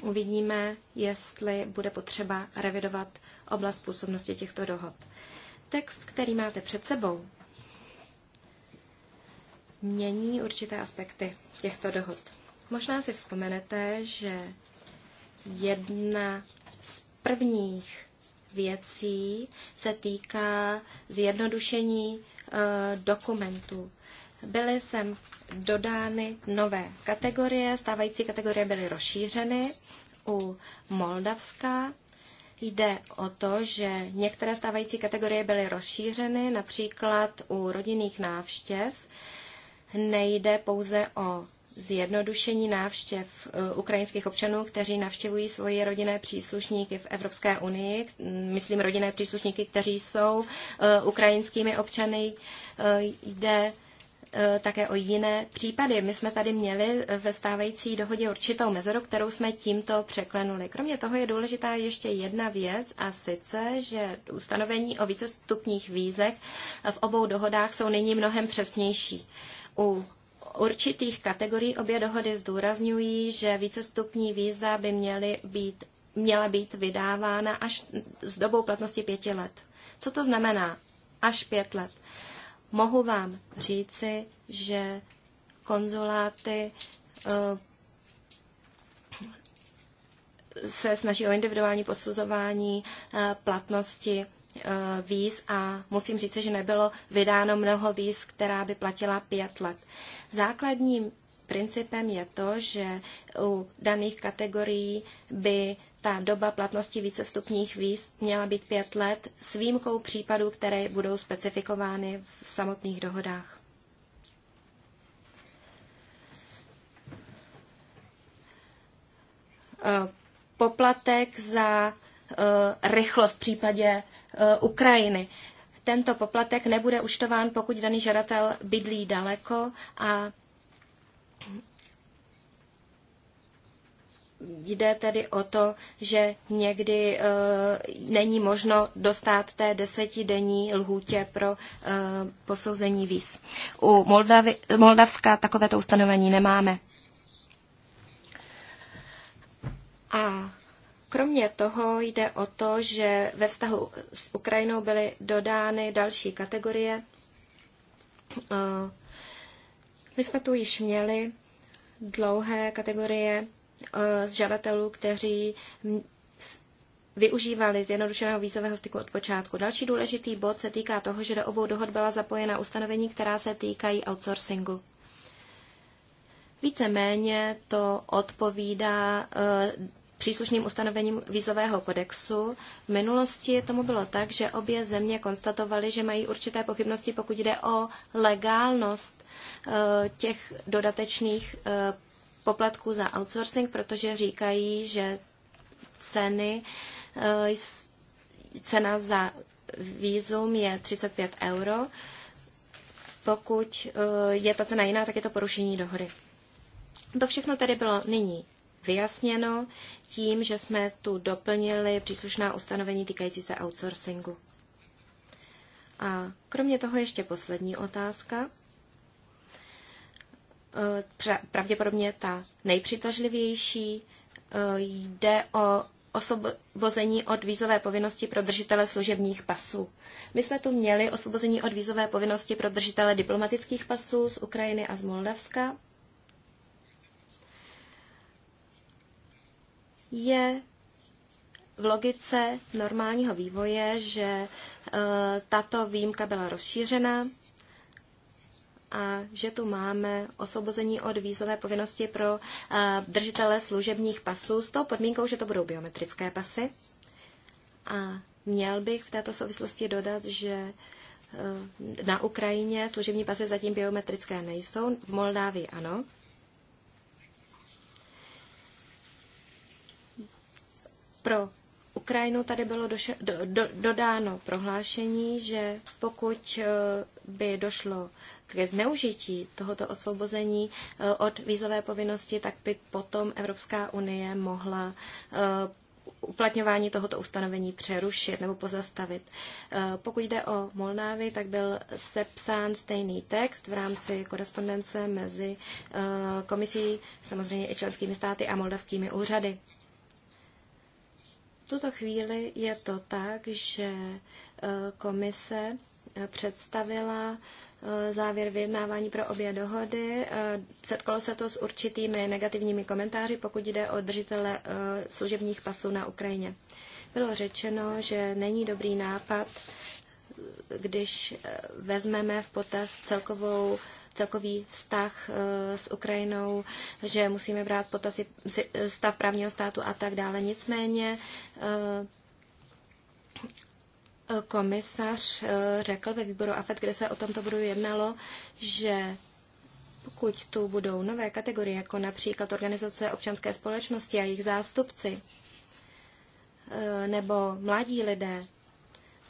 uvidíme, jestli bude potřeba revidovat oblast působnosti těchto dohod. Text, který máte před sebou, mění určité aspekty těchto dohod. Možná si vzpomenete, že jedna z prvních věcí se týká zjednodušení e, eh, dokumentů. Byly sem dodány nové kategorie, stávající kategorie byly rozšířeny. U Moldavska Jde o to, že některé stávající kategorie byly rozšířeny, například u rodinných návštěv. Nejde pouze o zjednodušení návštěv eh, ukrajinských občanů, kteří navštěvují svoji rodinné příslušníky v Evropské unii, hm, myslím rodinné příslušníky, kteří jsou eh, ukrajinskými občany. Eh, jde Eh, také o jiné případy. My jsme tady měli eh, ve stávající dohodě určitou mezeru, kterou jsme tímto překlenuli. Kromě toho je důležitá ještě jedna věc a sice, že ustanovení o vícestupních výzech v obou dohodách jsou nyní mnohem přesnější. U určitých kategorií obě dohody zdůrazňují, že vícestupní víza by měly být, měla být vydávána až s dobou platnosti pěti let. Co to znamená? Až pět let. Uh, Mohu vám říci, že konzuláty eh, se snaží o individuální posuzování eh, platnosti eh, víz a musím říct, že nebylo vydáno mnoho víz, která by platila pět let. Základním principem je to, že u daných kategorií by ta doba platnosti vícevstupních víz měla být pět let s výjimkou případů, které budou specifikovány v samotných dohodách. Eh, poplatek za eh, rychlost v případě eh, Ukrajiny. Tento poplatek nebude uštován, pokud daný žadatel bydlí daleko a Jde tedy o to, že někdy eh, není možno dostat té desetidenní lhůtě pro eh, posouzení víz. U Moldavy, Moldavska takovéto ustanovení nemáme. A Kromě toho jde o to, že ve vztahu s Ukrajinou byly dodány další kategorie. Eh, my jsme tu již měli dlouhé kategorie Eh, žadatelů, kteří využívali zjednodušeného vízového styku od počátku. Další důležitý bod se týká toho, že do obou dohod byla zapojena ustanovení, která se týkají outsourcingu. Víceméně to odpovídá eh, příslušným ustanovením vízového kodexu. V minulosti tomu bylo tak, že obě země konstatovaly, že mají určité pochybnosti, pokud jde o legálnost eh, těch dodatečných poplatků za outsourcing, protože říkají, že ceny, eh, cena za výzum je 35 euro. Pokud eh, je ta cena jiná, tak je to porušení dohody. To všechno tedy bylo nyní vyjasněno tím, že jsme tu doplnili příslušná ustanovení týkající se outsourcingu. A kromě toho ještě poslední otázka pravděpodobně ta nejpřitažlivější. E, jde o osvobození od vízové povinnosti pro držitele služebních pasů. My jsme tu měli osvobození od vízové povinnosti pro držitele diplomatických pasů z Ukrajiny a z Moldavska. Je v logice normálního vývoje, že e, tato výjimka byla rozšířena a že tu máme osvobození od vízové povinnosti pro eh, držitele služebních pasů s tou podmínkou, že to budou biometrické pasy. A měl bych v této souvislosti dodat, že eh, na Ukrajině služební pasy zatím biometrické nejsou, v Moldávii ano. Pro Ukrajinu tady bylo do, do, dodáno prohlášení, že pokud eh, by došlo ke zneužití tohoto osvobození eh, od vízové povinnosti, tak by potom Evropská unie mohla eh, uplatňování tohoto ustanovení přerušit nebo pozastavit. Eh, pokud jde o Molnávy, tak byl sepsán stejný text v rámci korespondence mezi komisí, samozřejmě i členskými státy a moldavskými úřady. V tuto chvíli je to tak, že komise představila Eh, závěr vyjednávání pro obě dohody. Eh, setkalo se to s určitými negativními komentáři, pokud jde o držitele eh, služebních pasů na Ukrajině. Bylo řečeno, že není dobrý nápad, když vezmeme v potaz celkovou celkový vztah s Ukrajinou, že musíme brát potaz stav právního státu a tak dále. Nicméně komisař eh, řekl ve výboru AFED, kde se o tomto bodu jednalo, že pokud tu budou nové kategorie, jako například organizace občanské společnosti a jejich zástupci, eh, nebo mladí lidé,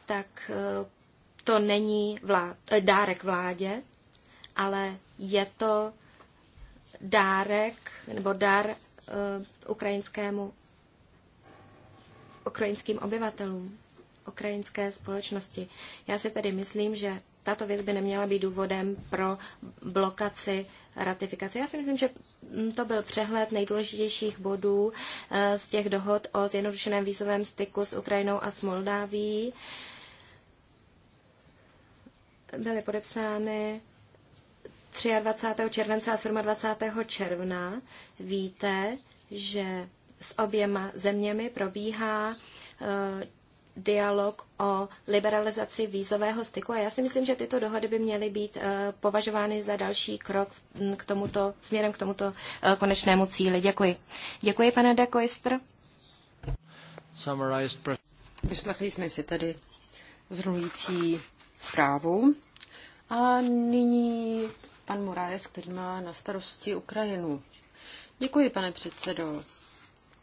tak eh, to není vlád, dárek vládě, ale je to dárek nebo dar ukrajinskému ukrajinským obyvatelům ukrajinské společnosti. Já si tedy myslím, že tato věc by neměla být důvodem pro blokaci ratifikace. Já si myslím, že to byl přehled nejdůležitějších bodů eh, z těch dohod o zjednodušeném výzovém styku s Ukrajinou a s Moldáví. Byly podepsány 23. července a 27. června. Víte, že s oběma zeměmi probíhá eh, dialog o liberalizaci vízového styku a já si myslím, že tyto dohody by měly být eh, považovány za další krok k tomuto, směrem k tomuto eh, konečnému cíli. Děkuji. Děkuji, pane Dekoistr. Vyslechli jsme si tady zhrnující zprávu a nyní pan Moraes, který má na starosti Ukrajinu. Děkuji, pane předsedo.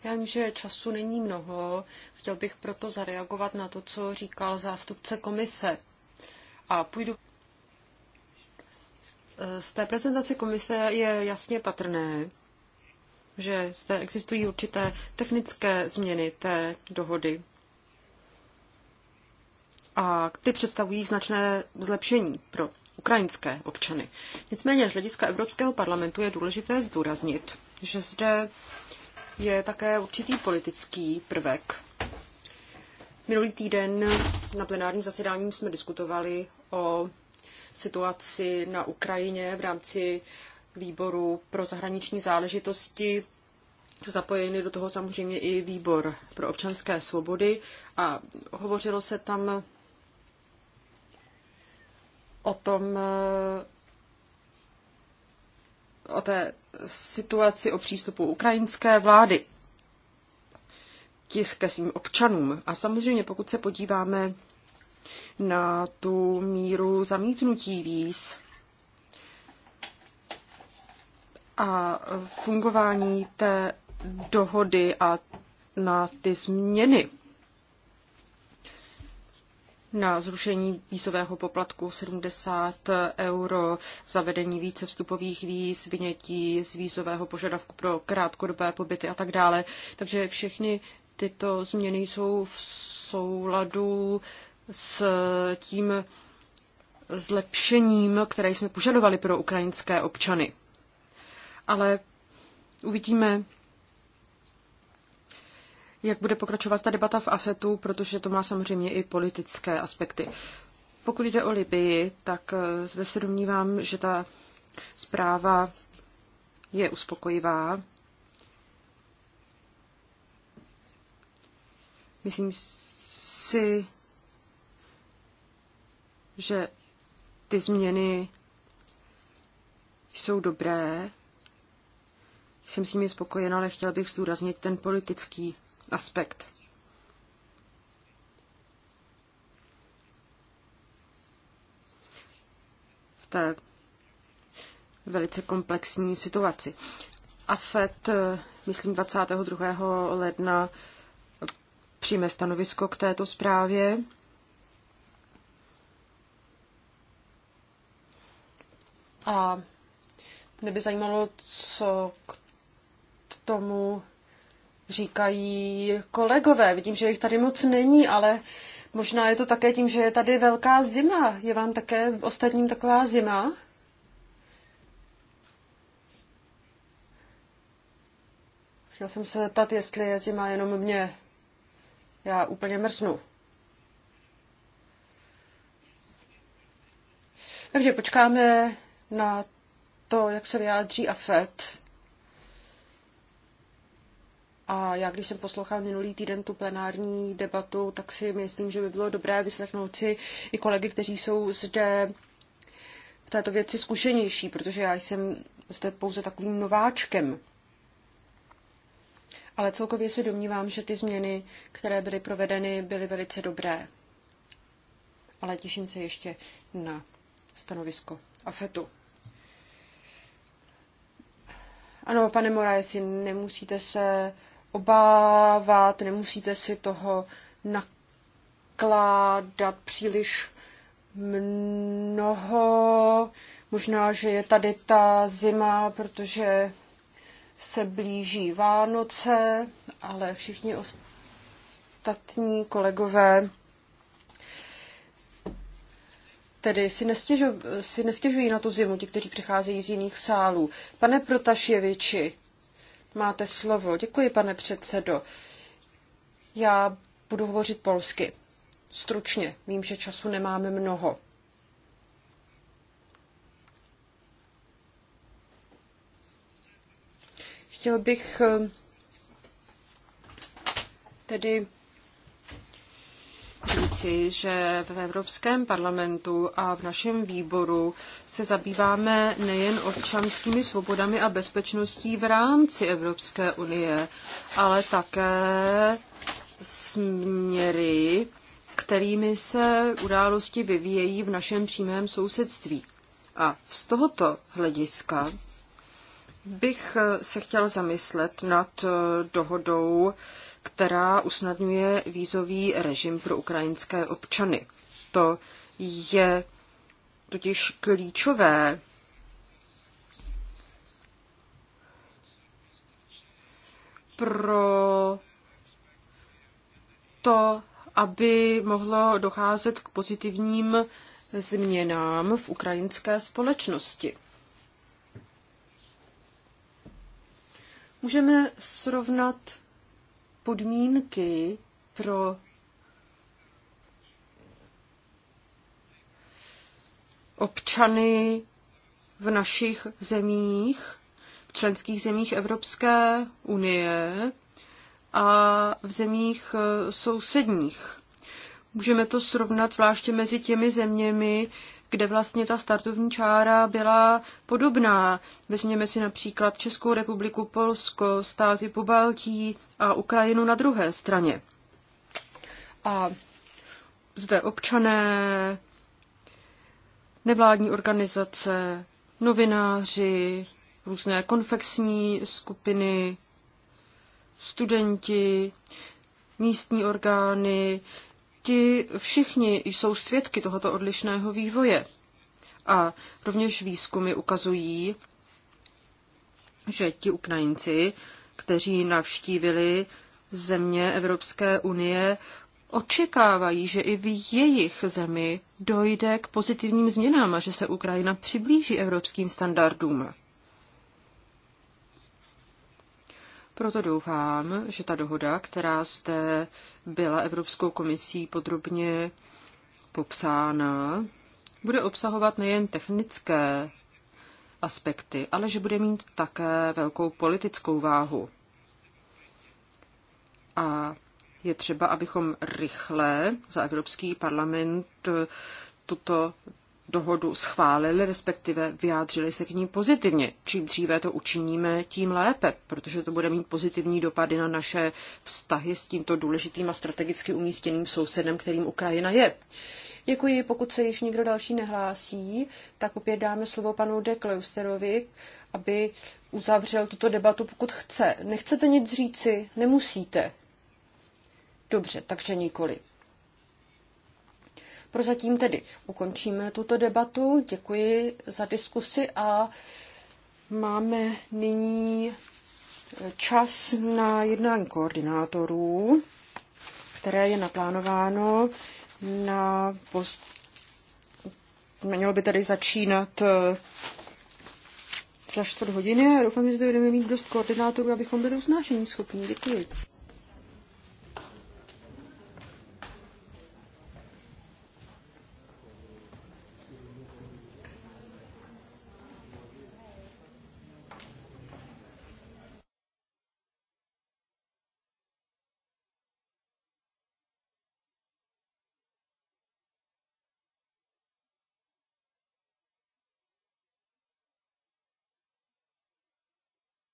Já vím, že času není mnoho, chtěl bych proto zareagovat na to, co říkal zástupce komise. A půjdu. Z té prezentace komise je jasně patrné, že zde existují určité technické změny té dohody. A ty představují značné zlepšení pro ukrajinské občany. Nicméně z hlediska Evropského parlamentu je důležité zdůraznit, že zde je také určitý politický prvek. Minulý týden na plenárním zasedání jsme diskutovali o situaci na Ukrajině v rámci výboru pro zahraniční záležitosti. Zapojeny do toho samozřejmě i výbor pro občanské svobody a hovořilo se tam o tom, o té situaci o přístupu ukrajinské vlády tisk ke svým občanům. A samozřejmě, pokud se podíváme na tu míru zamítnutí víz a fungování té dohody a na ty změny, na zrušení vízového poplatku 70 euro, zavedení více vstupových víz, vynětí z vízového požadavku pro krátkodobé pobyty a tak dále. Takže všechny tyto změny jsou v souladu s tím zlepšením, které jsme požadovali pro ukrajinské občany. Ale uvidíme, jak bude pokračovat ta debata v AFETu, protože to má samozřejmě i politické aspekty. Pokud jde o Libii, tak eh, zde se domnívám, že ta zpráva je uspokojivá. Myslím si, že ty změny jsou dobré. Jsem s nimi spokojená, ale chtěla bych zdůraznit ten politický aspekt. V té velice komplexní situaci. AFET, eh, myslím, 22. ledna přijme stanovisko k této zprávě. A mě by zajímalo, co k tomu říkají kolegové. Vidím, že jich tady moc není, ale možná je to také tím, že je tady velká zima. Je vám také ostatním taková zima? Chtěl jsem se zeptat, jestli je zima jenom mě. Já úplně mrznu. Takže počkáme na to, jak se vyjádří AFET. A já, když jsem poslouchal minulý týden tu plenární debatu, tak si myslím, že by bylo dobré vyslechnout si i kolegy, kteří jsou zde v této věci zkušenější, protože já jsem zde pouze takovým nováčkem. Ale celkově se domnívám, že ty změny, které byly provedeny, byly velice dobré. Ale těším se ještě na stanovisko AFETu. Ano, pane Moraesi, nemusíte se obávat, nemusíte si toho nakládat příliš mnoho. Možná, že je tady ta zima, protože se blíží Vánoce, ale všichni ostatní kolegové tedy si, nestěžu, si nestěžují na tu zimu, ti, kteří přicházejí z jiných sálů. Pane Protaševiči, Máte slovo. Děkuji, pane předsedo. Já budu hovořit polsky. Stručně. Vím, že času nemáme mnoho. Chtěl bych eh, tedy říci, že v Evropském parlamentu a v našem výboru se zabýváme nejen občanskými svobodami a bezpečností v rámci Evropské unie, ale také směry, kterými se události vyvíjejí v našem přímém sousedství. A z tohoto hlediska bych se chtěl zamyslet nad dohodou která usnadňuje vízový režim pro ukrajinské občany. To je totiž klíčové pro to, aby mohlo docházet k pozitivním změnám v ukrajinské společnosti. Můžeme srovnat podmínky pro občany v našich zemích, v členských zemích Evropské unie a v zemích eh, sousedních. Můžeme to srovnat zvláště mezi těmi zeměmi, kde vlastně ta startovní čára byla podobná. Vezměme si například Českou republiku, Polsko, státy po Baltí a Ukrajinu na druhé straně. A zde občané, nevládní organizace, novináři, různé konfekční skupiny, studenti, místní orgány, ti všichni jsou svědky tohoto odlišného vývoje. A rovněž výzkumy ukazují, že ti Ukrajinci, kteří navštívili země Evropské unie, očekávají, že i v jejich zemi dojde k pozitivním změnám a že se Ukrajina přiblíží evropským standardům. Proto doufám, že ta dohoda, která zde byla Evropskou komisí podrobně popsána, bude obsahovat nejen technické aspekty, ale že bude mít také velkou politickou váhu. A je třeba, abychom rychle za Evropský parlament tuto dohodu schválili, respektive vyjádřili se k ní pozitivně. Čím dříve to učiníme, tím lépe, protože to bude mít pozitivní dopady na naše vztahy s tímto důležitým a strategicky umístěným sousedem, kterým Ukrajina je. Děkuji, pokud se již někdo další nehlásí, tak opět dáme slovo panu Dekleusterovi, aby uzavřel tuto debatu, pokud chce. Nechcete nic říci, nemusíte. Dobře, takže nikoli. Prozatím tedy ukončíme tuto debatu. Děkuji za diskusi a máme nyní čas na jednání koordinátorů, které je naplánováno na post... Mělo by tady začínat eh, za čtvrt hodiny a doufám, že zde budeme mít dost koordinátorů, abychom byli usnášení schopni. Děkuji.